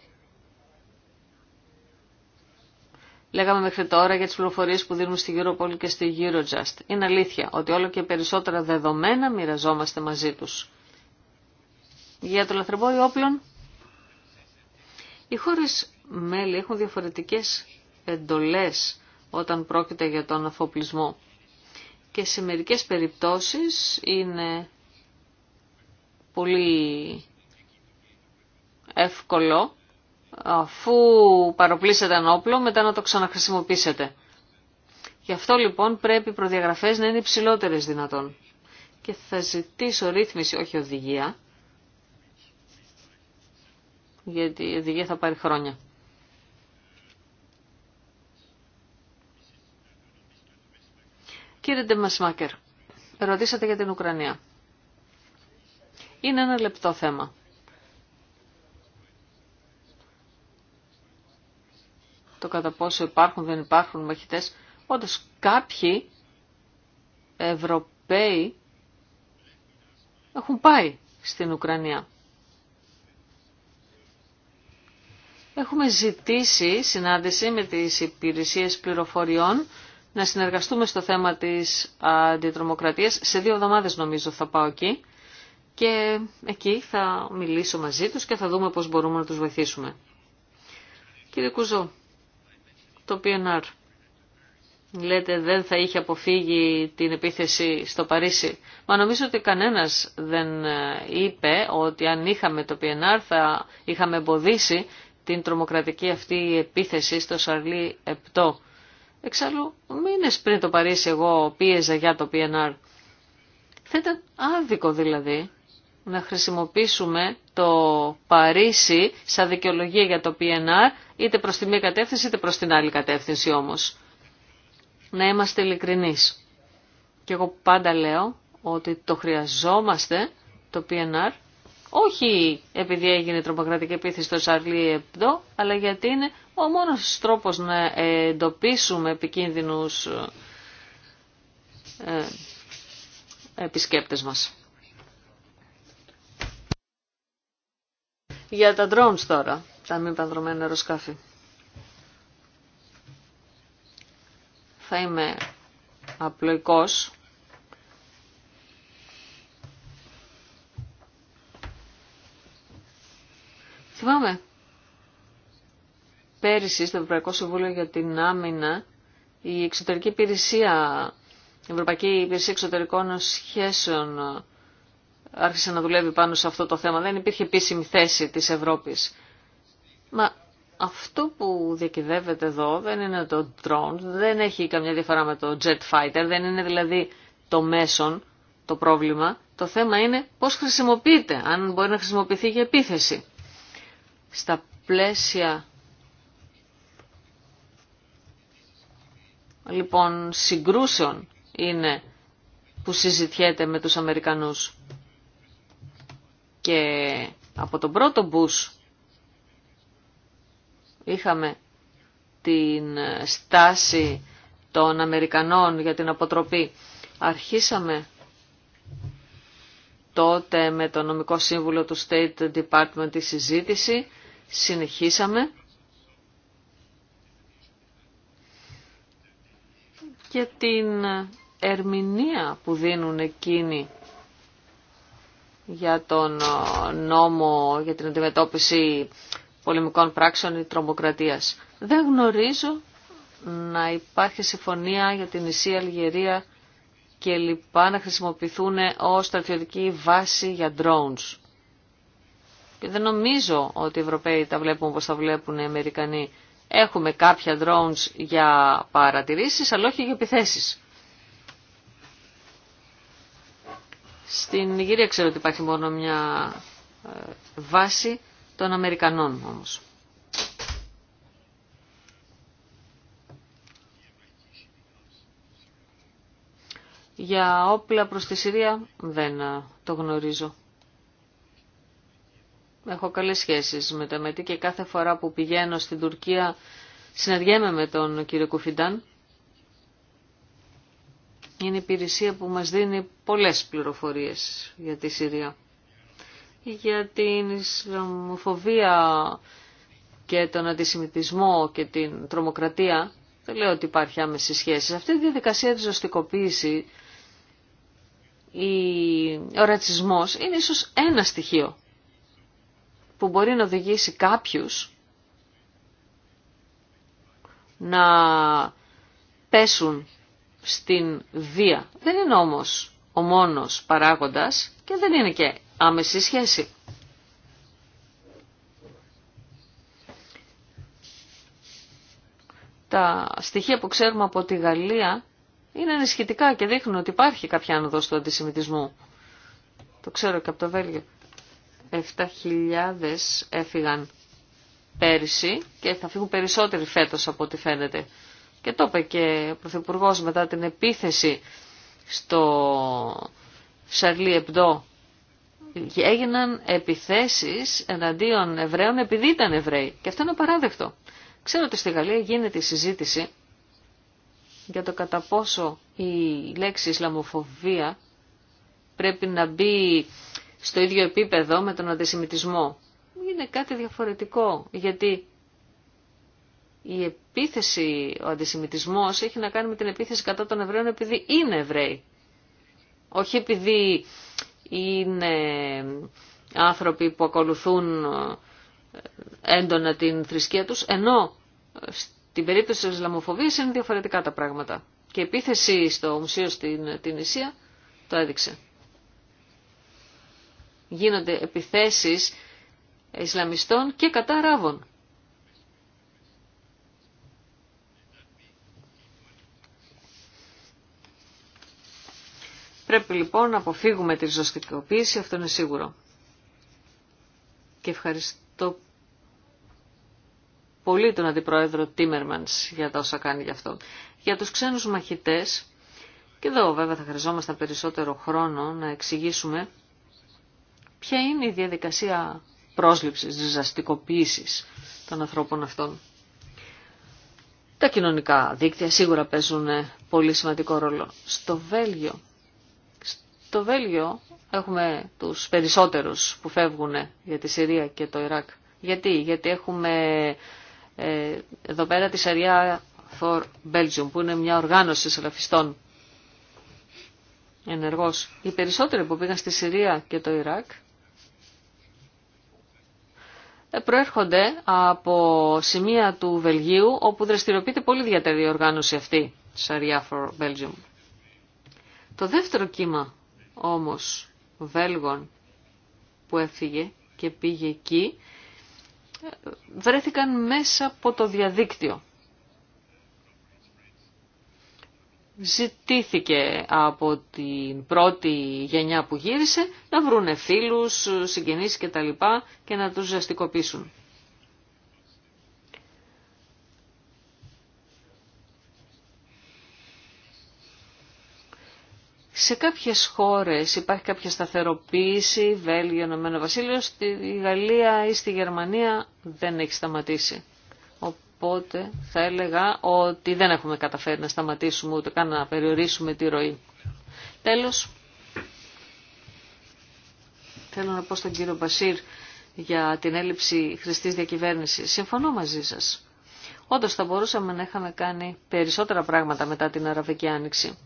λέγαμε μέχρι τώρα για τις πληροφορίε που δίνουμε στη Europol και στη Eurojust. Είναι αλήθεια ότι όλο και περισσότερα δεδομένα μοιραζόμαστε μαζί τους. Για το λαθρεμπόριο όπλων, οι χώρες μέλη έχουν διαφορετικές εντολές όταν πρόκειται για τον αφοπλισμό. Και σε μερικές περιπτώσεις είναι πολύ εύκολο αφού παροπλήσετε ένα όπλο μετά να το ξαναχρησιμοποιήσετε. Γι' αυτό λοιπόν πρέπει οι προδιαγραφές να είναι υψηλότερε δυνατόν. Και θα ζητήσω ρύθμιση, όχι οδηγία, γιατί η οδηγία θα πάρει χρόνια. Κύριε Ντεμασμάκερ, ρωτήσατε για την Ουκρανία. Είναι ένα λεπτό θέμα. το κατά πόσο υπάρχουν, δεν υπάρχουν μαχητές. Όντως κάποιοι Ευρωπαίοι έχουν πάει στην Ουκρανία. Έχουμε ζητήσει συνάντηση με τις υπηρεσίες πληροφοριών να συνεργαστούμε στο θέμα της αντιτρομοκρατίας. Σε δύο εβδομάδες νομίζω θα πάω εκεί και εκεί θα μιλήσω μαζί τους και θα δούμε πώς μπορούμε να τους βοηθήσουμε. Κύριε Κουζό, το PNR. Λέτε δεν θα είχε αποφύγει την επίθεση στο Παρίσι. Μα νομίζω ότι κανένας δεν ε, είπε ότι αν είχαμε το PNR θα είχαμε εμποδίσει την τρομοκρατική αυτή επίθεση στο Σαρλί επτό. Εξάλλου, μήνες πριν το Παρίσι εγώ πίεζα για το PNR. Θα ήταν άδικο δηλαδή να χρησιμοποιήσουμε το Παρίσι σαν δικαιολογία για το PNR, είτε προς τη μία κατεύθυνση είτε προς την άλλη κατεύθυνση όμως. Να είμαστε ειλικρινεί. Και εγώ πάντα λέω ότι το χρειαζόμαστε το PNR, όχι επειδή έγινε τρομοκρατική επίθεση στο Σαρλί Επδό, αλλά γιατί είναι ο μόνος τρόπος να εντοπίσουμε επικίνδυνους ε, ε, επισκέπτες μας. Για τα drones τώρα, τα μη πανδρομένα αεροσκάφη. Θα είμαι απλοϊκός. Θυμάμαι. Πέρυσι στο Ευρωπαϊκό Συμβούλιο για την Άμυνα η εξωτερική υπηρεσία, η Ευρωπαϊκή Υπηρεσία Εξωτερικών Σχέσεων άρχισε να δουλεύει πάνω σε αυτό το θέμα. Δεν υπήρχε επίσημη θέση της Ευρώπης. Μα αυτό που διακυδεύεται εδώ δεν είναι το drone, δεν έχει καμιά διαφορά με το jet fighter, δεν είναι δηλαδή το μέσον το πρόβλημα. Το θέμα είναι πώς χρησιμοποιείται, αν μπορεί να χρησιμοποιηθεί για επίθεση. Στα πλαίσια λοιπόν συγκρούσεων είναι που συζητιέται με τους Αμερικανούς. Και από τον πρώτο μπούς είχαμε την στάση των Αμερικανών για την αποτροπή. Αρχίσαμε τότε με το νομικό σύμβουλο του State Department τη συζήτηση, συνεχίσαμε και την ερμηνεία που δίνουν εκείνοι για τον ε, νόμο για την αντιμετώπιση πολεμικών πράξεων ή τρομοκρατίας. Δεν γνωρίζω να υπάρχει συμφωνία για την Ισία, Αλγερία και λοιπά να χρησιμοποιηθούν ως στρατιωτική βάση για drones. Και δεν νομίζω ότι οι Ευρωπαίοι τα βλέπουν όπως τα βλέπουν οι Αμερικανοί. Έχουμε κάποια drones για παρατηρήσεις, αλλά όχι για επιθέσεις. Στην Ιγυρία ξέρω ότι υπάρχει μόνο μια ε, βάση των Αμερικανών όμως. Για όπλα προς τη Συρία δεν ε, το γνωρίζω. Έχω καλές σχέσεις με τα ΜΕΤΗ και κάθε φορά που πηγαίνω στην Τουρκία συναντιέμαι με τον κύριο Κουφιντάν είναι υπηρεσία που μας δίνει πολλές πληροφορίες για τη Συρία. Για την Ισλαμοφοβία και τον αντισημιτισμό και την τρομοκρατία, δεν λέω ότι υπάρχει άμεση σχέση. αυτή η διαδικασία της ζωστικοποίηση, ο ρατσισμός είναι ίσως ένα στοιχείο που μπορεί να οδηγήσει κάποιους να πέσουν στην βία. Δεν είναι όμως ο μόνος παράγοντας και δεν είναι και άμεση σχέση. Τα στοιχεία που ξέρουμε από τη Γαλλία είναι ενισχυτικά και δείχνουν ότι υπάρχει κάποια άνοδος του αντισημιτισμού. Το ξέρω και από το Βέλγιο. 7.000 έφυγαν πέρυσι και θα φύγουν περισσότεροι φέτος από ό,τι φαίνεται. Και το είπε και ο Πρωθυπουργό μετά την επίθεση στο Σαρλί Επντό. Έγιναν επιθέσεις εναντίον Εβραίων επειδή ήταν Εβραίοι. Και αυτό είναι παράδεκτο. Ξέρω ότι στη Γαλλία γίνεται η συζήτηση για το κατά πόσο η λέξη Ισλαμοφοβία πρέπει να μπει στο ίδιο επίπεδο με τον αντισημιτισμό. Είναι κάτι διαφορετικό, γιατί η επίθεση, ο αντισημιτισμός έχει να κάνει με την επίθεση κατά των Εβραίων επειδή είναι Εβραίοι. Όχι επειδή είναι άνθρωποι που ακολουθούν ε, έντονα την θρησκεία τους, ενώ ε, στην περίπτωση της Ισλαμοφοβίας είναι διαφορετικά τα πράγματα. Και η επίθεση στο μουσείο στην ε, Ισία το έδειξε. Γίνονται επιθέσεις Ισλαμιστών και κατά Πρέπει λοιπόν να αποφύγουμε τη ζωστικοποίηση, αυτό είναι σίγουρο. Και ευχαριστώ πολύ τον Αντιπρόεδρο Τίμερμανς για τα όσα κάνει γι' αυτό. Για τους ξένους μαχητές, και εδώ βέβαια θα χρειαζόμασταν περισσότερο χρόνο να εξηγήσουμε ποια είναι η διαδικασία πρόσληψης, ριζαστικοποίησης των ανθρώπων αυτών. Τα κοινωνικά δίκτυα σίγουρα παίζουν πολύ σημαντικό ρόλο. Στο Βέλγιο το Βέλγιο έχουμε τους περισσότερους που φεύγουν για τη Συρία και το Ιράκ. Γιατί, γιατί έχουμε ε, εδώ πέρα τη Σαριά for Belgium που είναι μια οργάνωση σελαφιστών ενεργός. Οι περισσότεροι που πήγαν στη Συρία και το Ιράκ ε, προέρχονται από σημεία του Βελγίου όπου δραστηριοποιείται πολύ ιδιαίτερη οργάνωση αυτή, Σαριά for Belgium. Το δεύτερο κύμα όμως Βέλγων που έφυγε και πήγε εκεί βρέθηκαν μέσα από το διαδίκτυο. Ζητήθηκε από την πρώτη γενιά που γύρισε να βρούνε φίλους, συγγενείς κτλ. Και, και να τους ζεστικοποιήσουν. Σε κάποιες χώρες υπάρχει κάποια σταθεροποίηση, Βέλγιο, Ενωμένο Βασίλειο, στη Γαλλία ή στη Γερμανία δεν έχει σταματήσει. Οπότε θα έλεγα ότι δεν έχουμε καταφέρει να σταματήσουμε ούτε καν να περιορίσουμε τη ροή. Τέλος, θέλω να πω στον κύριο Μπασίρ για την έλλειψη χρηστής διακυβέρνησης. Συμφωνώ μαζί σας. Όντως θα μπορούσαμε να είχαμε κάνει περισσότερα πράγματα μετά την Αραβική Άνοιξη.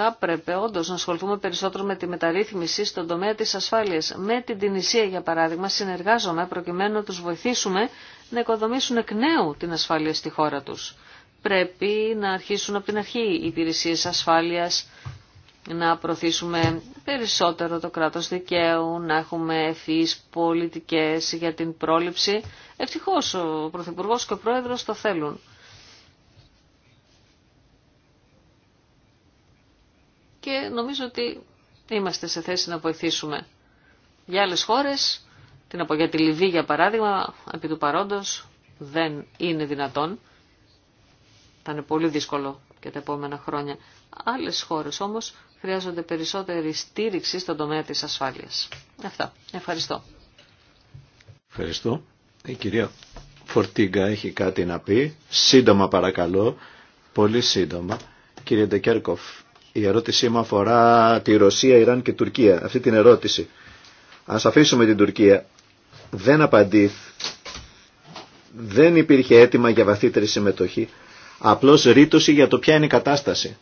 Θα έπρεπε όντω να ασχοληθούμε περισσότερο με τη μεταρρύθμιση στον τομέα τη ασφάλεια. Με την Τινησία, για παράδειγμα, συνεργάζομαι προκειμένου να του βοηθήσουμε να οικοδομήσουν εκ νέου την ασφάλεια στη χώρα του. Πρέπει να αρχίσουν από την αρχή οι υπηρεσίε ασφάλεια, να προωθήσουμε περισσότερο το κράτος δικαίου, να έχουμε ευφυεί πολιτικές για την πρόληψη. Ευτυχώς ο Πρωθυπουργός και ο Πρόεδρος το θέλουν. και νομίζω ότι είμαστε σε θέση να βοηθήσουμε. Για άλλες χώρες, την για τη Λιβύη για παράδειγμα, επί του παρόντος δεν είναι δυνατόν. Θα είναι πολύ δύσκολο και τα επόμενα χρόνια. Άλλες χώρες όμως χρειάζονται περισσότερη στήριξη στον τομέα της ασφάλειας. Αυτά. Ευχαριστώ. Ευχαριστώ. Η κυρία Φορτίγκα έχει κάτι να πει. Σύντομα παρακαλώ. Πολύ σύντομα. Κύριε Ντεκέρκοφ, η ερώτησή μου αφορά τη Ρωσία, Ιράν και Τουρκία. Αυτή την ερώτηση. Ας αφήσουμε την Τουρκία. Δεν απαντήθη. Δεν υπήρχε αίτημα για βαθύτερη συμμετοχή. Απλώς ρήτωση για το ποια είναι η κατάσταση.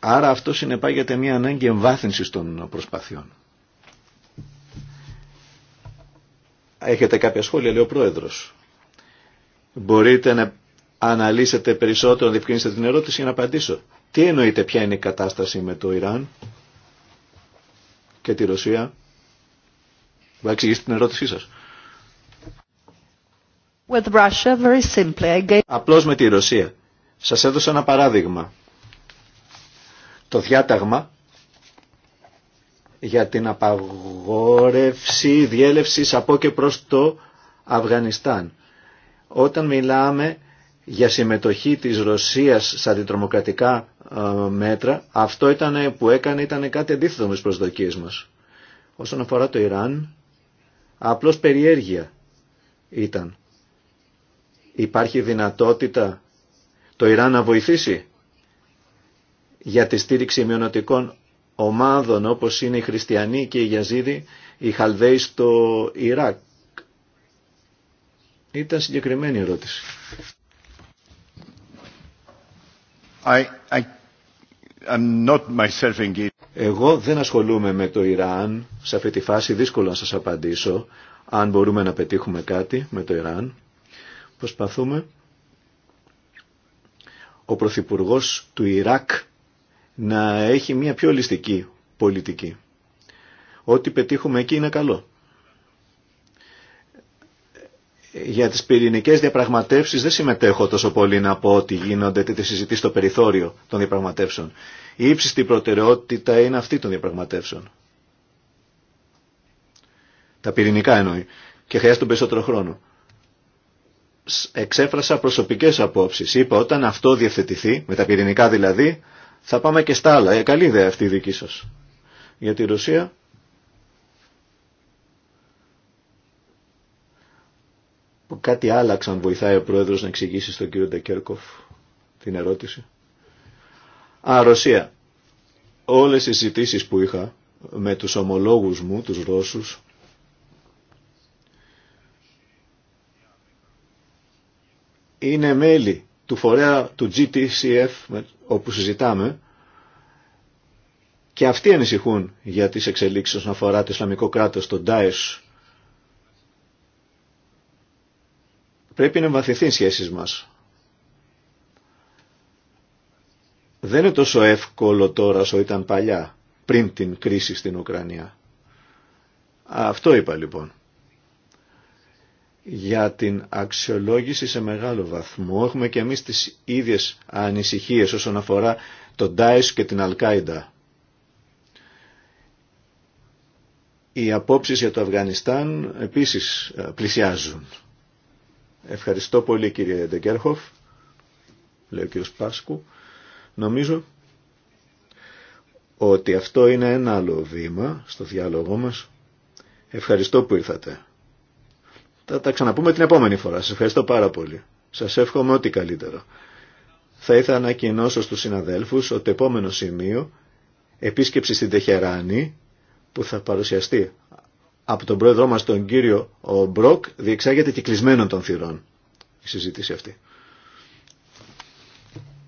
Άρα αυτό συνεπάγεται μια ανάγκη εμβάθυνσης των προσπαθειών. Έχετε κάποια σχόλια, λέει ο Πρόεδρος. Μπορείτε να αναλύσετε περισσότερο, διευκρινίσετε την ερώτηση για να απαντήσω. Τι εννοείτε ποια είναι η κατάσταση με το Ιράν και τη Ρωσία. Θα εξηγήσετε την ερώτησή σας. With Russia, very simply, I Απλώς με τη Ρωσία. Σας έδωσα ένα παράδειγμα. Το διάταγμα για την απαγόρευση διέλευσης από και προς το Αφγανιστάν. Όταν μιλάμε για συμμετοχή της Ρωσίας στα αντιτρομοκρατικά ε, μέτρα, αυτό ήταν που έκανε ήταν κάτι αντίθετο με τις προσδοκίες μας. Όσον αφορά το Ιράν, απλώς περιέργεια ήταν. Υπάρχει δυνατότητα το Ιράν να βοηθήσει για τη στήριξη μειονοτικών ομάδων όπως είναι οι χριστιανοί και οι γιαζίδοι, οι χαλδαίοι στο Ιράκ. Ήταν συγκεκριμένη ερώτηση. Εγώ δεν ασχολούμαι με το Ιράν. Σε αυτή τη φάση δύσκολο να σας απαντήσω αν μπορούμε να πετύχουμε κάτι με το Ιράν. Προσπαθούμε ο Πρωθυπουργό του Ιράκ να έχει μια πιο ολιστική πολιτική. Ό,τι πετύχουμε εκεί είναι καλό. Για τις πυρηνικές διαπραγματεύσεις δεν συμμετέχω τόσο πολύ να πω ότι γίνονται τέτοιες συζητήσεις στο περιθώριο των διαπραγματεύσεων. Η ύψιστη προτεραιότητα είναι αυτή των διαπραγματεύσεων. Τα πυρηνικά εννοεί. Και χρειάζεται τον περισσότερο χρόνο. Εξέφρασα προσωπικές απόψεις. Είπα όταν αυτό διευθετηθεί, με τα πυρηνικά δηλαδή, θα πάμε και στα άλλα. Ε, καλή ιδέα αυτή η δική σας. Για τη Ρωσία κάτι άλλαξαν βοηθάει ο Πρόεδρος να εξηγήσει στον κύριο Ντεκέρκοφ την ερώτηση. Α, Ρωσία. Όλες οι συζητήσεις που είχα με τους ομολόγους μου, τους Ρώσους, είναι μέλη του φορέα του GTCF όπου συζητάμε και αυτοί ανησυχούν για τις εξελίξεις όσον αφορά το Ισλαμικό κράτος, τον Daesh Πρέπει να βαθυθεί οι σχέσεις μας. Δεν είναι τόσο εύκολο τώρα όσο ήταν παλιά, πριν την κρίση στην Ουκρανία. Αυτό είπα λοιπόν. Για την αξιολόγηση σε μεγάλο βαθμό έχουμε και εμείς τις ίδιες ανησυχίες όσον αφορά τον Ντάις και την Αλκάιντα. Οι απόψεις για το Αφγανιστάν επίσης ε, πλησιάζουν. Ευχαριστώ πολύ κύριε Ντεγκέρχοφ, λέει ο κύριος Πάσκου. Νομίζω ότι αυτό είναι ένα άλλο βήμα στο διάλογό μας. Ευχαριστώ που ήρθατε. Θα τα ξαναπούμε την επόμενη φορά. Σας ευχαριστώ πάρα πολύ. Σας εύχομαι ό,τι καλύτερο. Θα ήθελα να κοινώσω στους συναδέλφους ότι το επόμενο σημείο επίσκεψη στην Τεχεράνη που θα παρουσιαστεί από τον πρόεδρό μας τον κύριο Μπροκ διεξάγεται και κλεισμένον των θυρών η συζήτηση αυτή.